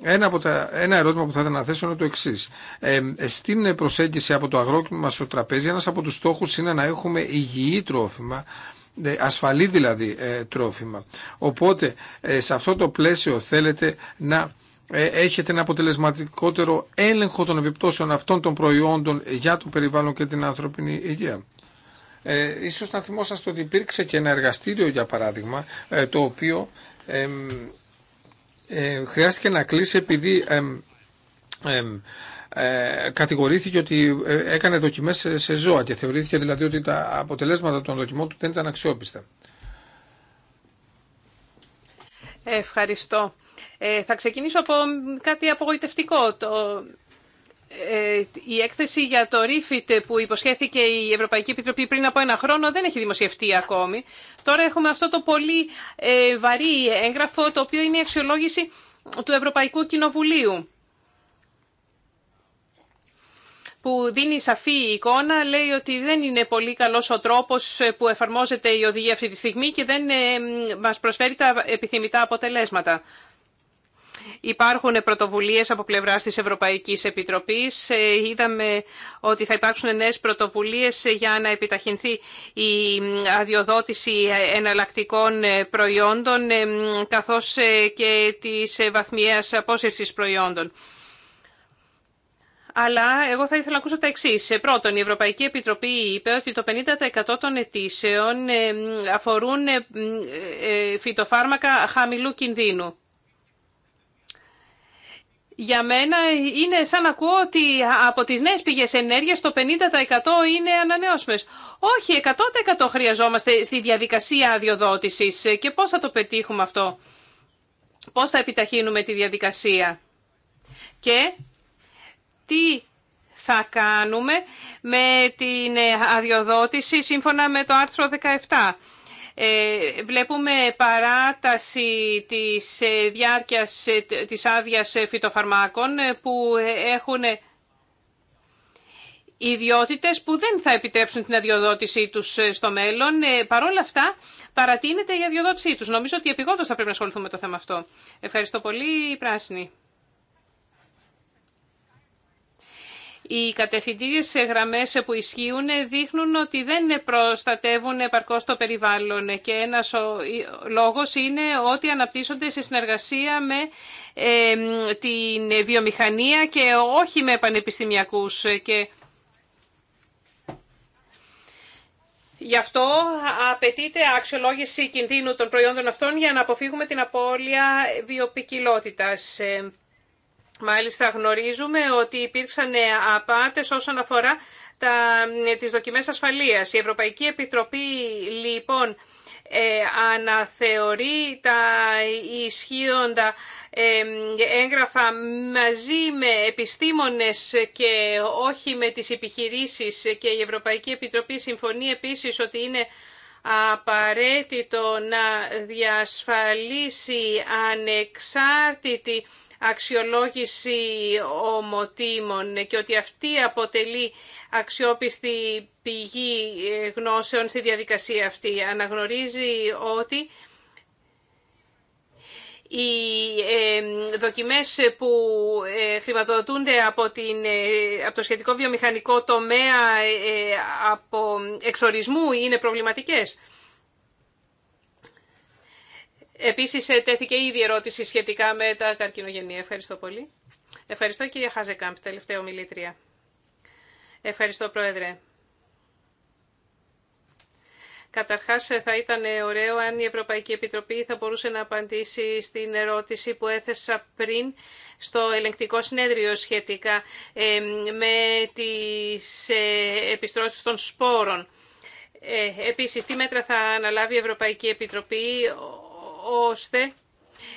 ένα, από τα, ένα ερώτημα που θα ήθελα να θέσω είναι το εξή. στην προσέγγιση από το αγρόκτημα στο τραπέζι, ένα από του στόχου είναι να έχουμε υγιή τρόφιμα, ναι, ασφαλή δηλαδή ε, τρόφιμα. Οπότε ε, σε αυτό το πλαίσιο θέλετε να ε, έχετε ένα αποτελεσματικότερο έλεγχο των επιπτώσεων αυτών των προϊόντων για το περιβάλλον και την ανθρώπινη υγεία. Ε, ίσως να θυμόσαστε ότι υπήρξε και ένα εργαστήριο για παράδειγμα το οποίο ε, χρειάστηκε να κλείσει επειδή ε, κατηγορήθηκε ότι ε, έκανε δοκιμές σε ζώα και θεωρήθηκε δηλαδή ότι τα αποτελέσματα των δοκιμών του δεν ήταν αξιόπιστα.
Ευχαριστώ. Ε, θα ξεκινήσω από κάτι απογοητευτικό. Το, ε, η έκθεση για το REFIT που υποσχέθηκε η Ευρωπαϊκή Επιτροπή πριν από ένα χρόνο δεν έχει δημοσιευτεί ακόμη. Τώρα έχουμε αυτό το πολύ ε, βαρύ έγγραφο το οποίο είναι η αξιολόγηση του Ευρωπαϊκού Κοινοβουλίου. που δίνει σαφή εικόνα, λέει ότι δεν είναι πολύ καλός ο τρόπος ε, που εφαρμόζεται η οδηγία αυτή τη στιγμή και δεν ε, μας προσφέρει τα επιθυμητά αποτελέσματα. Υπάρχουν πρωτοβουλίες από πλευράς της Ευρωπαϊκής Επιτροπής. Ε, είδαμε ότι θα υπάρξουν νέες πρωτοβουλίες για να επιταχυνθεί η αδειοδότηση εναλλακτικών προϊόντων καθώς και της βαθμιαίας απόσυρσης προϊόντων αλλά εγώ θα ήθελα να ακούσω τα εξή. Ε, πρώτον, η Ευρωπαϊκή Επιτροπή είπε ότι το 50% των αιτήσεων ε, αφορούν ε, φυτοφάρμακα χαμηλού κινδύνου. Για μένα είναι σαν να ακούω ότι από τις νέες πηγές ενέργειας το 50% είναι ανανεώσιμες. Όχι, 100% χρειαζόμαστε στη διαδικασία αδειοδότησης και πώς θα το πετύχουμε αυτό. Πώς θα επιταχύνουμε τη διαδικασία. Και τι θα κάνουμε με την ε, αδειοδότηση σύμφωνα με το άρθρο 17. Ε, βλέπουμε παράταση της ε, διάρκειας ε, της άδειας φυτοφαρμάκων που έχουν ιδιότητες που δεν θα επιτρέψουν την αδειοδότησή τους στο μέλλον. Παρόλα αυτά παρατείνεται η αδειοδότησή τους. Νομίζω ότι επιγόντως θα πρέπει να ασχοληθούμε με το θέμα αυτό. Ευχαριστώ πολύ, Πράσινη. Οι κατευθυντήριες γραμμές που ισχύουν δείχνουν ότι δεν προστατεύουν επαρκώς το περιβάλλον και ένας λόγος είναι ότι αναπτύσσονται σε συνεργασία με την βιομηχανία και όχι με πανεπιστημιακούς και Γι' αυτό απαιτείται αξιολόγηση κινδύνου των προϊόντων αυτών για να αποφύγουμε την απώλεια βιοπικιλότητας. Ε, Μάλιστα γνωρίζουμε ότι υπήρξαν απάτες όσον αφορά τα, τις δοκιμές ασφαλείας. Η Ευρωπαϊκή Επιτροπή λοιπόν ε, αναθεωρεί τα ισχύοντα ε, έγγραφα μαζί με επιστήμονες και όχι με τις επιχειρήσεις και η Ευρωπαϊκή Επιτροπή συμφωνεί επίσης ότι είναι απαραίτητο να διασφαλίσει ανεξάρτητη αξιολόγηση ομοτήμων και ότι αυτή αποτελεί αξιόπιστη πηγή ε, γνώσεων στη διαδικασία αυτή. Αναγνωρίζει ότι οι ε, δοκιμές που ε, χρηματοδοτούνται από, την, από το σχετικό βιομηχανικό τομέα από εξορισμού είναι προβληματικές. Επίσης ε, τέθηκε ήδη ερώτηση σχετικά με τα καρκινογενή. Ευχαριστώ πολύ. Ευχαριστώ κυρία Χάζεκάμπ, τελευταία ομιλήτρια. Ευχαριστώ πρόεδρε. Καταρχάς ε, θα ήταν ε, ωραίο αν η Ευρωπαϊκή Επιτροπή θα μπορούσε να απαντήσει στην ερώτηση που έθεσα πριν στο ελεγκτικό συνέδριο σχετικά με τις επιστρώσει των σπόρων. Επίσης, τι μέτρα θα αναλάβει η Ευρωπαϊκή Επιτροπή ώστε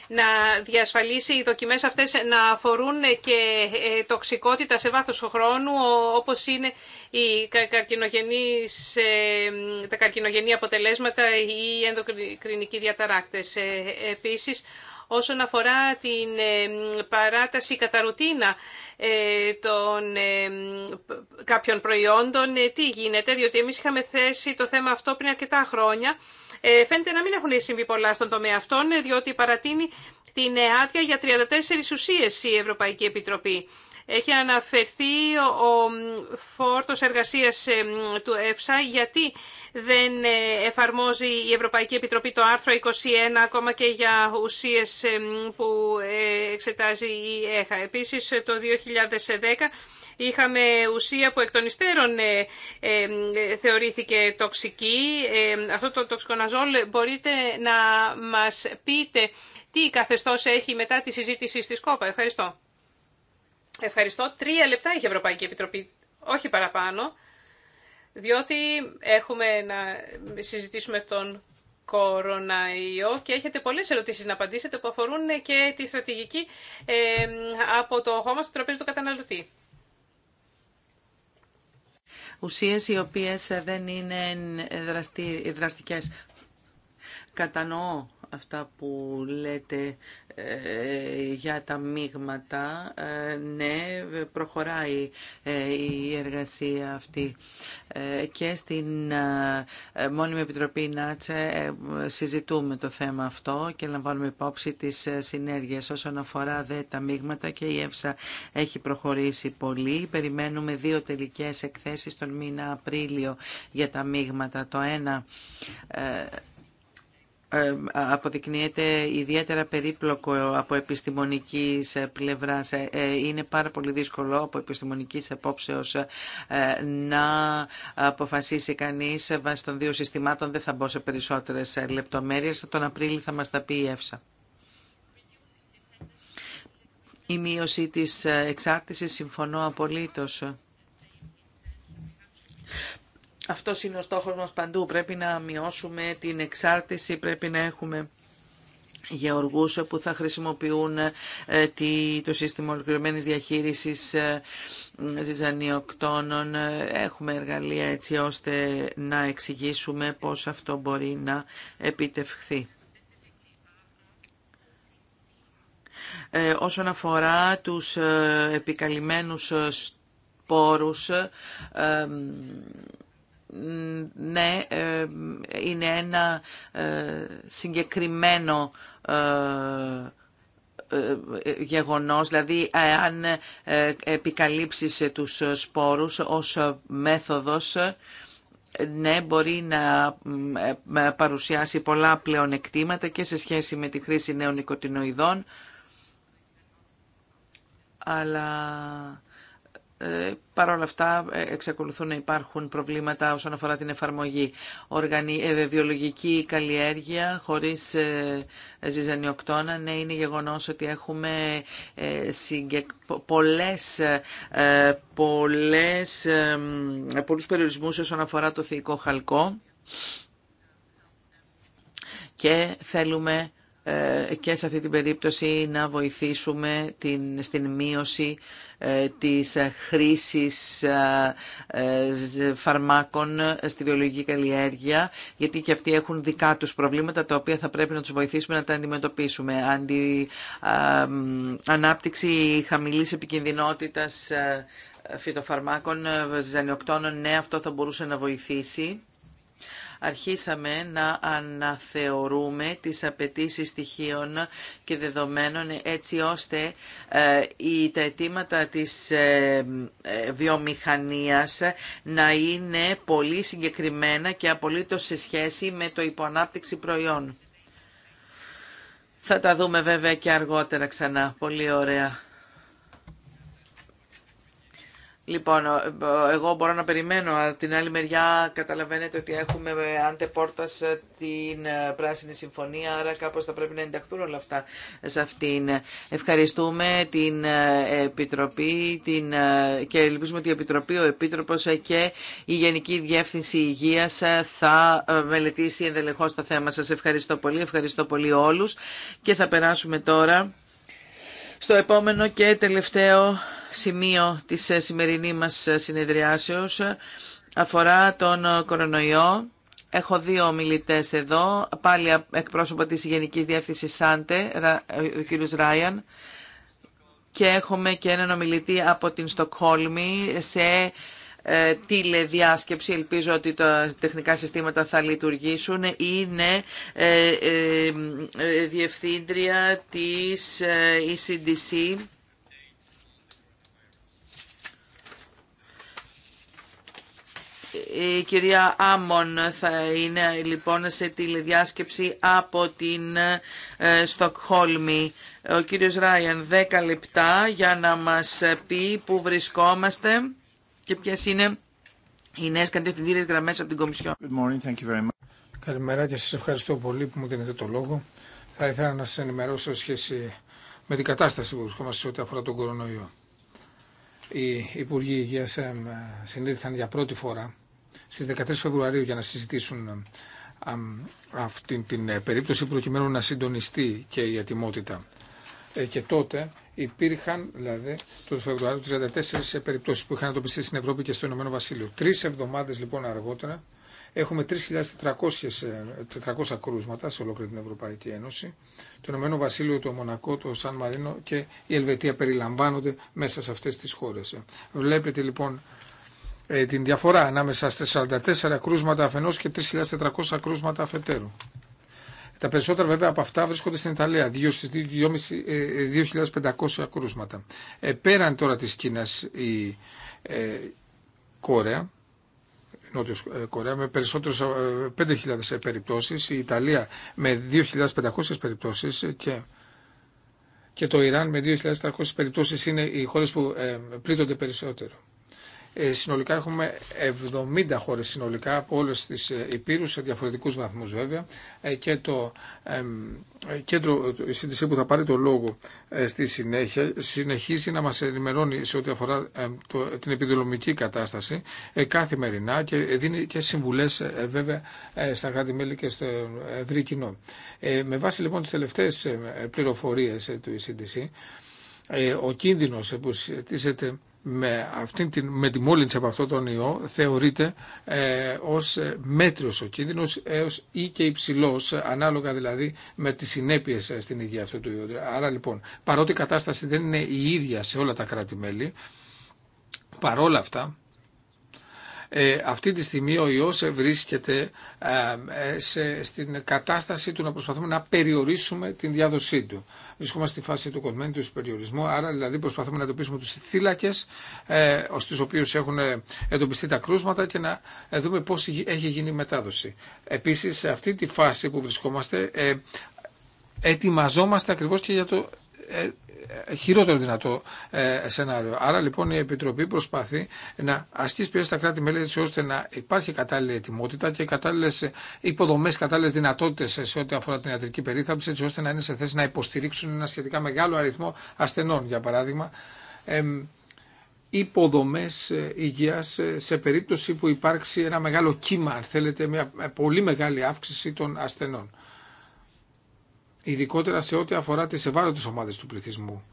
να διασφαλίσει οι δοκιμές αυτές να αφορούν και ε, τοξικότητα σε βάθος χρόνου, όπως είναι οι καρκινογενείς, ε, τα καρκινογενή αποτελέσματα ή οι ενδοκρινικοί διαταράκτες. Ε, επίσης, όσον αφορά την παράταση κατά ρουτίνα των κάποιων προϊόντων, τι γίνεται, διότι εμείς είχαμε θέσει το θέμα αυτό πριν αρκετά χρόνια, ε, φαίνεται να μην έχουν συμβεί πολλά στον τομέα αυτών, ε, διότι παρατείνει την άδεια για 34 ουσίες η Ευρωπαϊκή Επιτροπή. Έχει αναφερθεί ο φόρτος εργασίας ε, του ΕΦΣΑ γιατί δεν ε, εφαρμόζει η Ευρωπαϊκή Επιτροπή το άρθρο 21 ακόμα και για ουσίες ε, που ε, εξετάζει η ΕΧΑ. Επίσης το 2010 είχαμε ουσία που εκ των υστέρων θεωρήθηκε τοξική. Αυτό το τοξικοναζόλ μπορείτε να μας πείτε τι καθεστώς έχει μετά τη συζήτηση στη ΣΚΟΠΑ. Ευχαριστώ. Ευχαριστώ. Τρία λεπτά έχει η Ευρωπαϊκή Επιτροπή, όχι παραπάνω διότι έχουμε να συζητήσουμε τον κοροναϊό και έχετε πολλές ερωτήσεις να απαντήσετε που αφορούν και τη στρατηγική ε, από το χώμα στο τραπέζι του καταναλωτή
ουσίες οι οποίες δεν είναι δραστικές. Κατανοώ αυτά που λέτε ε, για τα μείγματα. Ε, ναι, προχωράει ε, η εργασία αυτή. Και στην Μόνιμη Επιτροπή ΝΑΤΣΕ συζητούμε το θέμα αυτό και λαμβάνουμε υπόψη τις συνέργειες. Όσον αφορά δε τα μείγματα και η ΕΦΣΑ έχει προχωρήσει πολύ. Περιμένουμε δύο τελικές εκθέσεις τον μήνα Απρίλιο για τα μείγματα. Το ένα ε, αποδεικνύεται ιδιαίτερα περίπλοκο από επιστημονικής ε, πλευράς. Ε, είναι πάρα πολύ δύσκολο από επιστημονικής απόψεως να αποφασίσει κανείς βάσει των δύο συστημάτων. Δεν θα μπω σε περισσότερες λεπτομέρειες. Τον Απρίλιο θα μας τα πει η ΕΦΣΑ. Η μείωση της εξάρτησης συμφωνώ απολύτως. Αυτό είναι ο στόχος μας παντού. Πρέπει να μειώσουμε την εξάρτηση, πρέπει να έχουμε γεωργούς που θα χρησιμοποιούν ε, το σύστημα ολοκληρωμένη διαχείρισης ε, ζυζανιοκτώνων. Έχουμε εργαλεία έτσι ώστε να εξηγήσουμε πώς αυτό μπορεί να επιτευχθεί. Ε, όσον αφορά τους επικαλυμμένους πόρους, ναι, ε, είναι ένα ε, συγκεκριμένο ε, γεγονός, δηλαδή αν επικαλύψεις τους σπόρους ως μέθοδος, ναι, μπορεί να παρουσιάσει πολλά πλεονεκτήματα και σε σχέση με τη χρήση νέων οικοτινοειδών. αλλά ε, παρ' όλα αυτά ε, εξακολουθούν να υπάρχουν προβλήματα όσον αφορά την εφαρμογή. Ε, βιολογική καλλιέργεια χωρίς ζυζανιοκτώνα. Ναι, είναι γεγονός ότι έχουμε πολλές, πολλές, πολλούς περιορισμούς όσον αφορά το θεϊκό χαλκό και θέλουμε ε, και σε αυτή την περίπτωση να βοηθήσουμε την, στην μείωση ε, της χρήσης ε, φαρμάκων στη βιολογική καλλιέργεια, γιατί και αυτοί έχουν δικά τους προβλήματα τα οποία θα πρέπει να τους βοηθήσουμε να τα αντιμετωπίσουμε. Αντι, ανάπτυξη χαμηλής επικινδυνότητας φυτοφαρμάκων, ζανιοκτώνων, ναι, αυτό θα μπορούσε να βοηθήσει αρχίσαμε να αναθεωρούμε τις απαιτήσεις στοιχείων και δεδομένων έτσι ώστε ε, τα αιτήματα της ε, ε, βιομηχανίας να είναι πολύ συγκεκριμένα και απολύτως σε σχέση με το υποανάπτυξη προϊόν. Θα τα δούμε βέβαια και αργότερα ξανά. Πολύ ωραία. Λοιπόν, ε, εγώ μπορώ να περιμένω. Την άλλη μεριά καταλαβαίνετε ότι έχουμε ε, άντε πόρτα ε, την Πράσινη Συμφωνία, άρα κάπως θα πρέπει να ενταχθούν όλα αυτά σε αυτήν. Ευχαριστούμε την Επιτροπή την... και ελπίζουμε ότι η Επιτροπή, ο Επίτροπο και η Γενική Διεύθυνση Υγείας θα μελετήσει ενδελεχώ το θέμα. Σας ευχαριστώ πολύ, ευχαριστώ πολύ όλου και θα περάσουμε τώρα στο επόμενο και τελευταίο σημείο της ε, σημερινή μας ε, συνεδριάσεως ε, αφορά τον κορονοϊό. Έχω δύο ομιλητέ εδώ, πάλι εκπρόσωπο της Γενικής Διεύθυνσης ΣΑΝΤΕ, ο κ. Ράιαν, και έχουμε και έναν ομιλητή από την Στοκχόλμη σε τηλεδιάσκεψη. Ελπίζω ότι τα τεχνικά συστήματα θα λειτουργήσουν. Είναι διευθύντρια της ECDC Η κυρία Άμον θα είναι λοιπόν σε τηλεδιάσκεψη από την ε, Στοκχόλμη. Ο κύριος Ράιαν 10 λεπτά για να μας πει πού βρισκόμαστε και ποιες είναι οι νέες κατευθυντήριες γραμμές από την Κομισιόν.
Καλημέρα και σας ευχαριστώ πολύ που μου δίνετε το λόγο. Θα ήθελα να σας ενημερώσω σχέση με την κατάσταση που βρισκόμαστε σε ό,τι αφορά τον κορονοϊό. Οι Υπουργοί Υγείας συνήλθαν για πρώτη φορά στις 13 Φεβρουαρίου για να συζητήσουν ε, αυτή την ε, περίπτωση προκειμένου να συντονιστεί και η ετοιμότητα. Ε, και τότε υπήρχαν δηλαδή το Φεβρουάριο 34 περιπτώσεις που είχαν αντοπιστεί στην Ευρώπη και στο Ηνωμένο Βασίλειο. Τρεις εβδομάδες λοιπόν αργότερα έχουμε 3.400 κρούσματα σε ολόκληρη την Ευρωπαϊκή Ένωση. Το Ηνωμένο Βασίλειο, το Μονακό, το Σαν Μαρίνο και η Ελβετία περιλαμβάνονται μέσα σε αυτές τις χώρες. Βλέπετε λοιπόν ε, την διαφορά ανάμεσα στα 44 κρούσματα αφενός και 3.400 κρούσματα αφετέρου. Τα περισσότερα βέβαια από αυτά βρίσκονται στην Ιταλία, 2.500 ε, ε, κρούσματα. πέραν τώρα της Κίνας η ε, Κόρεα, Νότιος Κορέα με περισσότερες 5.000 περιπτώσεις, η Ιταλία με 2.500 περιπτώσεις και, και το Ιράν με 2.400 περιπτώσεις είναι οι χώρες που ε, πλήττονται περισσότερο. Ε, συνολικά έχουμε 70 χώρες συνολικά από όλες τις ε, υπήρους σε διαφορετικούς βαθμούς βέβαια ε, και το κέντρο σύντηση που θα πάρει το λόγο στη συνέχεια συνεχίζει να μας ενημερώνει σε ό,τι αφορά την επιδηλωμική κατάσταση καθημερινά και δίνει και συμβουλές βέβαια στα κράτη-μέλη και στο ευρύ κοινό. Με βάση λοιπόν τις τελευταίες πληροφορίες του ε, ο κίνδυνος που σχετίζεται με, αυτή, με τη μόλυνση από αυτόν τον ιό θεωρείται ε, ως ε, μέτριος ο κίνδυνος έως ή και υψηλός, ανάλογα δηλαδή με τις συνέπειες ε, στην ίδια αυτού του ιού. Άρα λοιπόν, παρότι η κατάσταση δεν είναι η ίδια σε όλα τα κράτη-μέλη, παρόλα αυτά ε, αυτή τη στιγμή ο ιός βρίσκεται ε, σε, στην κατάσταση του να προσπαθούμε να περιορίσουμε την διάδοσή του. Βρισκόμαστε στη φάση του κομμένου του περιορισμού, άρα δηλαδή προσπαθούμε να εντοπίσουμε τους θύλακες ε, στους οποίους έχουν εντοπιστεί τα κρούσματα και να ε, δούμε πώς έχει γίνει η μετάδοση. Επίσης σε αυτή τη φάση που βρισκόμαστε ε, ετοιμαζόμαστε ακριβώς και για το ε, χειρότερο δυνατό ε, σενάριο. Άρα λοιπόν η Επιτροπή προσπαθεί να ασκήσει πιέση στα κράτη-μέλη έτσι ώστε να υπάρχει κατάλληλη ετοιμότητα και κατάλληλε υποδομέ, κατάλληλε δυνατότητε σε ό,τι αφορά την ιατρική περίθαλψη έτσι ώστε να είναι σε θέση να υποστηρίξουν ένα σχετικά μεγάλο αριθμό ασθενών, για παράδειγμα υποδομέ ε, υγεία σε περίπτωση που υπάρξει ένα μεγάλο κύμα, αν θέλετε, μια πολύ μεγάλη αύξηση των ασθενών ειδικότερα σε ό,τι αφορά τις ευάλωτε ομάδε του πληθυσμού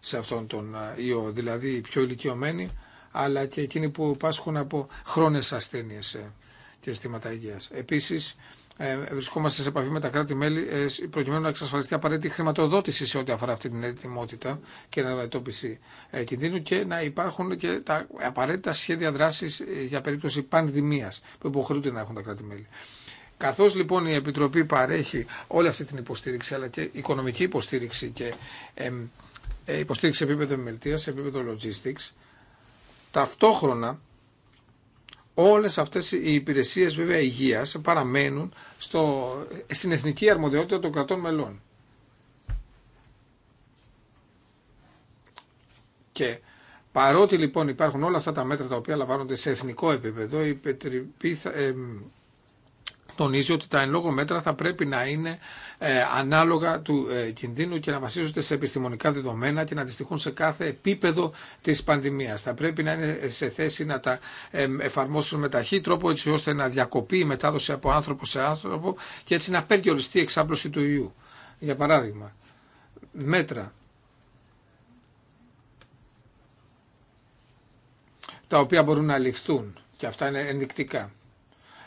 σε αυτόν τον ε, ιό, δηλαδή οι πιο ηλικιωμένοι, αλλά και εκείνοι που πάσχουν από χρόνε ασθένειε ε, και αισθήματα υγείας. Επίσης, ε, βρισκόμαστε σε επαφή με τα κράτη-μέλη προκειμένου να εξασφαλιστεί απαραίτητη χρηματοδότηση σε ό,τι αφορά αυτή την ετοιμότητα και αντιμετώπιση κινδύνου και να υπάρχουν και τα απαραίτητα σχέδια δράση για περίπτωση πανδημία που υποχρεούνται να έχουν τα κράτη-μέλη. Καθώς λοιπόν η Επιτροπή παρέχει όλη αυτή την υποστήριξη αλλά και οικονομική υποστήριξη και ε, υποστήριξη σε επίπεδο μελτίας, σε επίπεδο logistics, ταυτόχρονα όλες αυτές οι υπηρεσίες βέβαια υγείας παραμένουν στο, στην εθνική αρμοδιότητα των κρατών μελών. Και παρότι λοιπόν υπάρχουν όλα αυτά τα μέτρα τα οποία λαμβάνονται σε εθνικό επίπεδο, η Επιτροπή τονίζει ότι τα εν λόγω μέτρα θα πρέπει να είναι ε, ανάλογα του ε, κινδύνου και να βασίζονται σε επιστημονικά δεδομένα και να αντιστοιχούν σε κάθε επίπεδο τη πανδημία. Θα πρέπει να είναι σε θέση να τα ε, εφαρμόσουν με ταχύ τρόπο έτσι ώστε να διακοπεί η μετάδοση από άνθρωπο σε άνθρωπο και έτσι να οριστή η εξάπλωση του ιού. Για παράδειγμα, μέτρα τα οποία μπορούν να ληφθούν και αυτά είναι ενδεικτικά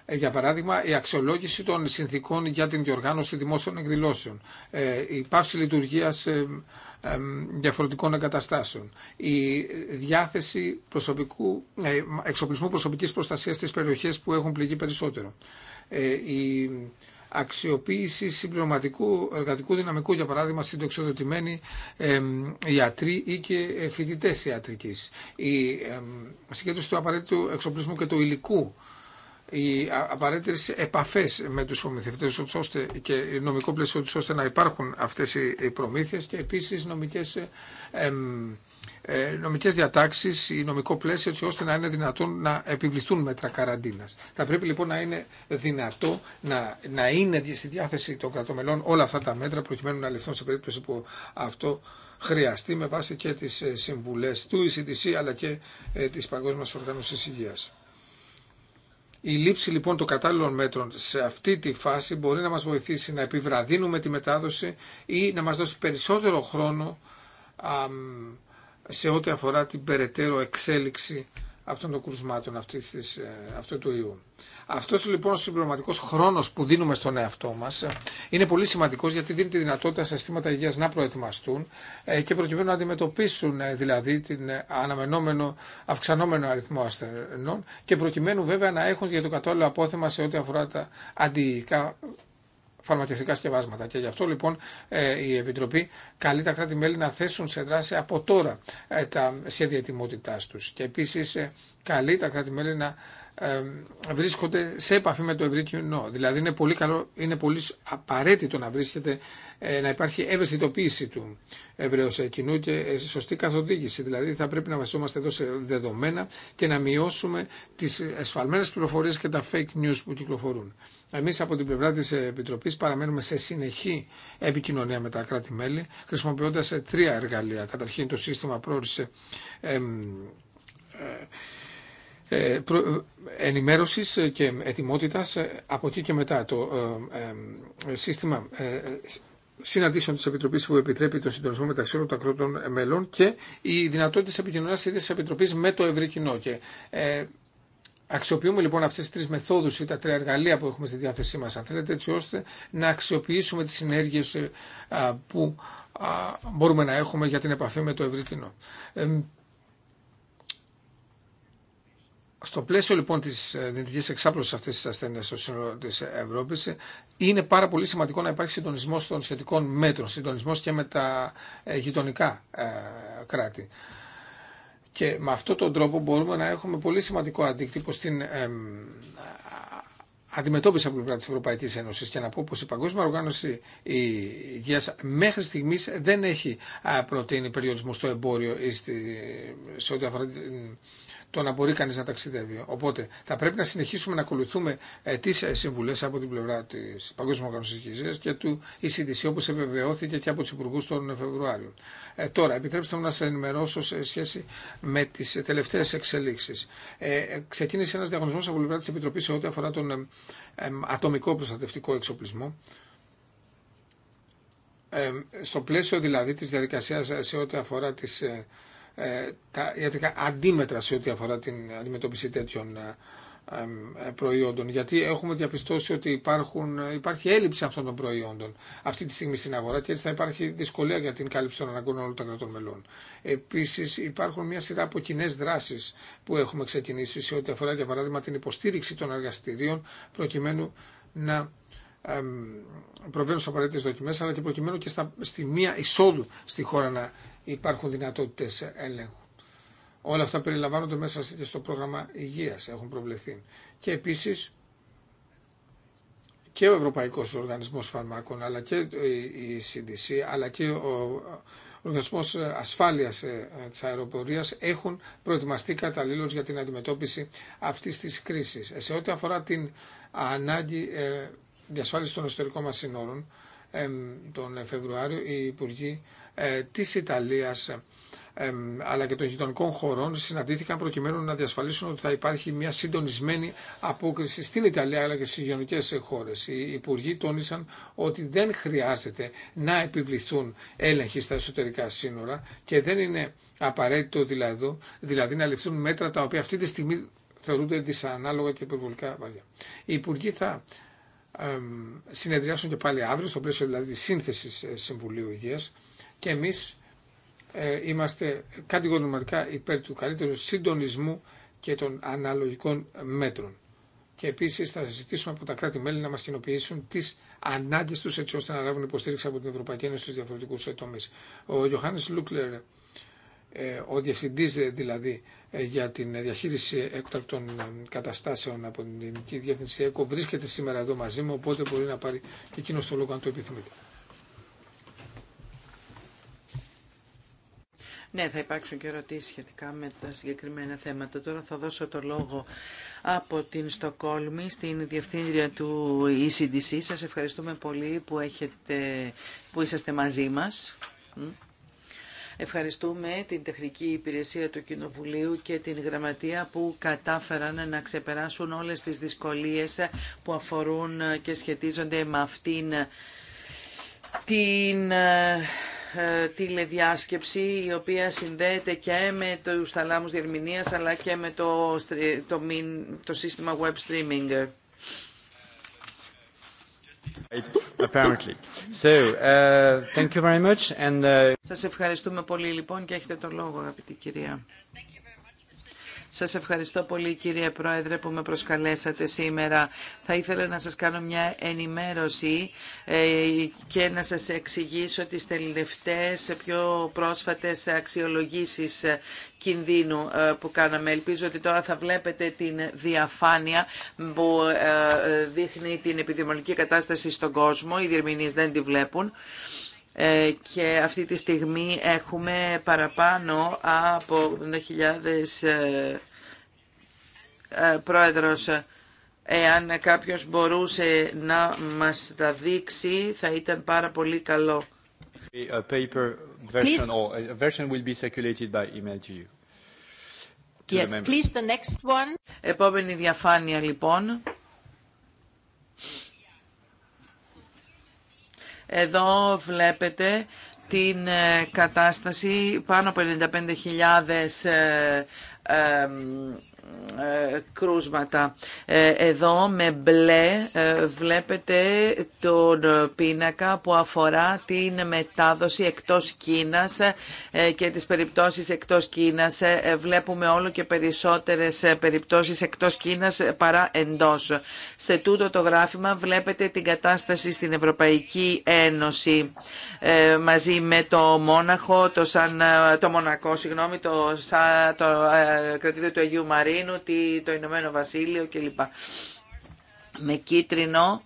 ε, για παράδειγμα, η αξιολόγηση των συνθήκων για την διοργάνωση δημόσιων εκδηλώσεων, ε, η πάυση λειτουργία ε, διαφορετικών εγκαταστάσεων, η διάθεση προσωπικού, εξοπλισμού προσωπικής προστασίας στις περιοχές που έχουν πληγεί περισσότερο, η αξιοποίηση συμπληρωματικού εργατικού δυναμικού, για παράδειγμα, συντοξιοδοτημένοι ε, ιατροί ή και φοιτητέ ιατρικής, η συγκέντρωση του απαραίτητου εξοπλισμού και του υλικού οι απαραίτητε επαφέ με του προμηθευτέ ώστε και νομικό πλαίσιο ώστε να υπάρχουν αυτέ οι προμήθειε και επίση νομικέ ε, νομικέ διατάξει ή νομικό πλαίσιο, έτσι ώστε να είναι δυνατόν να επιβληθούν μέτρα καραντίνα. Θα πρέπει λοιπόν να είναι δυνατό να, να είναι στη διάθεση των κρατομελών όλα αυτά τα μέτρα, προκειμένου να ληφθούν σε περίπτωση που αυτό χρειαστεί με βάση και τι ε, συμβουλέ του ECDC αλλά και ε, τη Παγκόσμια Οργάνωση Υγεία. Η λήψη λοιπόν των κατάλληλων μέτρων σε αυτή τη φάση μπορεί να μας βοηθήσει να επιβραδύνουμε τη μετάδοση ή να μας δώσει περισσότερο χρόνο σε ό,τι αφορά την περαιτέρω εξέλιξη αυτών των κρουσμάτων ε, αυτού του ιού. Αυτό λοιπόν ο συμπληρωματικό χρόνο που δίνουμε στον εαυτό μα ε, είναι πολύ σημαντικό γιατί δίνει τη δυνατότητα σε αισθήματα υγεία να προετοιμαστούν ε, και προκειμένου να αντιμετωπίσουν ε, δηλαδή την αναμενόμενο αυξανόμενο αριθμό ασθενών και προκειμένου βέβαια να έχουν για το κατάλληλο απόθεμα σε ό,τι αφορά τα αντιϊκά φαρμακευτικά σκευάσματα. Και γι' αυτό λοιπόν η Επιτροπή καλεί τα κράτη-μέλη να θέσουν σε δράση από τώρα τα σχέδια ετοιμότητά του. Και επίση καλεί τα κράτη-μέλη να βρίσκονται σε επαφή με το ευρύ κοινό. Δηλαδή είναι πολύ, καλό, είναι πολύ απαραίτητο να βρίσκεται, ε, να υπάρχει ευαισθητοποίηση του ευρέω κοινού και ε, σωστή καθοδήγηση. Δηλαδή θα πρέπει να βασιζόμαστε εδώ σε δεδομένα και να μειώσουμε τι εσφαλμένε πληροφορίε και τα fake news που κυκλοφορούν. Εμεί από την πλευρά τη Επιτροπής παραμένουμε σε συνεχή επικοινωνία με τα κράτη-μέλη, χρησιμοποιώντα ε, τρία εργαλεία. Καταρχήν το σύστημα πρόορισε ε, ενημέρωσης και ετοιμότητας ε, από εκεί και μετά. Το ε, σύστημα συναντήσεων τη Επιτροπή που επιτρέπει τον συντονισμό μεταξύ όλων των ακρότων μελών και οι δυνατότητε επικοινωνία τη Επιτροπή με το ευρύ κοινό. Και, αξιοποιούμε λοιπόν αυτέ τι τρει μεθόδου ή τα τρία εργαλεία που έχουμε στη διάθεσή μα, αν θέλετε, έτσι ώστε να αξιοποιήσουμε τι συνέργειε που μπορούμε να έχουμε για την επαφή με το ευρύ κοινό. Στο πλαίσιο λοιπόν τη ε, δυνητική εξάπλωση αυτή τη ασθένεια στο σύνολο τη Ευρώπη, είναι πάρα πολύ σημαντικό να υπάρχει συντονισμό των σχετικών μέτρων, συντονισμό και με τα ε, γειτονικά ε, κράτη. Και με αυτόν τον τρόπο μπορούμε να έχουμε πολύ σημαντικό αντίκτυπο στην αντιμετώπιση από πλευρά τη Ευρωπαϊκή Ένωση και να πω πω η Παγκόσμια Οργάνωση Υγεία μέχρι στιγμή δεν έχει προτείνει περιορισμό στο εμπόριο ή στη, σε ό,τι αφορά την το να μπορεί κανεί να ταξιδεύει. Οπότε θα πρέπει να συνεχίσουμε να ακολουθούμε ε, τι ε, συμβουλέ από την πλευρά τη Παγκόσμια Παγκόσμιας Υγεία και του ECDC όπως επιβεβαιώθηκε και από του υπουργού τον Φεβρουάριο. Ε, τώρα, επιτρέψτε μου να σα ενημερώσω σε σχέση με τι τελευταίε εξελίξει. Ε, ξεκίνησε ένα διαγωνισμό από πλευρά τη Επιτροπή σε ό,τι αφορά τον ατομικό προστατευτικό εξοπλισμό στο πλαίσιο δηλαδή της διαδικασία σε ό,τι αφορά τις ε, τα ιατρικά αντίμετρα σε ό,τι αφορά την αντιμετώπιση τέτοιων ε, ε, προϊόντων. Γιατί έχουμε διαπιστώσει ότι υπάρχουν, υπάρχει έλλειψη αυτών των προϊόντων αυτή τη στιγμή στην αγορά και έτσι θα υπάρχει δυσκολία για την κάλυψη των αναγκών όλων των κρατών μελών. Επίση, υπάρχουν μια σειρά από κοινέ δράσει που έχουμε ξεκινήσει σε ό,τι αφορά, για παράδειγμα, την υποστήριξη των εργαστηρίων προκειμένου να προβαίνουν στι απαραίτητε δοκιμέ, αλλά και προκειμένου και στα, στη μία εισόδου στη χώρα να υπάρχουν δυνατότητε ελέγχου. Όλα αυτά περιλαμβάνονται μέσα και στο πρόγραμμα υγεία έχουν προβλεφθεί. Και επίση, και ο Ευρωπαϊκό Οργανισμό Φαρμάκων, αλλά και η CDC, αλλά και ο Οργανισμό ασφάλεια ε, τη αεροπορία, έχουν προετοιμαστεί καταλήλω για την αντιμετώπιση αυτή τη κρίση. Ε, σε ό,τι αφορά την ανάγκη ε, διασφάλιση των εσωτερικών μα συνόρων, τον Φεβρουάριο οι Υπουργοί ε, της Ιταλίας αλλά και των γειτονικών χωρών συναντήθηκαν προκειμένου να διασφαλίσουν ότι θα υπάρχει μια συντονισμένη απόκριση στην Ιταλία αλλά και στι γειτονικέ χώρε. Οι υπουργοί τόνισαν ότι δεν χρειάζεται να επιβληθούν έλεγχοι στα εσωτερικά σύνορα και δεν είναι απαραίτητο δηλαδή, δηλαδή να ληφθούν μέτρα τα οποία αυτή τη στιγμή θεωρούνται δυσανάλογα και υπερβολικά βαριά. Οι υπουργοί θα συνεδριάσουν και πάλι αύριο, στο πλαίσιο δηλαδή σύνθεση ε, Συμβουλίου Υγείας, και εμείς ε, είμαστε κατηγορηματικά υπέρ του καλύτερου συντονισμού και των αναλογικών μέτρων. Και επίσης θα ζητήσουμε από τα κράτη-μέλη να μας κοινοποιήσουν τις ανάγκες τους έτσι ώστε να λάβουν υποστήριξη από την Ευρωπαϊκή Ένωση στους διαφορετικούς τομείς. Ο Ιωάννης Λούκλερ, ο διευθυντής δηλαδή ε, για την διαχείριση έκτακτων ε, καταστάσεων από την Ελληνική Διεύθυνση ΕΚΟ βρίσκεται σήμερα εδώ μαζί μου, οπότε μπορεί να πάρει και εκείνο το λόγο αν το επιθυμείτε.
Ναι, θα υπάρξουν και ερωτήσει σχετικά με τα συγκεκριμένα θέματα. Τώρα θα δώσω το λόγο από την Στοκόλμη στην Διευθύντρια του ECDC. Σας ευχαριστούμε πολύ που, έχετε, που είσαστε μαζί μας. Ευχαριστούμε την τεχνική υπηρεσία του Κοινοβουλίου και την γραμματεία που κατάφεραν να ξεπεράσουν όλες τις δυσκολίες που αφορούν και σχετίζονται με αυτήν την ε, ε, τηλεδιάσκεψη η οποία συνδέεται και με τους θαλάμους διερμηνίας αλλά και με το, το, το σύστημα web streaming.
Apparently. So, uh, you very much and, uh, Σας ευχαριστούμε πολύ λοιπόν και έχετε το λόγο αγαπητή κυρία.
Σας ευχαριστώ πολύ κύριε Πρόεδρε που με προσκαλέσατε σήμερα. Θα ήθελα να σας κάνω μια ενημέρωση ε, και να σας εξηγήσω τις τελευταίες πιο πρόσφατες αξιολογήσεις ε, κινδύνου ε, που κάναμε. Ελπίζω ότι τώρα θα βλέπετε την διαφάνεια που δείχνει την επιδημονική κατάσταση στον κόσμο. Οι διερμηνείς δεν τη βλέπουν. Ε, και αυτή τη στιγμή έχουμε παραπάνω από 80.000 ε, ε, πρόεδρος. Εάν κάποιος μπορούσε να μας τα δείξει, θα ήταν πάρα πολύ καλό. please
the next one.
Επόμενη διαφάνεια λοιπόν. Εδώ βλέπετε την ε, κατάσταση πάνω από 95.000 ε, ε, ε, κρούσματα. Ε, εδώ με μπλε ε, βλέπετε τον πίνακα που αφορά την μετάδοση εκτός Κίνας και τις περιπτώσεις εκτός Κίνας. Βλέπουμε όλο και περισσότερες περιπτώσεις εκτός Κίνας παρά εντός. Σε τούτο το γράφημα βλέπετε την κατάσταση στην Ευρωπαϊκή Ένωση μαζί με το Μόναχο, το, Σαν, το Μονακό, συγγνώμη, το, το κρατήδιο του Αγίου Μαρί ότι το Ηνωμένο Βασίλειο κλπ. Με κίτρινο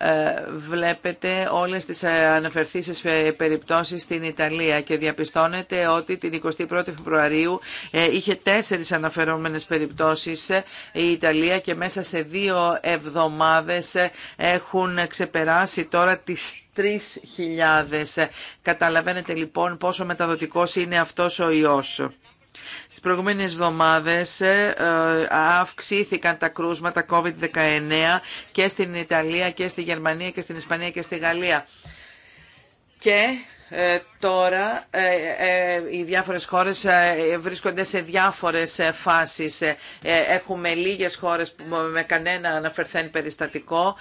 ε, βλέπετε όλες τις ε, αναφερθήσεις ε, περιπτώσεις στην Ιταλία και διαπιστώνετε ότι την 21η Φεβρουαρίου είχε τέσσερις αναφερόμενες περιπτώσεις η Ιταλία και μέσα σε δύο εβδομάδες έχουν ξεπεράσει τώρα τις 3.000. Καταλαβαίνετε λοιπόν πόσο μεταδοτικός είναι αυτός ο ιός. Στις προηγούμενες εβδομάδες ε, ε, αυξήθηκαν τα κρούσματα COVID-19 και στην Ιταλία και στη Γερμανία και στην Ισπανία και στη Γαλλία. Και ε, τώρα οι διάφορες χώρες βρίσκονται σε διάφορες φάσεις. Έχουμε λίγες χώρες που με κανένα αναφερθέν περιστατικό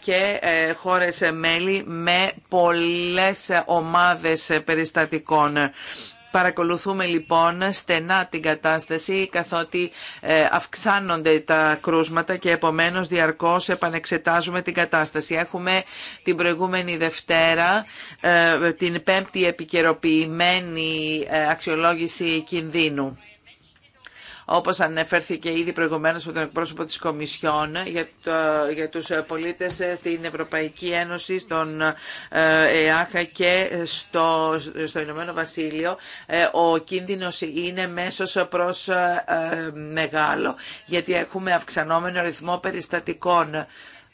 και χώρες μέλη με πολλές ομάδες περιστατικών. Παρακολουθούμε λοιπόν στενά την κατάσταση καθότι ε, αυξάνονται τα κρούσματα και επομένως διαρκώς επανεξετάζουμε την κατάσταση. Έχουμε την προηγούμενη Δευτέρα ε, την πέμπτη επικαιροποιημένη ε, αξιολόγηση κινδύνου όπως ανέφερθηκε ήδη προηγουμένω από τον εκπρόσωπο της Κομισιόν, για, το, για τους πολίτες στην Ευρωπαϊκή Ένωση, στον ε, ΕΑΧΑ και στο, στο Ηνωμένο Βασίλειο, ε, ο κίνδυνος είναι μέσο προς ε, μεγάλο, γιατί έχουμε αυξανόμενο ρυθμό περιστατικών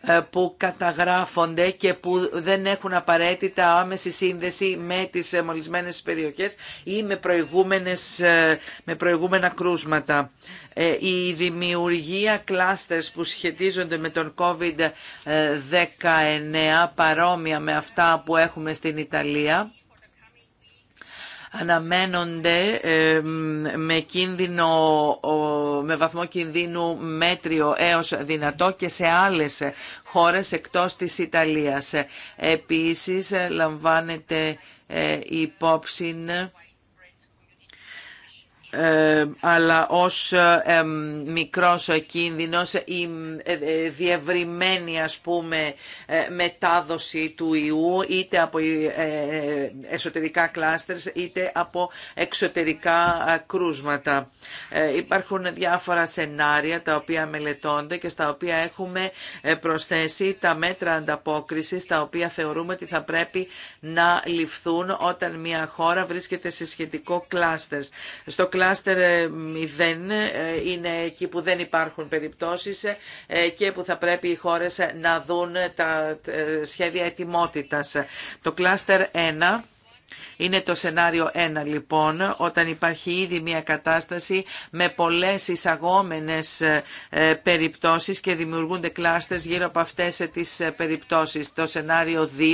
ε, που καταγράφονται και που δεν έχουν απαραίτητα άμεση σύνδεση με τις ε, μολυσμένες περιοχές ή με, προηγούμενες, ε, με προηγούμενα κρούσματα. Η δημιουργία κλάστερς που σχετίζονται με τον COVID-19 παρόμοια με αυτά που έχουμε στην Ιταλία αναμένονται με, κίνδυνο, με βαθμό κινδύνου μέτριο έως δυνατό και σε άλλες χώρες εκτός της Ιταλίας. Επίσης λαμβάνεται ε, υπόψη ε, αλλά ως ε, μικρός κίνδυνος η ε, διευρυμένη ας πούμε μετάδοση του ιού είτε από εσωτερικά κλάστερς είτε από εξωτερικά κρούσματα. Υπάρχουν διάφορα σενάρια τα οποία μελετώνται και στα οποία έχουμε προσθέσει τα μέτρα ανταπόκρισης τα οποία θεωρούμε ότι θα πρέπει να ληφθούν όταν μια χώρα βρίσκεται σε σχετικό κλάστερς κλάστερ 0 ε, είναι εκεί που δεν υπάρχουν περιπτώσεις ε, και που θα πρέπει οι χώρες να δουν τα ε, σχέδια ετοιμότητας. Το κλάστερ 1 είναι το σενάριο 1 λοιπόν, όταν υπάρχει ήδη μια κατάσταση με πολλές εισαγόμενες ε, ε, περιπτώσεις και δημιουργούνται κλάστες γύρω από αυτές ε, τις περιπτώσεις. Το σενάριο 2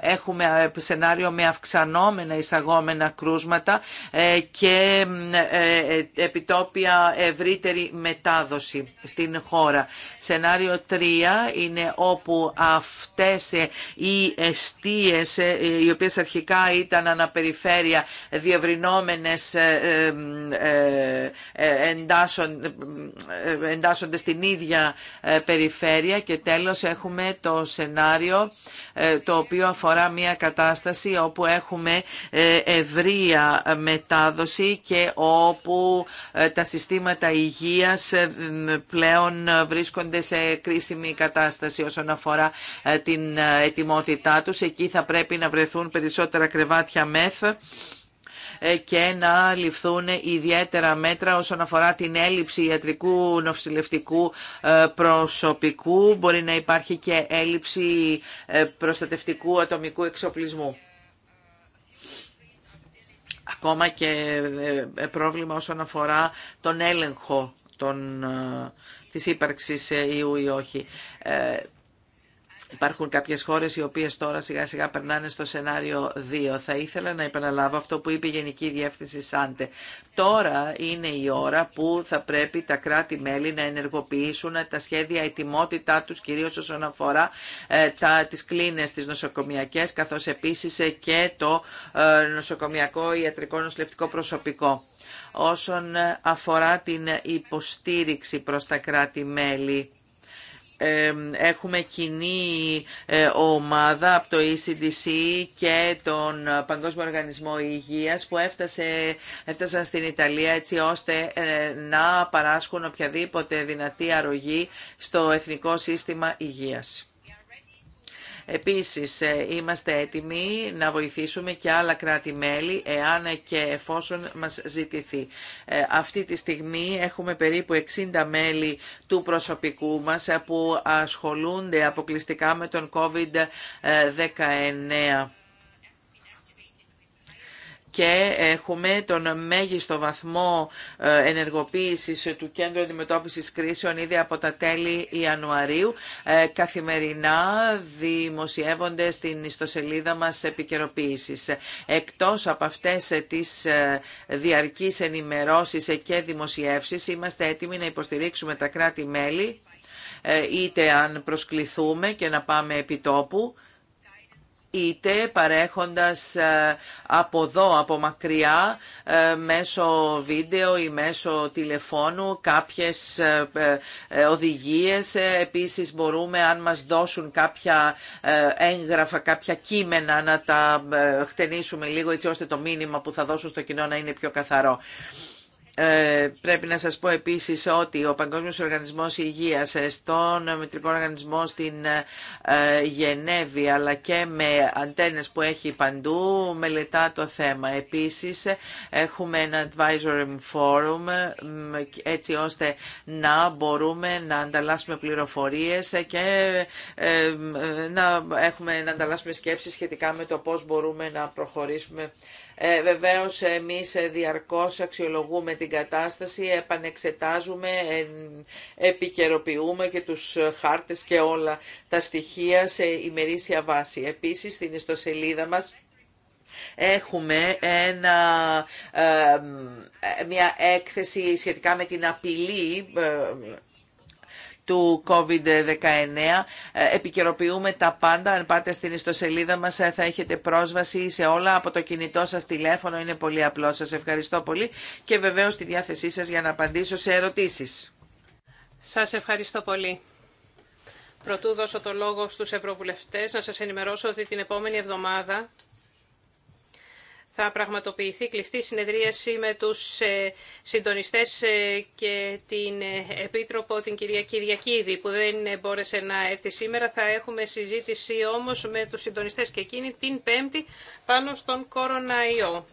έχουμε σενάριο με αυξανόμενα εισαγόμενα κρούσματα και επιτόπια ευρύτερη μετάδοση στην χώρα. Σενάριο 3 είναι όπου αυτές οι εστίες, οι οποίες αρχικά ήταν ήταν αναπεριφέρεια διευρυνόμενες ε, ε, ε, εντάσσονται στην ίδια περιφέρεια και τέλος έχουμε το σενάριο το οποίο αφορά μια κατάσταση όπου έχουμε ευρεία μετάδοση και όπου τα συστήματα υγείας πλέον βρίσκονται σε κρίσιμη κατάσταση όσον αφορά την ετοιμότητά τους. Εκεί θα πρέπει να βρεθούν περισσότερα κρεβάτια κομμάτια μεθ ε, και να ληφθούν ιδιαίτερα μέτρα όσον αφορά την έλλειψη ιατρικού νοσηλευτικού ε, προσωπικού. Μπορεί να υπάρχει και έλλειψη ε, προστατευτικού ατομικού εξοπλισμού ακόμα και πρόβλημα όσον αφορά τον έλεγχο των, της ύπαρξης ιού ή όχι. Υπάρχουν κάποιες χώρες οι οποίες τώρα σιγά σιγά περνάνε στο σενάριο 2. Θα ήθελα να επαναλάβω αυτό που είπε η Γενική Διεύθυνση Σάντε. Τώρα είναι η ώρα που θα πρέπει τα κράτη-μέλη να ενεργοποιήσουν τα σχέδια ετοιμότητά τους, κυρίως όσον αφορά ε, τα, τις κλίνες τις νοσοκομιακές, καθώς επίσης ε, και το ε, νοσοκομιακό ιατρικό νοσηλευτικό προσωπικό. Όσον αφορά την υποστήριξη προς τα κράτη-μέλη, έχουμε κοινή ε, ομάδα από το ECDC και τον ε, Παγκόσμιο Οργανισμό Υγείας που έφτασε, έφτασαν στην Ιταλία έτσι ώστε ε, να παράσχουν οποιαδήποτε δυνατή αρρωγή στο Εθνικό Σύστημα Υγείας. Επίσης, ε, είμαστε έτοιμοι να βοηθήσουμε και άλλα κράτη-μέλη εάν και εφόσον μας ζητηθεί. Ε, αυτή τη στιγμή έχουμε περίπου 60 μέλη του προσωπικού μας ε, που ασχολούνται αποκλειστικά με τον COVID-19 και έχουμε τον μέγιστο βαθμό ε, ενεργοποίησης του Κέντρου Αντιμετώπισης Κρίσεων ήδη από τα τέλη Ιανουαρίου. Ε, καθημερινά δημοσιεύονται στην ιστοσελίδα μας επικαιροποίησης. Εκτός από αυτές τις ε, διαρκείς ενημερώσεις και δημοσιεύσεις, είμαστε έτοιμοι να υποστηρίξουμε τα κράτη-μέλη είτε αν προσκληθούμε και να πάμε επί είτε παρέχοντας ε, από εδώ, από μακριά, ε, μέσω βίντεο ή μέσω τηλεφώνου κάποιες ε, οδηγίες. Επίσης μπορούμε, αν μας δώσουν κάποια έγγραφα, κάποια κείμενα, να τα χτενίσουμε λίγο έτσι ώστε το μήνυμα που θα δώσουν στο κοινό να είναι πιο καθαρό. Ε, πρέπει να σας πω επίσης ότι ο Παγκόσμιος Οργανισμός Υγείας ε, στον Μητρικό Οργανισμό στην ε, ε, Γενέβη αλλά και με αντένες που έχει παντού μελετά το θέμα. Επίσης έχουμε ένα advisory forum έτσι ώστε να μπορούμε να ανταλλάσσουμε πληροφορίες και να, έχουμε, να ανταλλάσσουμε σκέψεις σχετικά με το πώς μπορούμε να προχωρήσουμε ε, βεβαίως εμείς διαρκώς αξιολογούμε την κατάσταση, επανεξετάζουμε, επικαιροποιούμε και τους χάρτες και όλα τα στοιχεία σε ημερήσια βάση. Επίσης στην ιστοσελίδα μας Έχουμε ένα, ε, μια έκθεση σχετικά με την απειλή ε, του COVID-19. Ε, επικαιροποιούμε τα πάντα. Αν πάτε στην ιστοσελίδα μας ε, θα έχετε πρόσβαση σε όλα από το κινητό σας τηλέφωνο. Είναι πολύ απλό. Σας ευχαριστώ πολύ και βεβαίως στη διάθεσή σας για να απαντήσω σε ερωτήσεις.
Σας ευχαριστώ πολύ. Πρωτού δώσω το λόγο στους ευρωβουλευτές να σας ενημερώσω ότι την επόμενη εβδομάδα θα πραγματοποιηθεί κλειστή συνεδρίαση με τους ε, συντονιστές ε, και την ε, Επίτροπο, την κυρία Κυριακίδη, που δεν μπόρεσε να έρθει σήμερα. Θα έχουμε συζήτηση όμως με τους συντονιστές και εκείνη την Πέμπτη πάνω στον κοροναϊό.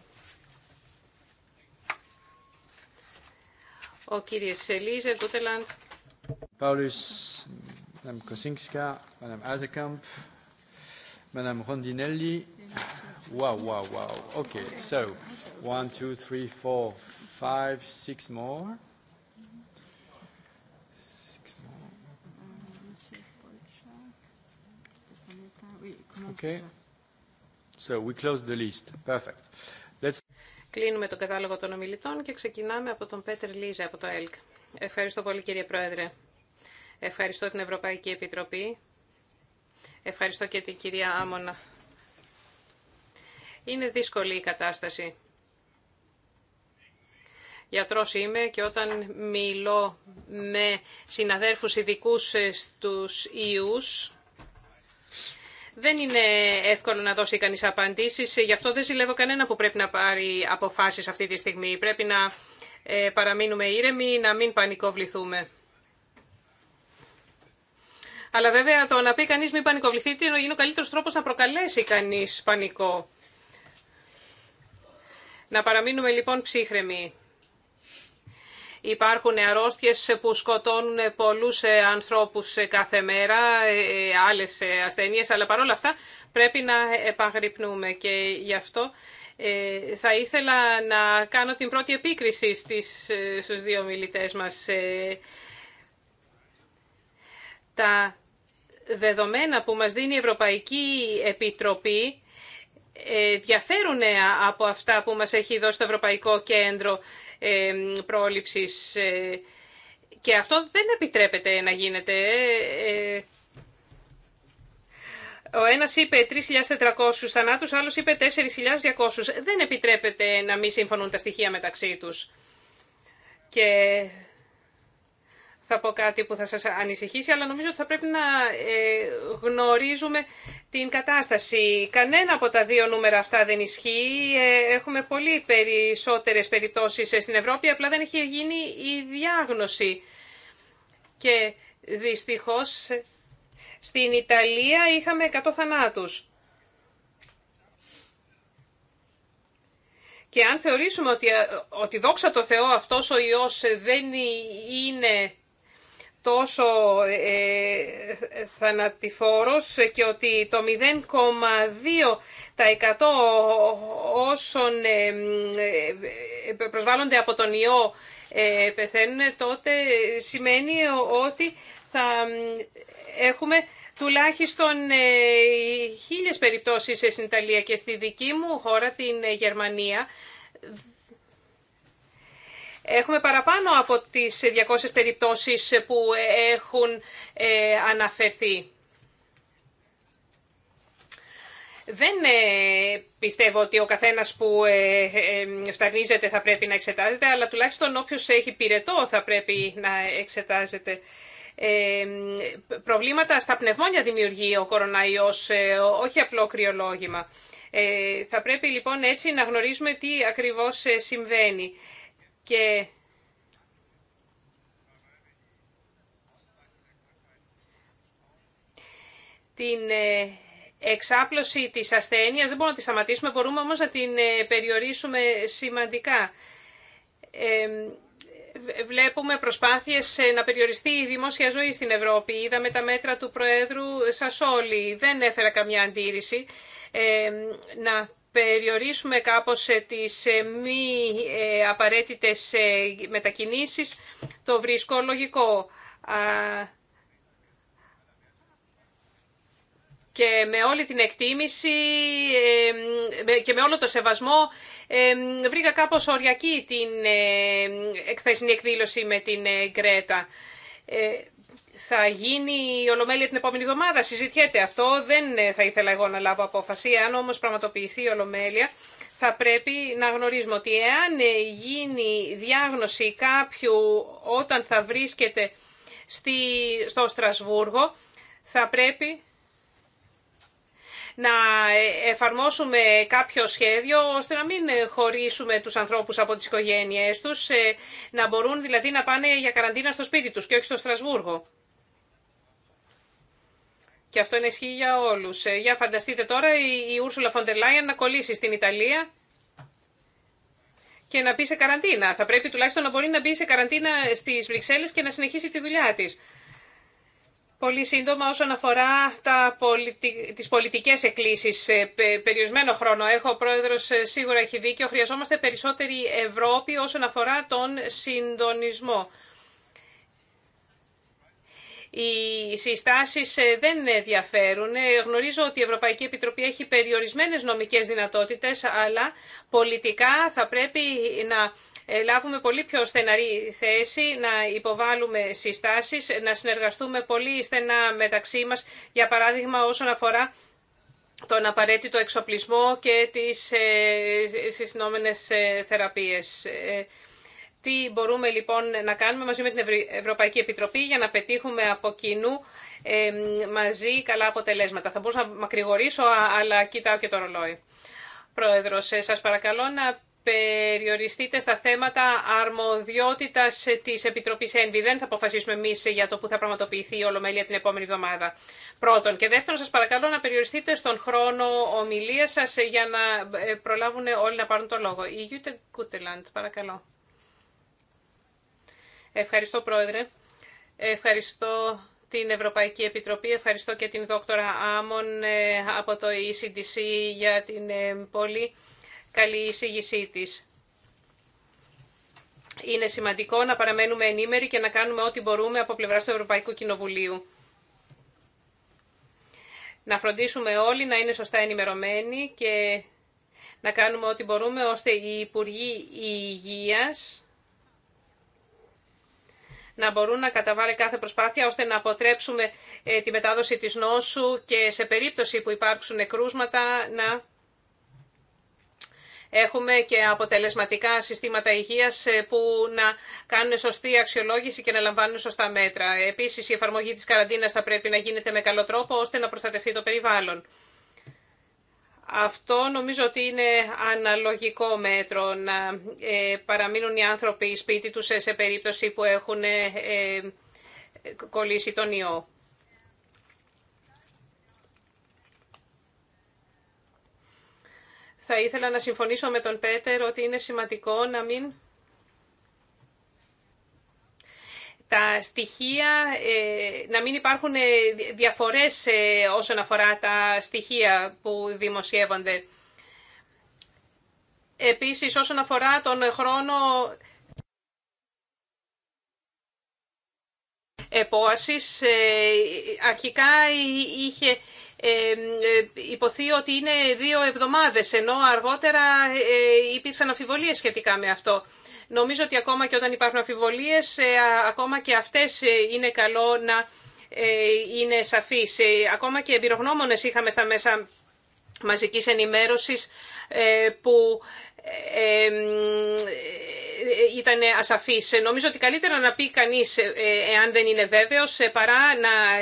Ο κύριος Σελίζε, Τούτελαντ.
Παύλης, Madame Rondinelli. Wow, wow, wow. Okay, so one, two, three, four, five, six more. Okay. So we close the list. Perfect. Let's...
Κλείνουμε το κατάλογο των ομιλητών και ξεκινάμε από τον Πέτερ Λίζα από το ΕΛΚ. Ευχαριστώ πολύ κύριε Πρόεδρε. Ευχαριστώ την Ευρωπαϊκή Επιτροπή Ευχαριστώ και την κυρία Άμονα. Είναι δύσκολη η κατάσταση. Γιατρός είμαι και όταν μιλώ με συναδέρφους ειδικού στους ιούς, δεν είναι εύκολο να δώσει κανείς απαντήσεις, γι' αυτό δεν ζηλεύω κανένα που πρέπει να πάρει αποφάσεις αυτή τη στιγμή. Πρέπει να ε, παραμείνουμε ήρεμοι, να μην πανικοβληθούμε. Αλλά βέβαια το να πει κανεί μην πανικοβληθεί είναι ο καλύτερο τρόπο να προκαλέσει κανεί πανικό. Να παραμείνουμε λοιπόν ψύχρεμοι. Υπάρχουν αρρώστιες που σκοτώνουν πολλούς ε, ανθρώπους ε, κάθε μέρα, ε, άλλες ασθένειες, αλλά παρόλα αυτά πρέπει να επαγρυπνούμε και γι' αυτό θα ήθελα να κάνω την πρώτη επίκριση στου δύο μιλητές μας. Τα δεδομένα που μας δίνει η Ευρωπαϊκή Επιτροπή ε, διαφέρουν ε, από αυτά που μας έχει δώσει το Ευρωπαϊκό Κέντρο ε, Πρόληψης και αυτό δεν επιτρέπεται να γίνεται. Ο ένας είπε 3.400 θανάτους, άλλος είπε 4.200. Δεν επιτρέπεται να μην συμφωνούν τα στοιχεία μεταξύ τους. Και θα πω κάτι που θα σας ανησυχήσει, αλλά νομίζω ότι θα πρέπει να ε, γνωρίζουμε την κατάσταση. Κανένα από τα δύο νούμερα αυτά δεν ισχύει. Ε, έχουμε πολύ περισσότερες περιπτώσεις στην Ευρώπη, απλά δεν έχει γίνει η διάγνωση. Και δυστυχώς στην Ιταλία είχαμε 100 θανάτους. Και αν θεωρήσουμε ότι, ε, ότι δόξα το Θεό αυτός ο ιός δεν είναι τόσο ε, ε, θανατηφόρος και ότι το 0,2% όσων ε, ε, ε, προσβάλλονται από τον ιό πεθαίνουν, τότε σημαίνει ότι θα έχουμε τουλάχιστον χίλιες περιπτώσεις στην Ιταλία και στη δική μου χώρα, την Γερμανία, Έχουμε παραπάνω από τις 200 περιπτώσεις που έχουν ε, αναφερθεί. Δεν ε, πιστεύω ότι ο καθένας που ε, φταρνίζεται θα πρέπει να εξετάζεται, αλλά τουλάχιστον όποιος έχει πυρετό θα πρέπει να εξετάζεται. Προβλήματα στα πνευμόνια δημιουργεί ο κοροναϊός, όχι απλό κρυολόγημα. Θα πρέπει λοιπόν έτσι να γνωρίζουμε τι ακριβώς συμβαίνει και την ε, εξάπλωση της ασθένειας δεν μπορούμε να τη σταματήσουμε, μπορούμε όμως να την ε, περιορίσουμε σημαντικά. Βλέπουμε προσπάθειες ε, να περιοριστεί η δημόσια ζωή στην Ευρώπη. Είδαμε τα μέτρα του Προέδρου Σασόλη. Δεν έφερα καμιά αντίρρηση να περιορίσουμε κάπως ε, τις ε, μη ε, απαραίτητες μετακινήσεις, το βρίσκω λογικό. Και με όλη την εκτίμηση και με όλο το σεβασμό βρήκα κάπως οριακή την εκθεσινή εκδήλωση με την Γκρέτα θα γίνει η Ολομέλεια την επόμενη εβδομάδα. Συζητιέται αυτό. Δεν ε, θα ήθελα εγώ να λάβω απόφαση. Αν όμως πραγματοποιηθεί η Ολομέλεια, θα πρέπει να γνωρίζουμε ότι εάν ε, γίνει διάγνωση κάποιου όταν θα βρίσκεται στη, στο Στρασβούργο, θα πρέπει να ε, εφαρμόσουμε κάποιο σχέδιο ώστε να μην χωρίσουμε τους ανθρώπους από τις οικογένειές τους, να μπορούν δηλαδή να πάνε για καραντίνα στο σπίτι τους και όχι στο Στρασβούργο. Και αυτό είναι ισχύει για όλους. Ε, για φανταστείτε τώρα η Ούρσουλα Φοντερ Λάιεν να κολλήσει στην Ιταλία και να μπει σε καραντίνα. Θα πρέπει τουλάχιστον να μπορεί να μπει σε καραντίνα στι Βρυξέλλες και να συνεχίσει τη δουλειά τη. Πολύ σύντομα όσον αφορά τα πολιτι... τις πολιτικές εκκλήσεις. Περιορισμένο χρόνο έχω, ο Πρόεδρος ε, σίγουρα έχει δίκιο. Χρειαζόμαστε περισσότερη Ευρώπη όσον αφορά τον συντονισμό. Οι συστάσεις ε, δεν διαφέρουν. Ε, γνωρίζω ότι η Ευρωπαϊκή Επιτροπή έχει περιορισμένες νομικές δυνατότητες, αλλά πολιτικά θα πρέπει να ε, λάβουμε πολύ πιο στεναρή θέση, να υποβάλουμε συστάσεις, να συνεργαστούμε πολύ στενά μεταξύ μας, για παράδειγμα όσον αφορά τον απαραίτητο εξοπλισμό και τις ε, θεραπείες. Τι μπορούμε λοιπόν να κάνουμε μαζί με την Ευρωπαϊκή Επιτροπή για να πετύχουμε από κοινού ε, μαζί καλά αποτελέσματα. Θα μπορούσα να μακρηγορήσω, αλλά κοιτάω και το ρολόι. Πρόεδρος, ε, σας παρακαλώ να περιοριστείτε στα θέματα αρμοδιότητας της Επιτροπής ΕΝΒΗ. Δεν θα αποφασίσουμε εμείς για το που θα πραγματοποιηθεί η Ολομέλεια την επόμενη εβδομάδα. Πρώτον. Και δεύτερον, σας παρακαλώ να περιοριστείτε στον χρόνο ομιλίας σας για να ε, προλάβουν όλοι να πάρουν το λόγο. Η Γιούτε Κούτελαντ, παρακαλώ. Ευχαριστώ, Πρόεδρε. Ευχαριστώ την Ευρωπαϊκή Επιτροπή. Ευχαριστώ και την δόκτωρα Άμον ε, από το ECDC για την ε, πολύ καλή εισήγησή της. Είναι σημαντικό να παραμένουμε ενήμεροι και να κάνουμε ό,τι μπορούμε από πλευρά του Ευρωπαϊκού Κοινοβουλίου. Να φροντίσουμε όλοι να είναι σωστά ενημερωμένοι και να κάνουμε ό,τι μπορούμε ώστε οι Υπουργοί Υγείας να μπορούν να καταβάλει κάθε προσπάθεια ώστε να αποτρέψουμε ε, τη μετάδοση της νόσου και σε περίπτωση που υπάρξουν κρούσματα να έχουμε και αποτελεσματικά συστήματα υγείας ε, που να κάνουν σωστή αξιολόγηση και να λαμβάνουν σωστά μέτρα. Επίσης, η εφαρμογή της καραντίνας θα πρέπει να γίνεται με καλό τρόπο ώστε να προστατευτεί το περιβάλλον. Αυτό νομίζω ότι είναι αναλογικό μέτρο να ε, παραμείνουν οι άνθρωποι σπίτι τους σε περίπτωση που έχουν ε, ε, κολλήσει τον ιό. Θα ήθελα να συμφωνήσω με τον Πέτερ ότι είναι σημαντικό να μην τα στοιχεία, ε, να μην υπάρχουν ε, διαφορές ε, όσον αφορά τα στοιχεία που δημοσιεύονται. Επίσης, όσον αφορά τον χρόνο επόασης, αρχικά είχε υποθεί ότι είναι δύο εβδομάδες, ενώ αργότερα υπήρξαν αμφιβολίες σχετικά με αυτό. Νομίζω ότι ακόμα και όταν υπάρχουν αμφιβολίες, ε, ακόμα και αυτές ε, είναι καλό να ε, είναι σαφείς. Ακόμα και εμπειρογνώμονες είχαμε στα μέσα μαζικής ενημέρωσης που ήταν ασαφής. Νομίζω ότι καλύτερα να πει κανείς εάν δεν είναι βέβαιος παρά να,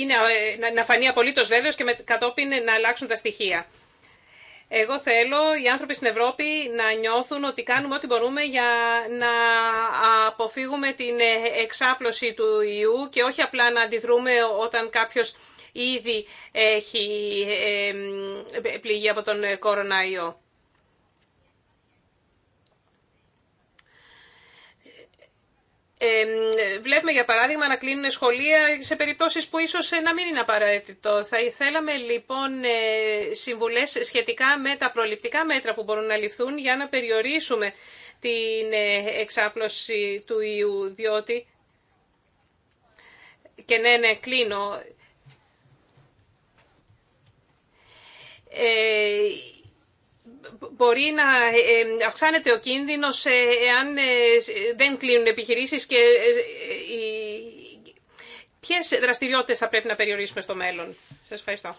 είναι, να φανεί απολύτως βέβαιος και κατόπιν να αλλάξουν τα στοιχεία. Εγώ θέλω οι άνθρωποι στην Ευρώπη να νιώθουν ότι κάνουμε ό,τι μπορούμε για να αποφύγουμε την εξάπλωση του ιού και όχι απλά να αντιδρούμε όταν κάποιος ήδη έχει πληγεί από τον κοροναϊό. βλέπουμε για παράδειγμα να κλείνουν σχολεία σε περιπτώσεις που ίσως ε, να μην είναι απαραίτητο. Θα ήθελαμε λοιπόν ε, συμβουλές σχετικά με τα προληπτικά μέτρα που μπορούν να ληφθούν για να περιορίσουμε την ε, εξάπλωση του ιού, διότι... Και ναι, ναι, κλείνω μπορεί να ε, ε, αυξάνεται ο κίνδυνος ε, εάν δεν κλείνουν επιχειρήσεις και ποιες δραστηριότητες θα πρέπει να περιορίσουμε στο μέλλον. Σας ευχαριστώ.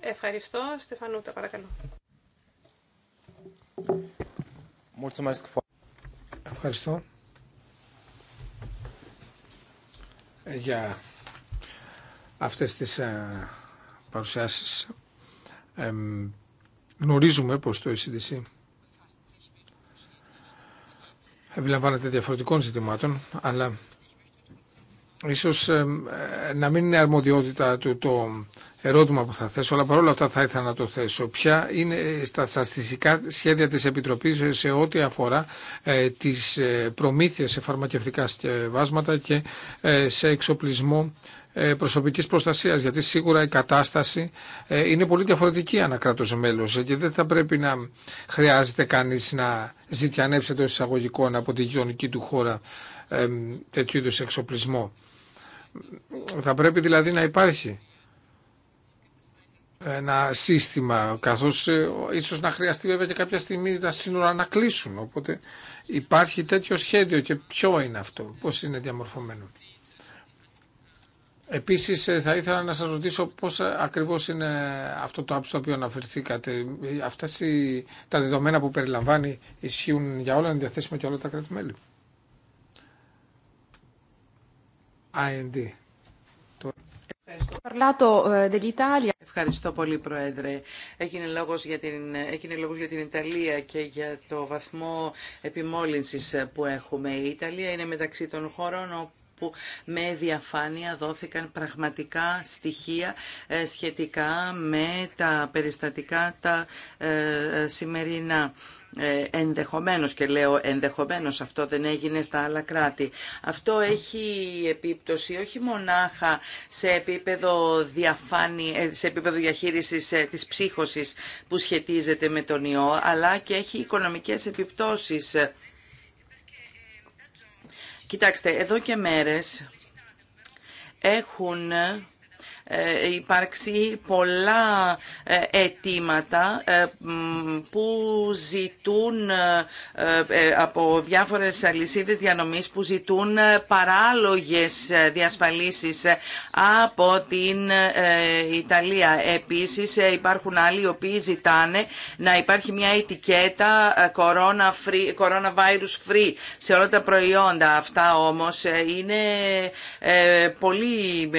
Ευχαριστώ. Στεφανούτα, παρακαλώ. Ευχαριστώ για
αυτές τις παρουσιάσεις. Γνωρίζουμε πως το ECDC επιλαμβάνεται διαφορετικών ζητημάτων, αλλά ίσως ε, να μην είναι αρμοδιότητα του το ερώτημα που θα θέσω, αλλά παρόλα αυτά θα ήθελα να το θέσω. Ποια είναι στα στατιστικά σχέδια της Επιτροπής σε ό,τι αφορά ε, τις ε, προμήθειες σε φαρμακευτικά σκευάσματα και σε εξοπλισμό ε, προσωπικής προστασίας γιατί σίγουρα η κατάσταση ε, είναι πολύ διαφορετική ανά κράτος μέλος και δεν θα πρέπει να χρειάζεται κανείς να ζητιανέψει το εισαγωγικών από την γειτονική του χώρα ε, τέτοιου είδου εξοπλισμό. Θα πρέπει δηλαδή να υπάρχει ένα σύστημα, καθώς ίσως να χρειαστεί βέβαια και κάποια στιγμή τα σύνορα να κλείσουν. Οπότε υπάρχει τέτοιο σχέδιο και ποιο είναι αυτό, πώς είναι διαμορφωμένο. Επίσης ε, θα ήθελα να σας ρωτήσω πώς ε, ακριβώς είναι αυτό το app στο οποίο αναφερθήκατε. Ε, αυτά τα δεδομένα που περιλαμβάνει ισχύουν για όλα, είναι διαθέσιμα και όλα τα κράτη-μέλη. IND.
Ευχαριστώ πολύ, Πρόεδρε. Έγινε λόγο για την, έγινε για την Ιταλία και για το βαθμό επιμόλυνσης που έχουμε. Η Ιταλία είναι μεταξύ των χωρών που με διαφάνεια δόθηκαν πραγματικά στοιχεία ε, σχετικά με τα περιστατικά τα ε, σημερινά. Ε, ενδεχομένως και λέω ενδεχομένως αυτό δεν έγινε στα άλλα κράτη. Αυτό έχει επίπτωση όχι μονάχα σε επίπεδο, διαφάνει, ε, σε επίπεδο διαχείρισης της ψύχωσης που σχετίζεται με τον ιό αλλά και έχει οικονομικές επιπτώσεις Κοιτάξτε, εδώ και μέρες έχουν ε, υπάρξει πολλά ε, αιτήματα ε, που ζητούν από διάφορες αλυσίδες διανομής που ζητούν παράλογες διασφαλίσεις από την Ιταλία. Επίσης υπάρχουν άλλοι οι οποίοι ζητάνε να υπάρχει μια ετικέτα corona free, coronavirus free σε όλα τα προϊόντα. Αυτά όμως είναι πολύ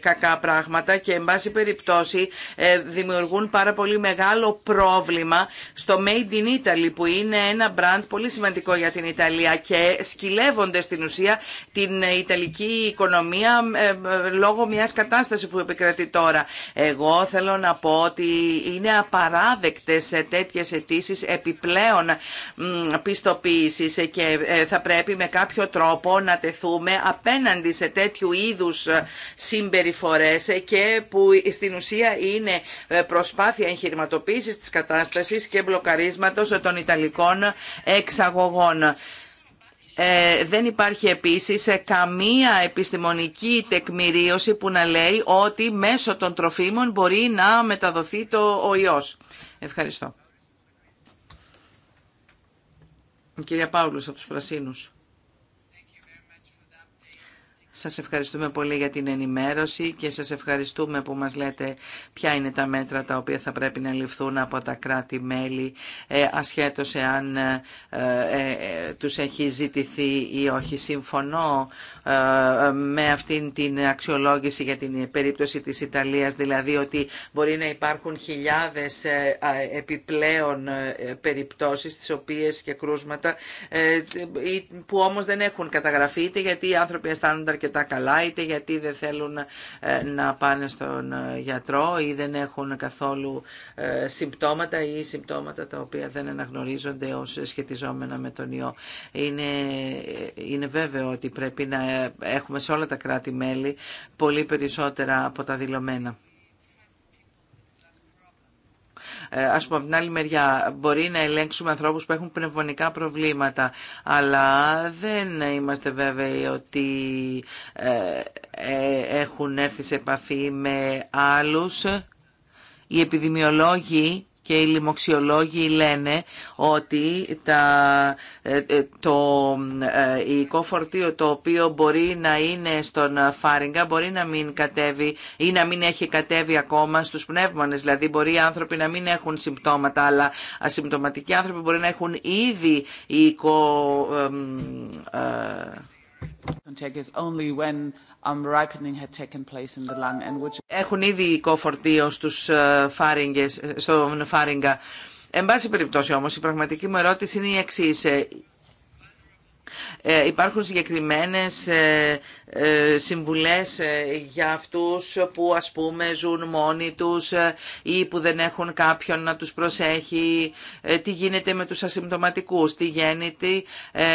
κακά πράγματα και εν πάση περιπτώσει ε, δημιουργούν πάρα πολύ μεγάλο πρόβλημα στο Made in Italy που είναι ένα μπραντ πολύ σημαντικό για την Ιταλία και σκυλεύονται στην ουσία την Ιταλική οικονομία ε, ε, λόγω μιας κατάστασης που επικρατεί τώρα. Εγώ θέλω να πω ότι είναι απαράδεκτες τέτοιες αιτήσει επιπλέον πιστοποίησης και θα πρέπει με κάποιο τρόπο να τεθούμε απέναντι σε τέτοιου είδους συμπεριφορές και που στην ουσία είναι ε, προσπάθεια εγχειρηματοποίησης της κατάστασης και μπλοκαρίσματος των Ιταλικών εξαγωγών. Ε, δεν υπάρχει επίσης ε, καμία επιστημονική τεκμηρίωση που να λέει ότι μέσω των τροφίμων μπορεί να μεταδοθεί το ο ιός. Ευχαριστώ. κυρία Παύλος από τους Πρασίνους. Σας ευχαριστούμε πολύ για την ενημέρωση και σας ευχαριστούμε που μας λέτε ποια είναι τα μέτρα τα οποία θα πρέπει να ληφθούν από τα κράτη-μέλη ε, ασχέτως εάν ε, ε, τους έχει ζητηθεί ή όχι. Συμφωνώ ε, με αυτήν την αξιολόγηση για την περίπτωση της Ιταλίας, δηλαδή ότι μπορεί να υπάρχουν χιλιάδες ε, επιπλέον περιπτώσεις τις οποίες και κρούσματα που όμως δεν έχουν καταγραφεί γιατί οι άνθρωποι αισθάνονται τα καλά, είτε γιατί δεν θέλουν ε, να πάνε στον ε, γιατρό ή δεν έχουν καθόλου ε, συμπτώματα ή συμπτώματα τα οποία δεν αναγνωρίζονται ως σχετιζόμενα με τον ιό. Είναι, είναι βέβαιο ότι πρέπει να έχουμε σε όλα τα κράτη-μέλη πολύ περισσότερα από τα δηλωμένα. Ε, ας πούμε από την άλλη μεριά μπορεί να ελέγξουμε ανθρώπους που έχουν πνευμονικά προβλήματα αλλά δεν είμαστε βέβαιοι ότι ε, ε, έχουν έρθει σε επαφή με άλλους οι επιδημιολόγοι και οι λοιμοξιολόγοι λένε ότι τα, ε, ε, το υλικό ε, φορτίο το οποίο μπορεί να είναι στον Φάριγκα μπορεί να μην κατέβει ή να μην έχει κατέβει ακόμα στους πνεύμονες. Δηλαδή μπορεί οι άνθρωποι να μην έχουν συμπτώματα αλλά ασυμπτωματικοί άνθρωποι μπορεί να έχουν ήδη υλικό Um, Έχουν ήδη οικό στους ε, φάριγγες, ε, στον φάριγγα. Εν πάση περιπτώσει όμως η πραγματική μου ερώτηση είναι η εξής. Ε. υπάρχουν συγκεκριμένες ε, συμβουλές ε, για αυτούς που ας πούμε ζουν μόνοι τους ε, ή που δεν έχουν κάποιον να τους προσέχει, τι γίνεται με τους ασυμπτωματικούς, τι γίνεται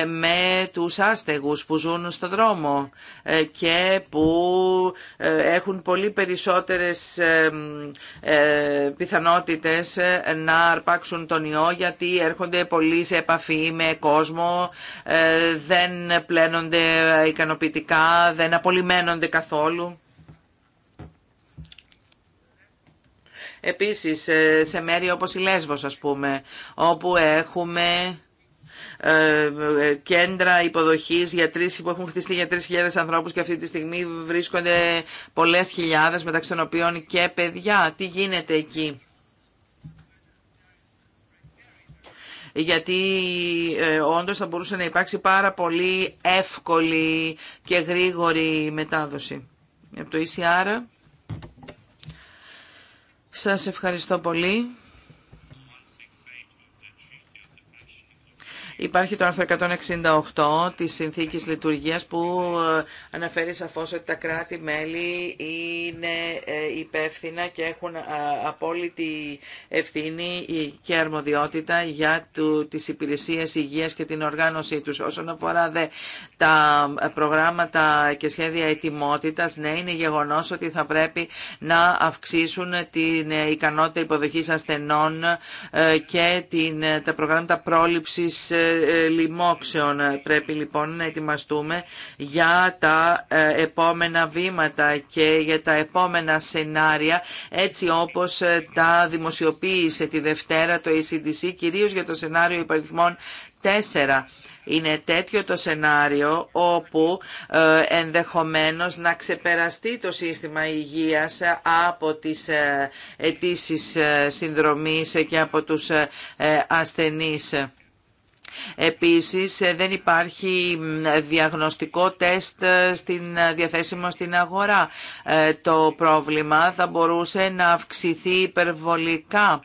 με τους άστεγους που ζουν στο δρόμο και που έχουν πολύ περισσότερες πιθανότητες να αρπάξουν τον ιό γιατί έρχονται πολύ σε επαφή με κόσμο, δεν πλένονται ικανοποιητικά, δεν απολυμένονται καθόλου. Επίσης, ε, σε μέρη όπως η Λέσβος, ας πούμε, όπου έχουμε ε, ε, κέντρα υποδοχής για τρεις, που έχουν χτιστεί για 3.000 ανθρώπους και αυτή τη στιγμή βρίσκονται πολλές χιλιάδες, μεταξύ των οποίων και παιδιά. Τι γίνεται εκεί. γιατί ε, όντως θα μπορούσε να υπάρξει πάρα πολύ εύκολη και γρήγορη μετάδοση. Από το ECR, σας ευχαριστώ πολύ. Υπάρχει το άρθρο 168 της Συνθήκης Λειτουργίας που ε, αναφέρει σαφώς ότι τα κράτη-μέλη είναι ε, υπεύθυνα και έχουν ε, απόλυτη ευθύνη και αρμοδιότητα για τις υπηρεσίες υγείας και την οργάνωσή τους. Όσον αφορά δε, τα προγράμματα και σχέδια ετοιμότητας, ναι, είναι γεγονός ότι θα πρέπει να αυξήσουν την ικανότητα υποδοχής ασθενών και την, τα προγράμματα πρόληψης ε, ε, λοιμόξεων. Πρέπει λοιπόν να ετοιμαστούμε για τα ε, επόμενα βήματα και για τα επόμενα σενάρια έτσι όπως τα δημοσιοποίησε τη Δευτέρα το ECDC κυρίως για το σενάριο υπαριθμών 4. Είναι τέτοιο το σενάριο όπου ενδεχομένως να ξεπεραστεί το σύστημα υγείας από τις αιτήσει συνδρομής και από τους ασθενείς. Επίσης ε, δεν υπάρχει διαγνωστικό τεστ ε, στην ε, διαθέσιμο στην αγορά. Το πρόβλημα θα μπορούσε να αυξηθεί υπερβολικά.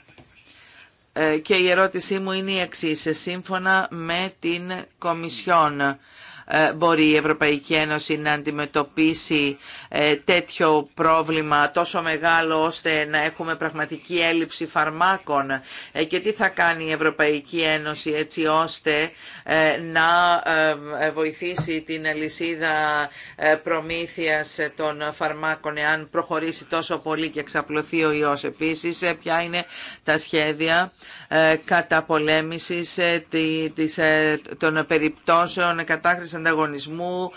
Και η ερώτησή μου είναι η εξής. Σύμφωνα με την Κομισιόν ε, μπορεί η Ευρωπαϊκή Ένωση να αντιμετωπίσει ε, τέτοιο πρόβλημα τόσο μεγάλο ώστε να έχουμε πραγματική έλλειψη φαρμάκων ε, και τι θα κάνει η Ευρωπαϊκή Ένωση έτσι ώστε να βοηθήσει την αλυσίδα προμήθειας των φαρμάκων εάν προχωρήσει τόσο πολύ και εξαπλωθεί ο ιός. Επίσης, ποια είναι τα σχέδια ε, καταπολέμησης ε, ε, των περιπτώσεων κατάχρηση ανταγωνισμού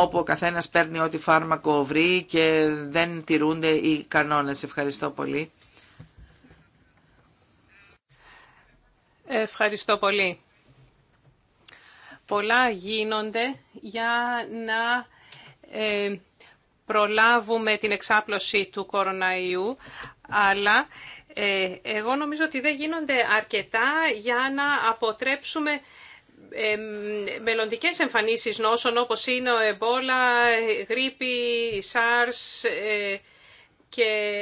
όπου ο καθένας παίρνει ό,τι φάρμακο βρει και δεν τηρούνται οι κανόνες. Ευχαριστώ πολύ.
Ευχαριστώ πολύ. Πολλά γίνονται για να προλάβουμε την εξάπλωση του κοροναϊού, αλλά ε, εγώ νομίζω ότι δεν γίνονται αρκετά για να αποτρέψουμε ε, μελλοντικές εμφανίσεις νόσων όπως είναι ο εμπόλα, γρήπη, SARS ε, και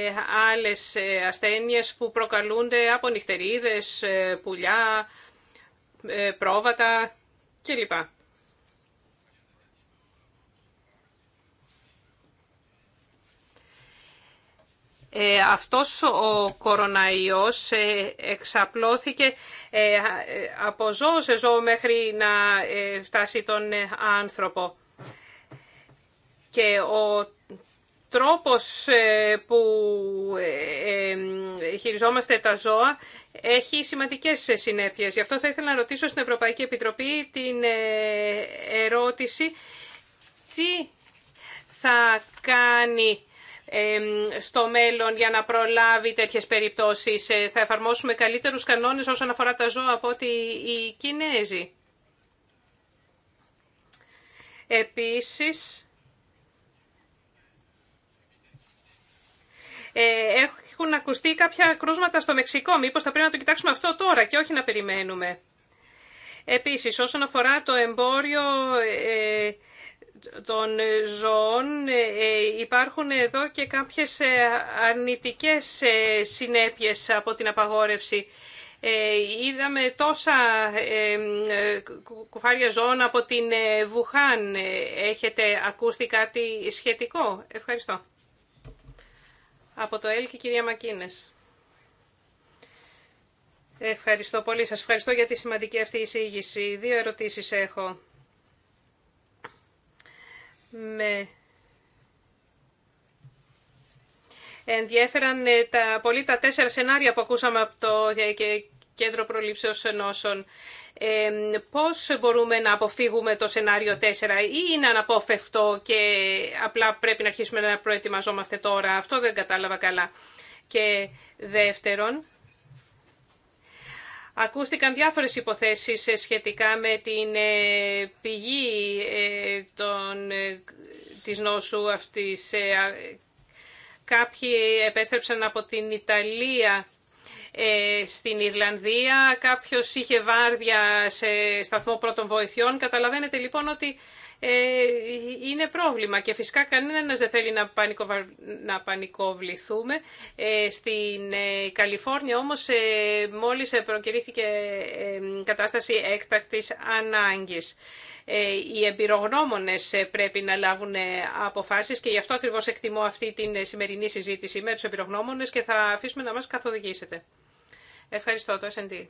άλλες ε, ασθένειες που προκαλούνται από νυχτερίδες, πουλιά, πρόβατα κλπ. ε, αυτός ο κοροναϊός ε, εξαπλώθηκε ε, από ζώο σε ζώο μέχρι να ε, φτάσει τον άνθρωπο. Και ο τρόπος που χειριζόμαστε τα ζώα έχει σημαντικές συνέπειες. Γι' αυτό θα ήθελα να ρωτήσω στην Ευρωπαϊκή Επιτροπή την ερώτηση τι θα κάνει στο μέλλον για να προλάβει τέτοιες περιπτώσεις. Ε, θα εφαρμόσουμε καλύτερους κανόνες όσον αφορά τα ζώα από ότι οι Κινέζοι. Επίσης, ε, έχουν ακουστεί κάποια κρούσματα στο Μεξικό. Μήπως θα πρέπει να το κοιτάξουμε αυτό τώρα και όχι να περιμένουμε. Επίσης, όσον αφορά το εμπόριο ε, των ζώων ε, υπάρχουν εδώ και κάποιες ε, αρνητικές ε, συνέπειες από την απαγόρευση. Είδαμε τόσα κουφάρια ζώων από την Βουχάν. Έχετε ακούσει κάτι σχετικό. Ευχαριστώ. Από το Έλκι κυρία Μακίνες. Ευχαριστώ πολύ. Σας ευχαριστώ για τη σημαντική αυτή εισήγηση. Δύο ερωτήσεις έχω με ενδιέφεραν ε, τα, πολύ τα τέσσερα σενάρια που ακούσαμε από το Κέντρο Προλήψεως Νόσων. Ε, πώς μπορούμε να αποφύγουμε το σενάριο 4 ή είναι αναπόφευκτο και απλά πρέπει να αρχίσουμε να προετοιμαζόμαστε τώρα. Αυτό δεν κατάλαβα καλά. Και δεύτερον, Ακούστηκαν διάφορες υποθέσεις ε, σχετικά με την ε, πηγή ε, των, της νόσου αυτής. Κάποιοι επέστρεψαν από την Ιταλία στην Ιρλανδία, κάποιος είχε βάρδια σε σταθμό πρώτων βοηθειών. Καταλαβαίνετε λοιπόν ότι ε, είναι πρόβλημα και φυσικά κανένας δεν θέλει να, πανικοβα... να πανικοβληθούμε. Ε, στην ε, Καλιφόρνια όμως μόλις προκυρήθηκε κατάσταση έκτακτης ανάγκης. Οι εμπειρογνώμονες πρέπει να λάβουν αποφάσεις και γι' αυτό ακριβώς εκτιμώ αυτή την σημερινή συζήτηση με τους εμπειρογνώμονες και θα αφήσουμε να μας καθοδηγήσετε. Ευχαριστώ το S&D.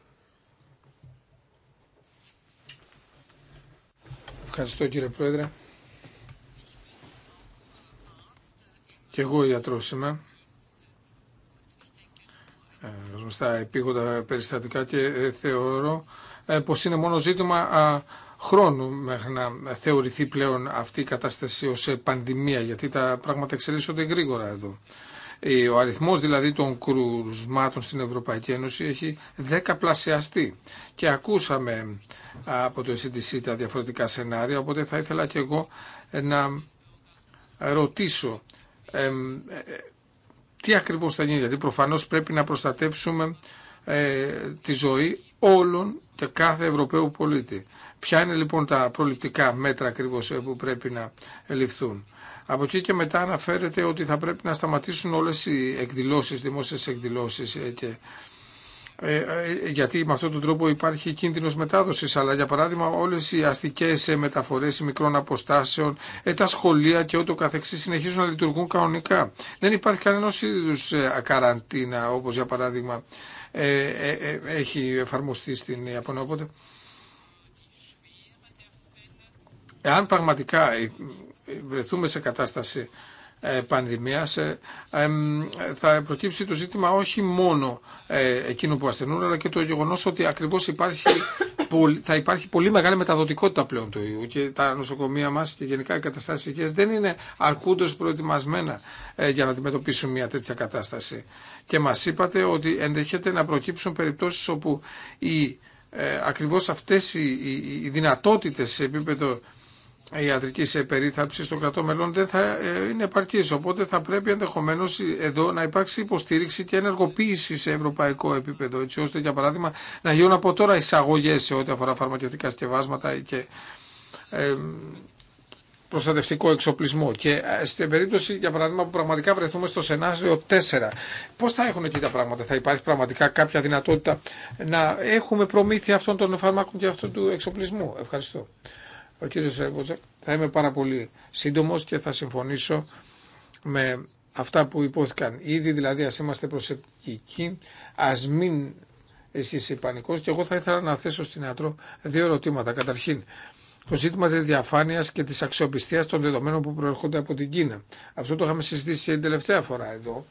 Ευχαριστώ κύριε Πρόεδρε. Και εγώ ιατρός είμαι. Ε, στα επίγοντα περιστατικά και ε, θεωρώ ε, πως είναι μόνο ζήτημα χρόνου μέχρι να θεωρηθεί πλέον αυτή η κατάσταση ως ε, πανδημία, γιατί τα πράγματα εξελίσσονται γρήγορα εδώ. Ε, ο αριθμό δηλαδή των κρουσμάτων στην Ευρωπαϊκή Ένωση έχει δεκαπλασιαστεί και ακούσαμε από το CDC τα διαφορετικά σενάρια, οπότε θα ήθελα και εγώ ε, να ρωτήσω ε, τι ακριβώς θα γίνει, γιατί προφανώς πρέπει να προστατεύσουμε τη ζωή όλων και κάθε Ευρωπαίου πολίτη. Ποια είναι λοιπόν τα προληπτικά μέτρα ακριβώς που πρέπει να ληφθούν. Από εκεί και μετά αναφέρεται ότι θα πρέπει να σταματήσουν όλες οι εκδηλώσεις, δημόσιες εκδηλώσεις ε, ε, ε, γιατί με αυτόν τον τρόπο υπάρχει κίνδυνος μετάδοσης αλλά για παράδειγμα όλες οι αστικές μεταφορές μικρών αποστάσεων τα σχολεία και ό,τι καθεξής συνεχίζουν να λειτουργούν κανονικά δεν υπάρχει κανένας είδους καραντίνα όπως για παράδειγμα έχει εφαρμοστεί στην Ιαπωνία εάν πραγματικά βρεθούμε σε κατάσταση ε, πανδημίας ε, θα προκύψει το ζήτημα όχι μόνο ε, εκείνο που ασθενούν αλλά και το γεγονός ότι ακριβώς υπάρχει, θα υπάρχει πολύ μεγάλη μεταδοτικότητα πλέον του ιού και τα νοσοκομεία μας και γενικά οι καταστάσεις υγείας δεν είναι αρκούντως προετοιμασμένα για να αντιμετωπίσουν μια τέτοια κατάσταση. Και μας είπατε ότι ενδέχεται να προκύψουν περιπτώσεις όπου οι, ακριβώς αυτές οι, οι, οι δυνατότητες σε επίπεδο ιατρική περίθαλψη των κρατό μελών δεν θα ε, είναι επαρκή. Οπότε θα πρέπει ενδεχομένω εδώ να υπάρξει υποστήριξη και ενεργοποίηση σε ευρωπαϊκό επίπεδο, έτσι ώστε για παράδειγμα να γίνουν από τώρα εισαγωγέ σε ό,τι αφορά φαρμακευτικά συσκευάσματα και προστατευτικό εξοπλισμό. Και ε, στην περίπτωση, για παράδειγμα, που πραγματικά βρεθούμε στο σενάριο 4, πώ θα έχουν εκεί τα πράγματα, θα υπάρχει πραγματικά κάποια δυνατότητα να έχουμε προμήθεια αυτών των φαρμάκων και αυτού του εξοπλισμού. Ευχαριστώ ο κύριος Βοτζακ. Θα είμαι πάρα πολύ σύντομος και θα συμφωνήσω με αυτά που υπόθηκαν ήδη, δηλαδή ας είμαστε προσεκτικοί, ας μην εσείς πανικός και εγώ θα ήθελα να θέσω στην ατρό δύο ερωτήματα. Καταρχήν, το ζήτημα της διαφάνειας και της αξιοπιστίας των δεδομένων που προερχόνται από την Κίνα. Αυτό το είχαμε συζητήσει την τελευταία φορά εδώ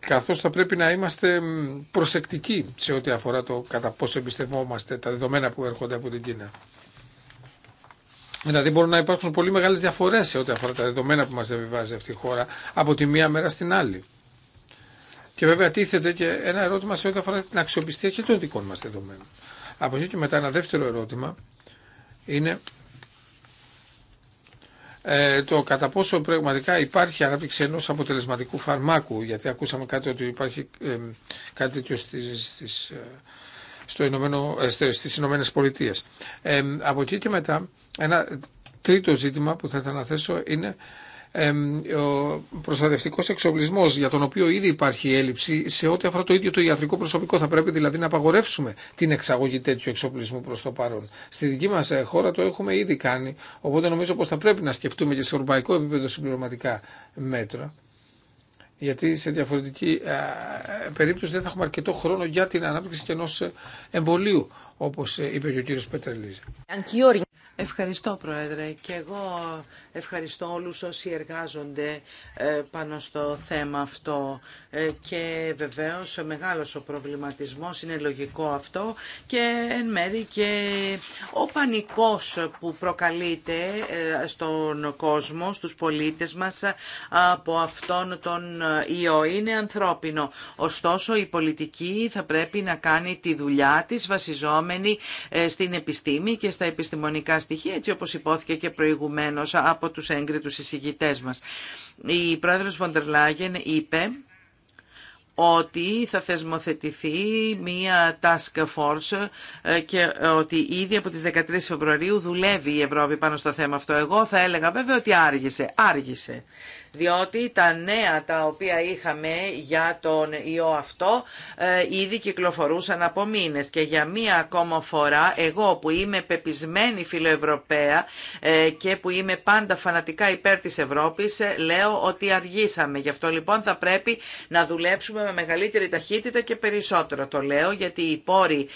καθώς θα πρέπει να είμαστε προσεκτικοί σε ό,τι αφορά το κατά πόσο εμπιστευόμαστε τα δεδομένα που έρχονται από την Κίνα. Δηλαδή μπορούν να υπάρχουν πολύ μεγάλες διαφορές σε ό,τι αφορά τα δεδομένα που μας διαβιβάζει αυτή η χώρα από τη μία μέρα στην άλλη. Και βέβαια τίθεται και ένα ερώτημα σε ό,τι αφορά την αξιοπιστία και των δικών μας δεδομένων. Από εκεί και μετά ένα δεύτερο ερώτημα είναι ε, το κατά πόσο πραγματικά υπάρχει ανάπτυξη ενό αποτελεσματικού φαρμάκου, γιατί ακούσαμε κάτι ότι υπάρχει ε, κάτι τέτοιο στις, στις, ε, στο Πολιτείες. από εκεί και μετά, ένα τρίτο ζήτημα που θα ήθελα να θέσω είναι ο προστατευτικό εξοπλισμό για τον οποίο ήδη υπάρχει έλλειψη σε ό,τι αφορά το ίδιο το ιατρικό προσωπικό. Θα πρέπει δηλαδή να απαγορεύσουμε την εξαγωγή τέτοιου εξοπλισμού προ το παρόν. Στη δική μα ε, χώρα το έχουμε ήδη κάνει, οπότε νομίζω πω θα πρέπει να σκεφτούμε και σε ευρωπαϊκό επίπεδο συμπληρωματικά μέτρα. Γιατί σε διαφορετική ε, περίπτωση δεν θα έχουμε αρκετό χρόνο για την ανάπτυξη και ενό εμβολίου, όπω ε, είπε και ο κύριο Πετρελίζη.
Ευχαριστώ Πρόεδρε και εγώ ευχαριστώ όλους όσοι εργάζονται ε, πάνω στο θέμα αυτό ε, και βεβαίως μεγάλος ο προβληματισμός, είναι λογικό αυτό και εν μέρη και ο πανικός που προκαλείται ε, στον κόσμο, στους πολίτες μας από αυτόν τον ιό είναι ανθρώπινο. Ωστόσο η πολιτική θα πρέπει να κάνει τη δουλειά της βασιζόμενη στην επιστήμη και στα επιστημονικά στοιχεία, έτσι όπως υπόθηκε και προηγουμένω από τους έγκριτους εισηγητές μας. Η πρόεδρο Βοντερ Λάγεν είπε ότι θα θεσμοθετηθεί μία task force ε, και ότι ήδη από τις 13 Φεβρουαρίου δουλεύει η Ευρώπη πάνω στο θέμα αυτό. Εγώ θα έλεγα βέβαια ότι άργησε. Άργησε διότι τα νέα τα οποία είχαμε για τον ιό αυτό ε, ήδη κυκλοφορούσαν από μήνες και για μία ακόμα φορά εγώ που είμαι πεπισμένη φιλοευρωπαία ε, και που είμαι πάντα φανατικά υπέρ της Ευρώπης ε, λέω ότι αργήσαμε. Γι' αυτό λοιπόν θα πρέπει να δουλέψουμε με μεγαλύτερη ταχύτητα και περισσότερο το λέω γιατί οι πόροι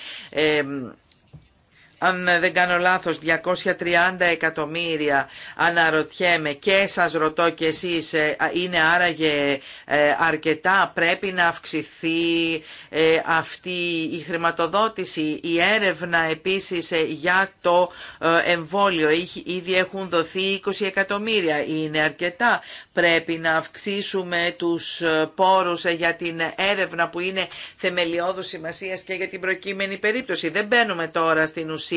αν ε, δεν κάνω λάθος, 230 εκατομμύρια αναρωτιέμαι και σας ρωτώ και εσείς, ε, είναι άραγε ε, αρκετά, πρέπει να αυξηθεί αυτή η χρηματοδότηση, η έρευνα επίσης για το εμβόλιο, ήδη έχουν δοθεί 20 εκατομμύρια, είναι αρκετά, πρέπει να αυξήσουμε τους πόρους για την έρευνα που είναι θεμελιώδους σημασίας και για την προκείμενη περίπτωση. Δεν μπαίνουμε τώρα στην ουσία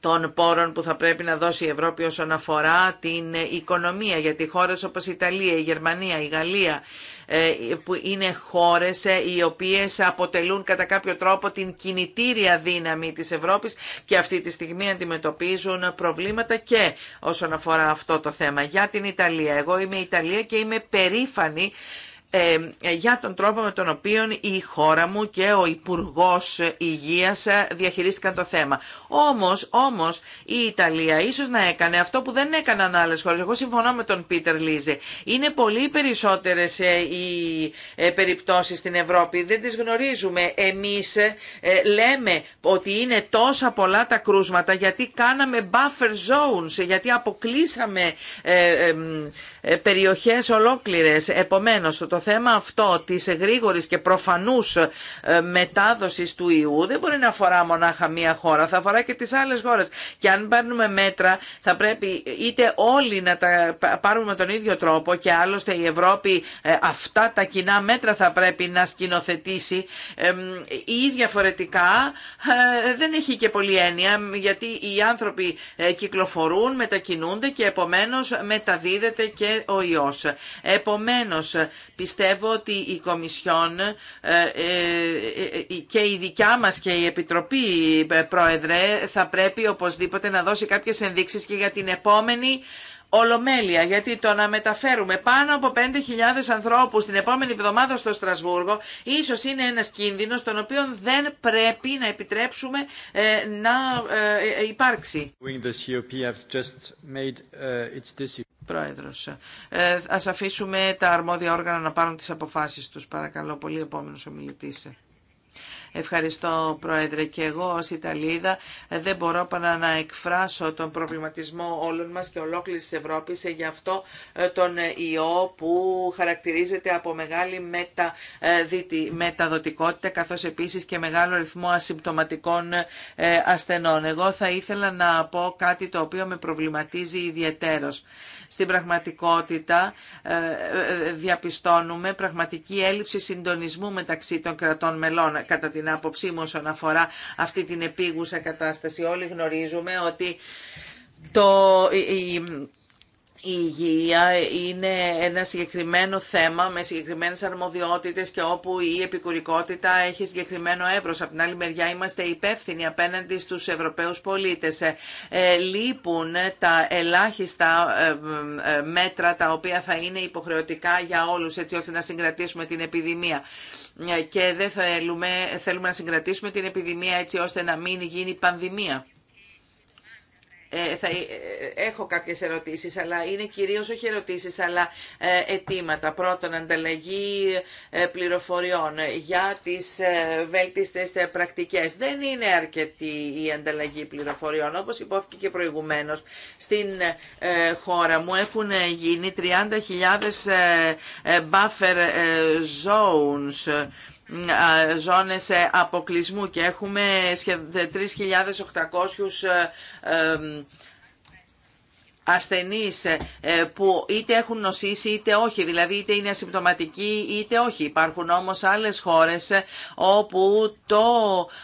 των πόρων που θα πρέπει να δώσει η Ευρώπη όσον αφορά την οικονομία, γιατί χώρες όπως η Ιταλία, η Γερμανία, η Γαλλία, ε, είναι χώρες ε, οι οποίες αποτελούν κατά κάποιο τρόπο την κινητήρια δύναμη της Ευρώπης και αυτή τη στιγμή αντιμετωπίζουν προβλήματα και όσον αφορά αυτό το θέμα. Για την Ιταλία, εγώ είμαι Ιταλία και είμαι περήφανη ε, για τον τρόπο με τον οποίο η χώρα μου και ο υπουργό υγεία διαχειρίστηκαν το θέμα. Όμως, όμως η Ιταλία ίσως να έκανε αυτό που δεν έκαναν άλλε χώρε, Εγώ συμφωνώ με τον Πίτερ Λίζε. Είναι πολύ περισσότερες ε, οι ε, περιπτώσει στην Ευρώπη. Δεν τις γνωρίζουμε. Εμείς λέμε ότι είναι τόσα πολλά τα κρούσματα γιατί κάναμε buffer zones, γιατί αποκλείσαμε περιοχές ολόκληρες. Επομένως, το θέμα αυτό της γρήγορης και προφανούς ε, μετάδοσης του ιού δεν μπορεί να αφορά μονάχα μία χώρα, θα αφορά και τις άλλες χώρες. Και αν παίρνουμε μέτρα θα πρέπει είτε όλοι να τα πάρουμε με τον ίδιο τρόπο και άλλωστε η Ευρώπη ε, αυτά τα κοινά μέτρα θα πρέπει να σκηνοθετήσει ή διαφορετικά ε, δεν έχει και πολλή έννοια γιατί οι άνθρωποι κυκλοφορούν, μετακινούνται και επομένως μεταδίδεται και ο ιός. Επομένως, πιστεύω πιστεύω ότι η Κομισιόν ε, ε, ε, και η δικιά μας και η Επιτροπή Πρόεδρε θα πρέπει οπωσδήποτε να δώσει κάποιες ενδείξεις και για την επόμενη Ολομέλεια, γιατί το να μεταφέρουμε πάνω από 5.000 ανθρώπους την επόμενη εβδομάδα στο Στρασβούργο ίσως είναι ένα κίνδυνο τον οποίο δεν πρέπει να επιτρέψουμε ε, να ε, ε, υπάρξει. Uh, Πρόεδρο, ε, ας αφήσουμε τα αρμόδια όργανα να πάρουν τις αποφάσεις τους. Παρακαλώ πολύ, επόμενος ομιλητή. Ευχαριστώ Πρόεδρε και εγώ ως Ιταλίδα δεν μπορώ παρά να εκφράσω τον προβληματισμό όλων μας και ολόκληρης της Ευρώπης για αυτό ε, τον ε, ιό που χαρακτηρίζεται από μεγάλη ε, μεταδοτικότητα καθώς επίσης και μεγάλο ρυθμό ασυμπτωματικών ασθενών. Εγώ θα ήθελα να πω κάτι το οποίο με προβληματίζει ιδιαίτερος. Στην πραγματικότητα ε, ε, διαπιστώνουμε πραγματική έλλειψη συντονισμού μεταξύ των κρατών μελών κατά την άποψή μου όσον αφορά αυτή την επίγουσα κατάσταση. Όλοι γνωρίζουμε ότι το, η υγεία είναι ένα συγκεκριμένο θέμα με συγκεκριμένες αρμοδιότητες και όπου η επικουρικότητα έχει συγκεκριμένο εύρος. Από την άλλη μεριά είμαστε υπεύθυνοι απέναντι στους Ευρωπαίους πολίτες. Ε, λείπουν τα ελάχιστα ε, ε, μέτρα τα οποία θα είναι υποχρεωτικά για όλους έτσι ώστε να συγκρατήσουμε την επιδημία και δεν θέλουμε, θέλουμε να συγκρατήσουμε την επιδημία έτσι ώστε να μην γίνει πανδημία. Ε, θα, ε, έχω κάποιες ερωτήσεις, αλλά είναι κυρίως όχι ερωτήσεις, αλλά ε, αιτήματα. Πρώτον, ανταλλαγή ε, πληροφοριών για τις ε, βέλτιστες πρακτικές. Δεν είναι αρκετή η ανταλλαγή πληροφοριών. Όπως υπόθηκε και προηγουμένως, στην χώρα μου έχουν γίνει 30.000 buffer zones ζώνες ε, αποκλεισμού και έχουμε σχεδόν 3.800 ασθενείς ε, που είτε έχουν νοσήσει είτε όχι, δηλαδή είτε είναι ασυμπτωματικοί είτε όχι. Υπάρχουν όμως άλλες χώρες ε, όπου το,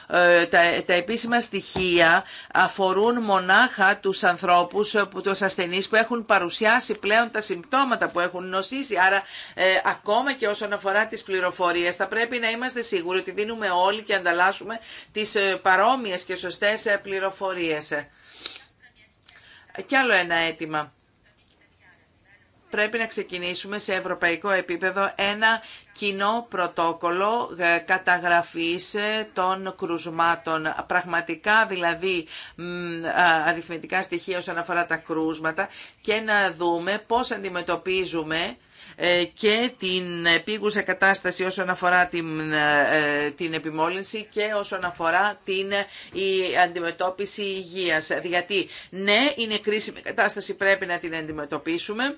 ε, τα, επίσημα στοιχεία αφορούν μονάχα τους ανθρώπους, του ασθενείς που έχουν παρουσιάσει πλέον τα συμπτώματα που έχουν νοσήσει. Άρα ακόμα και όσον αφορά τι πληροφορίε, θα πρέπει να είμαστε σίγουροι ότι δίνουμε όλοι και ανταλλάσσουμε τις παρόμοιε και σωστέ πληροφορίε. Κι άλλο ένα αίτημα. Πρέπει να ξεκινήσουμε σε ευρωπαϊκό επίπεδο ένα κοινό πρωτόκολλο ε, καταγραφής ε, των κρουσμάτων. Πραγματικά δηλαδή αριθμητικά στοιχεία όσον αφορά τα κρούσματα και να δούμε πώς αντιμετωπίζουμε ε, και την επίγουσα κατάσταση όσον αφορά την, ε, την επιμόλυνση και όσον αφορά την ε, η αντιμετώπιση υγείας. Γιατί ναι, είναι κρίσιμη κατάσταση, πρέπει να την αντιμετωπίσουμε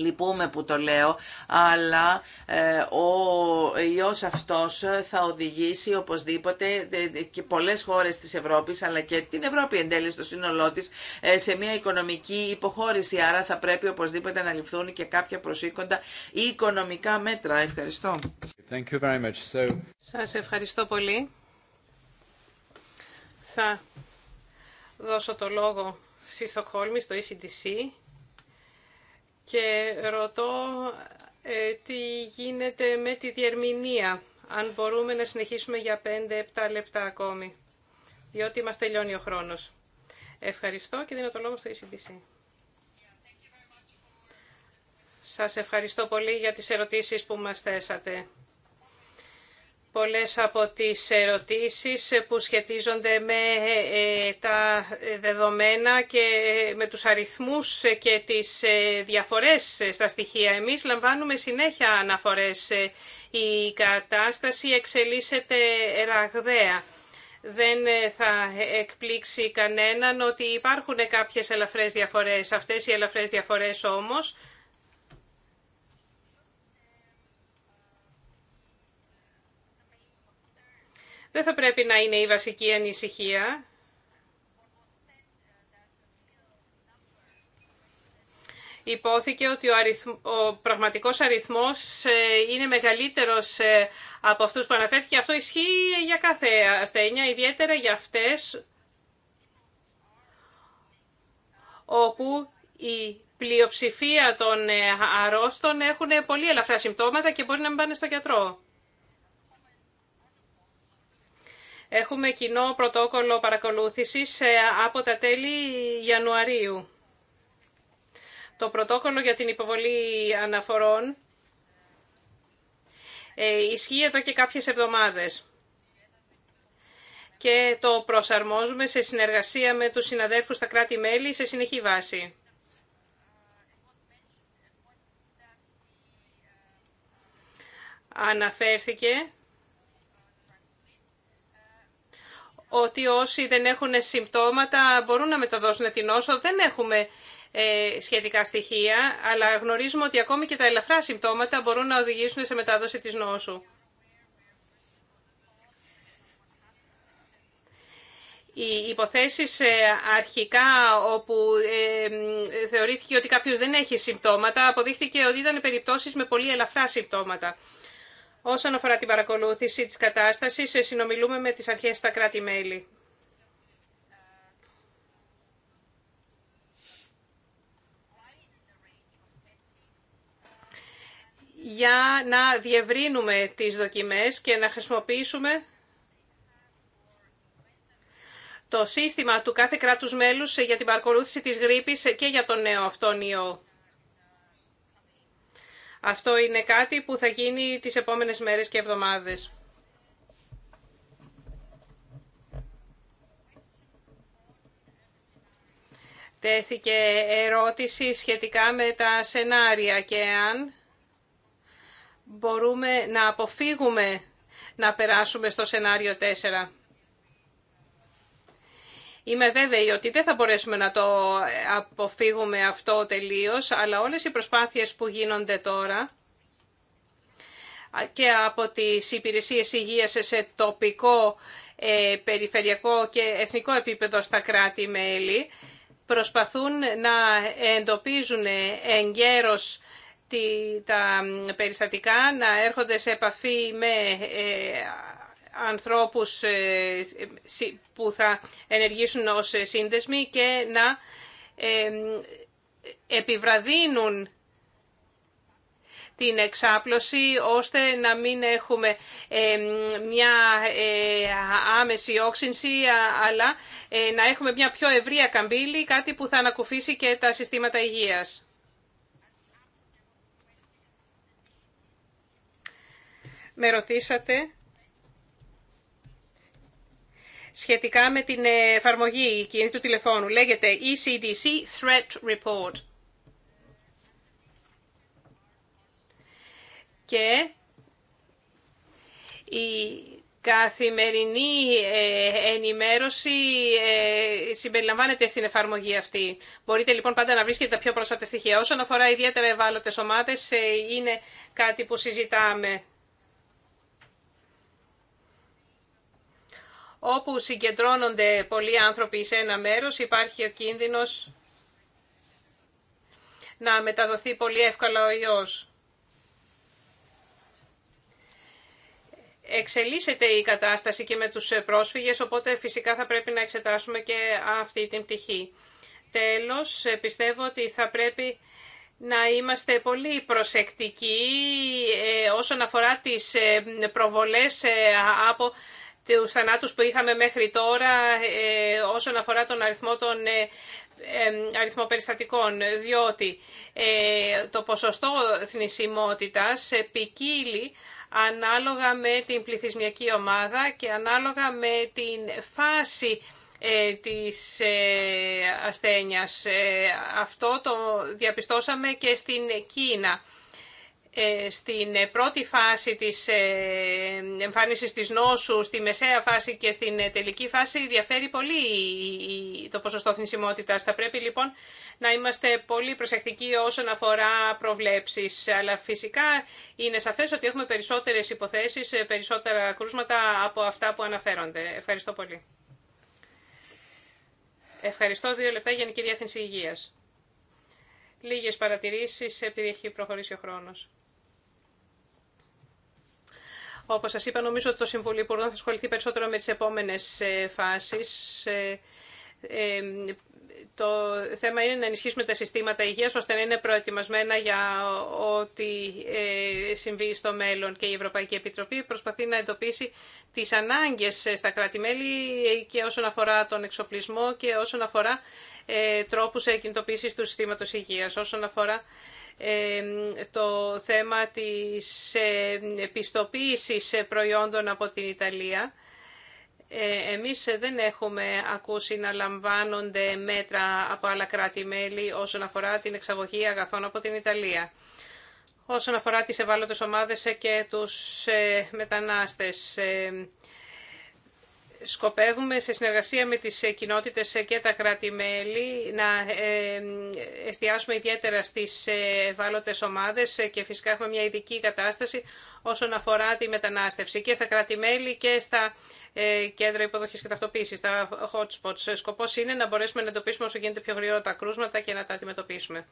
Λυπούμε που το λέω, αλλά ε, ο ιός αυτός θα οδηγήσει οπωσδήποτε και πολλές χώρες της Ευρώπης, αλλά και την Ευρώπη εν τέλει στο σύνολό της, ε, σε μια οικονομική υποχώρηση. Άρα θα πρέπει οπωσδήποτε να ληφθούν και κάποια προσήκοντα ή οικονομικά μέτρα.
Ευχαριστώ. Thank you very much. So...
Σας ευχαριστώ πολύ. Θα δώσω το λόγο στη Στοκχόλμη, στο ECDC και ρωτώ ε, τι γίνεται με τη διερμηνία, αν μπορούμε να συνεχίσουμε για 5-7 λεπτά ακόμη, διότι μας τελειώνει ο χρόνος. Ευχαριστώ και δίνω το λόγο στο ECDC. Σας ευχαριστώ πολύ για τις ερωτήσεις που μας θέσατε πολλές από τις ερωτήσεις που σχετίζονται με ε, τα δεδομένα και ε, με τους αριθμούς και τις ε, διαφορές στα στοιχεία. Εμείς λαμβάνουμε συνέχεια αναφορές. Η κατάσταση εξελίσσεται ραγδαία. Δεν θα εκπλήξει κανέναν ότι υπάρχουν κάποιες ελαφρές διαφορές. Αυτές οι ελαφρές διαφορές όμως δεν θα πρέπει να είναι η βασική ανησυχία. Υπόθηκε ότι ο, αριθμ, ο πραγματικός αριθμός ε, είναι μεγαλύτερος ε, από αυτούς που αναφέρθηκε. Αυτό ισχύει για κάθε ασθένεια, ιδιαίτερα για αυτές όπου η πλειοψηφία των ε, αρρώστων έχουν πολύ ελαφρά συμπτώματα και μπορεί να μην πάνε στο γιατρό. Έχουμε κοινό πρωτόκολλο παρακολούθησης ε, από τα τέλη Ιανουαρίου. Το πρωτόκολλο για την υποβολή αναφορών ε, ισχύει εδώ και κάποιες εβδομάδες και το προσαρμόζουμε σε συνεργασία με τους συναδέλφους στα κράτη-μέλη σε συνεχή βάση. Αναφέρθηκε ότι όσοι δεν έχουν συμπτώματα μπορούν να μεταδώσουν την νόσο. Δεν έχουμε ε, σχετικά στοιχεία, αλλά γνωρίζουμε ότι ακόμη και τα ελαφρά συμπτώματα μπορούν να οδηγήσουν σε μετάδοση της νόσου. Οι υποθέσεις ε, αρχικά όπου ε, θεωρήθηκε ότι κάποιος δεν έχει συμπτώματα αποδείχθηκε ότι ήταν περιπτώσεις με πολύ ελαφρά συμπτώματα. Όσον αφορά την παρακολούθηση της κατάστασης, ε, συνομιλούμε με τις αρχές στα κράτη-μέλη. για να διευρύνουμε τις δοκιμές και να χρησιμοποιήσουμε το σύστημα του κάθε κράτους μέλους ε, για την παρακολούθηση της γρήπης ε, και για τον νέο αυτόν ιό. Αυτό είναι κάτι που θα γίνει τις επόμενες μέρες και εβδομάδες. Τέθηκε ερώτηση σχετικά με τα σενάρια και αν μπορούμε να αποφύγουμε να περάσουμε στο σενάριο 4. Είμαι βέβαιη ότι δεν θα μπορέσουμε να το αποφύγουμε αυτό τελείως, αλλά όλες οι προσπάθειες που γίνονται τώρα και από τις υπηρεσίες υγείας σε τοπικό, ε, περιφερειακό και εθνικό επίπεδο στα κράτη-μέλη προσπαθούν να εντοπίζουν εγκαίρως τα περιστατικά, να έρχονται σε επαφή με ε, ανθρώπους ε, που θα ενεργήσουν ως ε, σύνδεσμοι και να ε, επιβραδύνουν την εξάπλωση ώστε να μην έχουμε μια άμεση όξυνση αλλά να έχουμε μια πιο ευρία καμπύλη, κάτι που θα ανακουφίσει και τα συστήματα υγείας. Με ρωτήσατε σχετικά με την ε, εφαρμογή του τηλεφώνου. Λέγεται ECDC Threat Report. Και η καθημερινή ε, ενημέρωση ε, συμπεριλαμβάνεται στην εφαρμογή αυτή. Μπορείτε λοιπόν πάντα να βρίσκετε τα πιο πρόσφατα στοιχεία. Όσον αφορά ιδιαίτερα ευάλωτες ομάδες, είναι κάτι που συζητάμε όπου συγκεντρώνονται πολλοί άνθρωποι σε ένα μέρος, υπάρχει ο κίνδυνος να μεταδοθεί πολύ εύκολα ο ιός. Εξελίσσεται η κατάσταση και με τους πρόσφυγες, οπότε φυσικά θα πρέπει να εξετάσουμε και αυτή την πτυχή. Τέλος, πιστεύω ότι θα πρέπει να είμαστε πολύ προσεκτικοί ε, όσον αφορά τις ε, προβολές ε, από τους θανάτους που είχαμε μέχρι τώρα ε, όσον αφορά τον αριθμό των ε, ε, αριθμό περιστατικών, διότι το ποσοστό θνησιμότητας ποικίλει ανάλογα με την πληθυσμιακή ομάδα και ανάλογα με την φάση της ασθένειας. Αυτό το διαπιστώσαμε και στην Κίνα. Ε, στην ε, πρώτη φάση της ε, εμφάνισης της νόσου, στη μεσαία φάση και στην τελική φάση διαφέρει πολύ το ποσοστό θνησιμότητας. Θα πρέπει λοιπόν να είμαστε πολύ προσεκτικοί όσον αφορά προβλέψεις. Αλλά φυσικά είναι σαφές ότι έχουμε περισσότερες υποθέσεις, περισσότερα κρούσματα από αυτά που αναφέρονται. Ευχαριστώ πολύ. Ευχαριστώ. Δύο λεπτά Γενική Διεύθυνση Υγείας. Λίγες παρατηρήσεις επειδή έχει προχωρήσει ο χρόνος. Όπω σα είπα, νομίζω ότι το Συμβουλίο Υπουργών θα ασχοληθεί περισσότερο με τις επόμενες ε, φάσεις. Ε, ε, το θέμα είναι να ενισχύσουμε τα συστήματα υγείας ώστε να είναι προετοιμασμένα για ό,τι συμβεί στο μέλλον και η Ευρωπαϊκή Επιτροπή προσπαθεί να εντοπίσει τις ανάγκες στα κράτη-μέλη και όσον αφορά τον εξοπλισμό και όσον αφορά τρόπους κινητοποίησης του συστήματος υγείας, όσον αφορά το θέμα της επιστοποίησης προϊόντων από την Ιταλία. Ε, εμείς δεν έχουμε ακούσει να λαμβάνονται μέτρα από άλλα κράτη-μέλη όσον αφορά την εξαγωγή αγαθών από την Ιταλία. Όσον αφορά τις ευάλωτες ομάδες και τους ε, μετανάστες, ε, σκοπεύουμε σε συνεργασία με τις κοινότητες και τα κράτη-μέλη να ε, εστιάσουμε ιδιαίτερα στις ευάλωτε ομάδες και φυσικά έχουμε μια ειδική κατάσταση όσον αφορά τη μετανάστευση και στα κράτη-μέλη και στα ε, κέντρα υποδοχής και ταυτοποίησης, τα hot spots. Σκοπός είναι να μπορέσουμε να εντοπίσουμε όσο γίνεται πιο γρήγορα τα κρούσματα και να τα αντιμετωπίσουμε.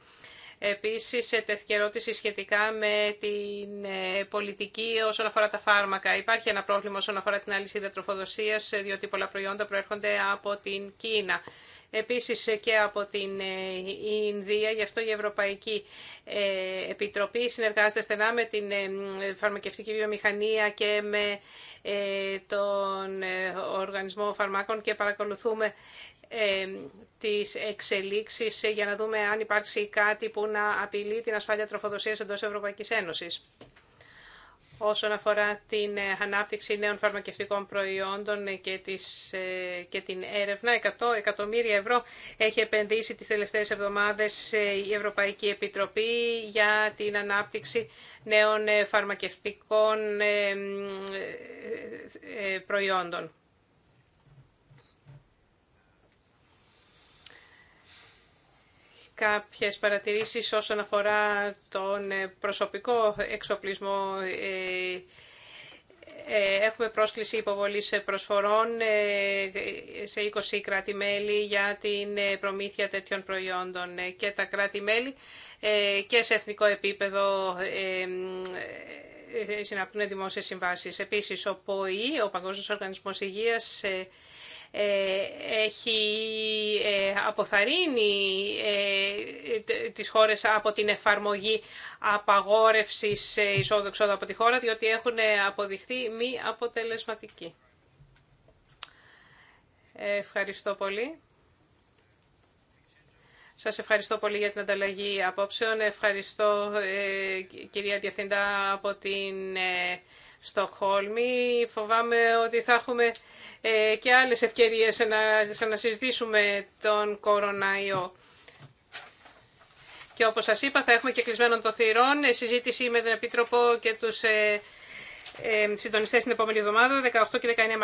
Επίσης, ε, τέτοια ερώτηση σχετικά με την ε, πολιτική όσον αφορά τα φάρμακα. Υπάρχει ένα πρόβλημα όσον αφορά την αλυσίδα τροφοδοσίας, ε, διότι πολλά προϊόντα προέρχονται από την Κίνα. Επίσης και από την Ινδία, γι' αυτό η Ευρωπαϊκή Επιτροπή συνεργάζεται στενά με την φαρμακευτική βιομηχανία και με τον Οργανισμό Φαρμάκων και παρακολουθούμε τις εξελίξεις για να δούμε αν υπάρξει κάτι που να απειλεί την ασφάλεια τροφοδοσίας εντός Ευρωπαϊκής Ένωσης. Όσον αφορά την ε, ανάπτυξη νέων φαρμακευτικών προϊόντων και, ε, την έρευνα, 100 εκατομμύρια ευρώ έχει επενδύσει τις τελευταίες εβδομάδες ε, η Ευρωπαϊκή Επιτροπή για την ανάπτυξη νέων φαρμακευτικών προϊόντων. κάποιες παρατηρήσεις όσον αφορά τον ε, προσωπικό εξοπλισμό. Ε, ε, έχουμε πρόσκληση υποβολής προσφορών σε 20 κράτη-μέλη για την προμήθεια τέτοιων προϊόντων και τα κράτη-μέλη και σε εθνικό επίπεδο συναπτούν δημόσιες συμβάσεις. Επίσης, ο ΠΟΗ, ο Παγκόσμιος Οργανισμός Υγείας, ε, έχει ε, αποθαρρύνει ε, τις χώρες από την εφαρμογή απαγόρευσης εισόδου-εξόδου από τη χώρα, διότι έχουν αποδειχθεί μη αποτελεσματικοί. Ευχαριστώ πολύ. Σας ευχαριστώ πολύ για την ανταλλαγή απόψεων. Ευχαριστώ, κυρία Διευθυντά, από την Στοχόλμη. Φοβάμαι ότι θα έχουμε ε, και άλλες ευκαιρίες να, να συζητήσουμε τον κοροναϊό. Και όπως σας είπα θα έχουμε και κλεισμένο το θυρών ε, συζήτηση με τον Επίτροπο και τους ε, συντονιστές την επόμενη εβδομάδα, 18 και 19 Μαρτίου.